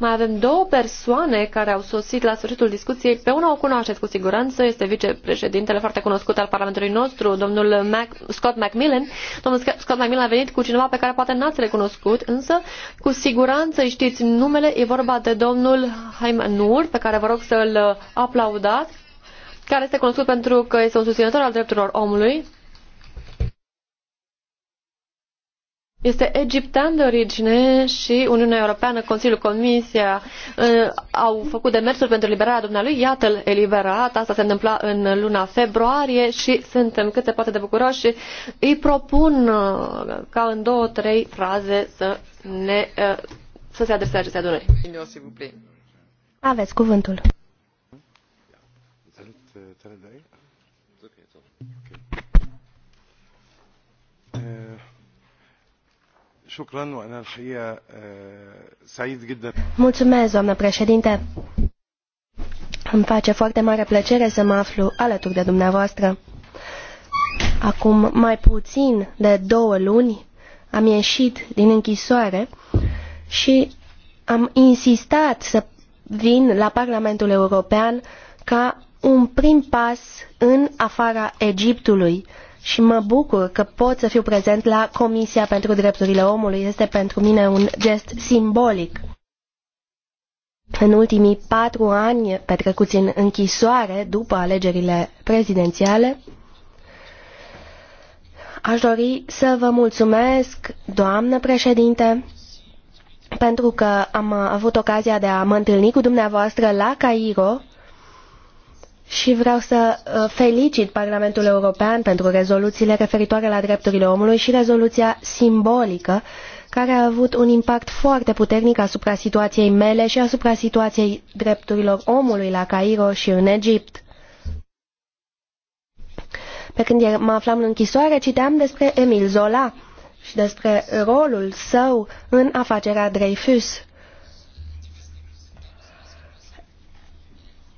mai avem două persoane care au sosit la sfârșitul discuției. Pe una o cunoașteți cu siguranță, este vicepreședintele foarte cunoscut al Parlamentului nostru, domnul Mac, Scott Macmillan. Domnul Scott Macmillan a venit cu cineva pe care poate n-ați recunoscut, însă cu siguranță îi știți numele. E vorba de domnul Haim Nur, pe care vă rog să-l uh, aplaudați, care este cunoscut pentru că este un susținător al drepturilor omului este egiptean de origine și Uniunea Europeană, Consiliul, Comisia uh, au făcut demersuri pentru liberarea dumnealui. Iată-l eliberat, asta se întâmpla în luna februarie și suntem cât se poate de bucuroși. Îi propun uh, ca în două, trei fraze să, ne, uh, să se adreseze aceste adunări.
Aveți cuvântul. Mulțumesc, doamnă președinte. Îmi face foarte mare plăcere să mă aflu alături de dumneavoastră. Acum mai puțin de două luni am ieșit din închisoare și am insistat să vin la Parlamentul European ca un prim pas în afara Egiptului și mă bucur că pot să fiu prezent la Comisia pentru Drepturile Omului. Este pentru mine un gest simbolic. În ultimii patru ani petrecuți în închisoare după alegerile prezidențiale, aș dori să vă mulțumesc, doamnă președinte, pentru că am avut ocazia de a mă întâlni cu dumneavoastră la Cairo și vreau să uh, felicit Parlamentul European pentru rezoluțiile referitoare la drepturile omului și rezoluția simbolică care a avut un impact foarte puternic asupra situației mele și asupra situației drepturilor omului la Cairo și în Egipt. Pe când mă aflam în închisoare, citeam despre Emil Zola și despre rolul său în afacerea Dreyfus.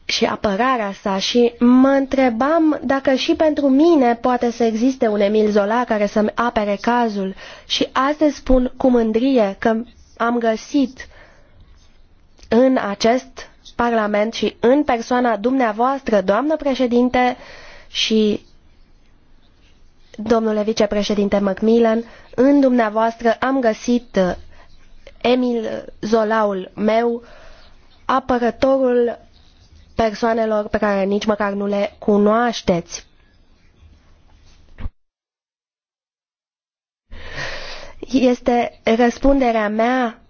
și apărarea sa și mă întrebam dacă și pentru mine poate să existe un Emil Zola care să-mi apere cazul și astăzi spun cu mândrie că am găsit în acest Parlament și în persoana dumneavoastră, doamnă președinte și domnule vicepreședinte Macmillan, în dumneavoastră am găsit Emil Zolaul meu, apărătorul persoanelor pe care nici măcar nu le cunoașteți. Este răspunderea mea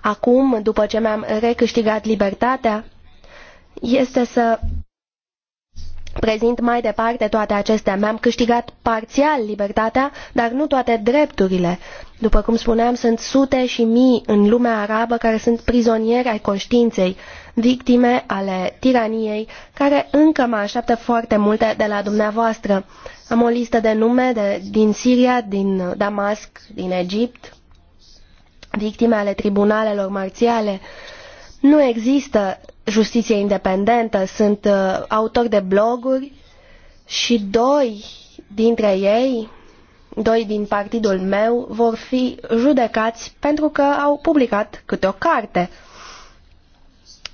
acum, după ce mi-am recâștigat libertatea, este să prezint mai departe toate acestea. Mi-am câștigat parțial libertatea, dar nu toate drepturile. După cum spuneam, sunt sute și mii în lumea arabă care sunt prizonieri ai conștiinței, victime ale tiraniei, care încă mai așteaptă foarte multe de la dumneavoastră. Am o listă de nume de, din Siria, din Damasc, din Egipt, victime ale tribunalelor marțiale. Nu există justiție independentă, sunt uh, autori de bloguri și doi dintre ei, doi din partidul meu vor fi judecați pentru că au publicat câte o carte.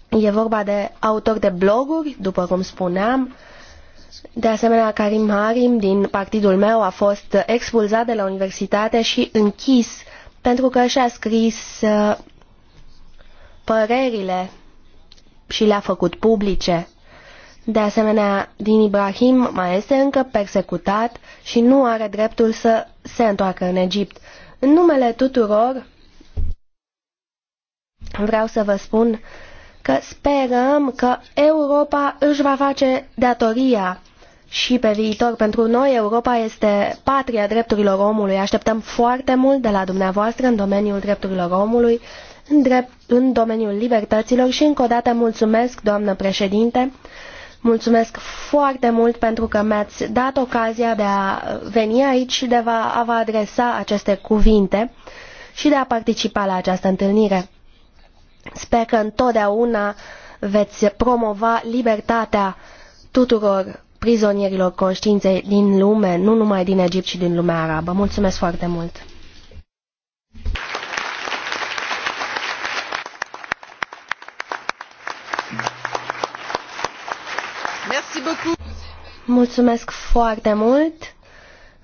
E vorba de autor de bloguri, după cum spuneam. De asemenea, Karim Harim din partidul meu a fost expulzat de la universitate și închis pentru că și-a scris uh, părerile și le-a făcut publice. De asemenea, din Ibrahim mai este încă persecutat și nu are dreptul să se întoarcă în Egipt. În numele tuturor, vreau să vă spun că sperăm că Europa își va face datoria și pe viitor. Pentru noi, Europa este patria drepturilor omului. Așteptăm foarte mult de la dumneavoastră în domeniul drepturilor omului, în, drept, în domeniul libertăților și încă o dată mulțumesc, doamnă președinte, Mulțumesc foarte mult pentru că mi-ați dat ocazia de a veni aici și de a vă adresa aceste cuvinte și de a participa la această întâlnire. Sper că întotdeauna veți promova libertatea tuturor prizonierilor conștiinței din lume, nu numai din Egipt, ci din lumea arabă. Mulțumesc foarte mult! Mulțumesc foarte mult.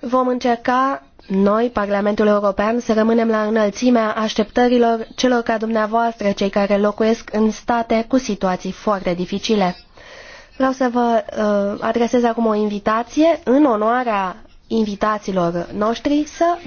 Vom încerca noi, Parlamentul European, să rămânem la înălțimea așteptărilor celor ca dumneavoastră, cei care locuiesc în state cu situații foarte dificile. Vreau să vă uh, adresez acum o invitație în onoarea invitațiilor noștri să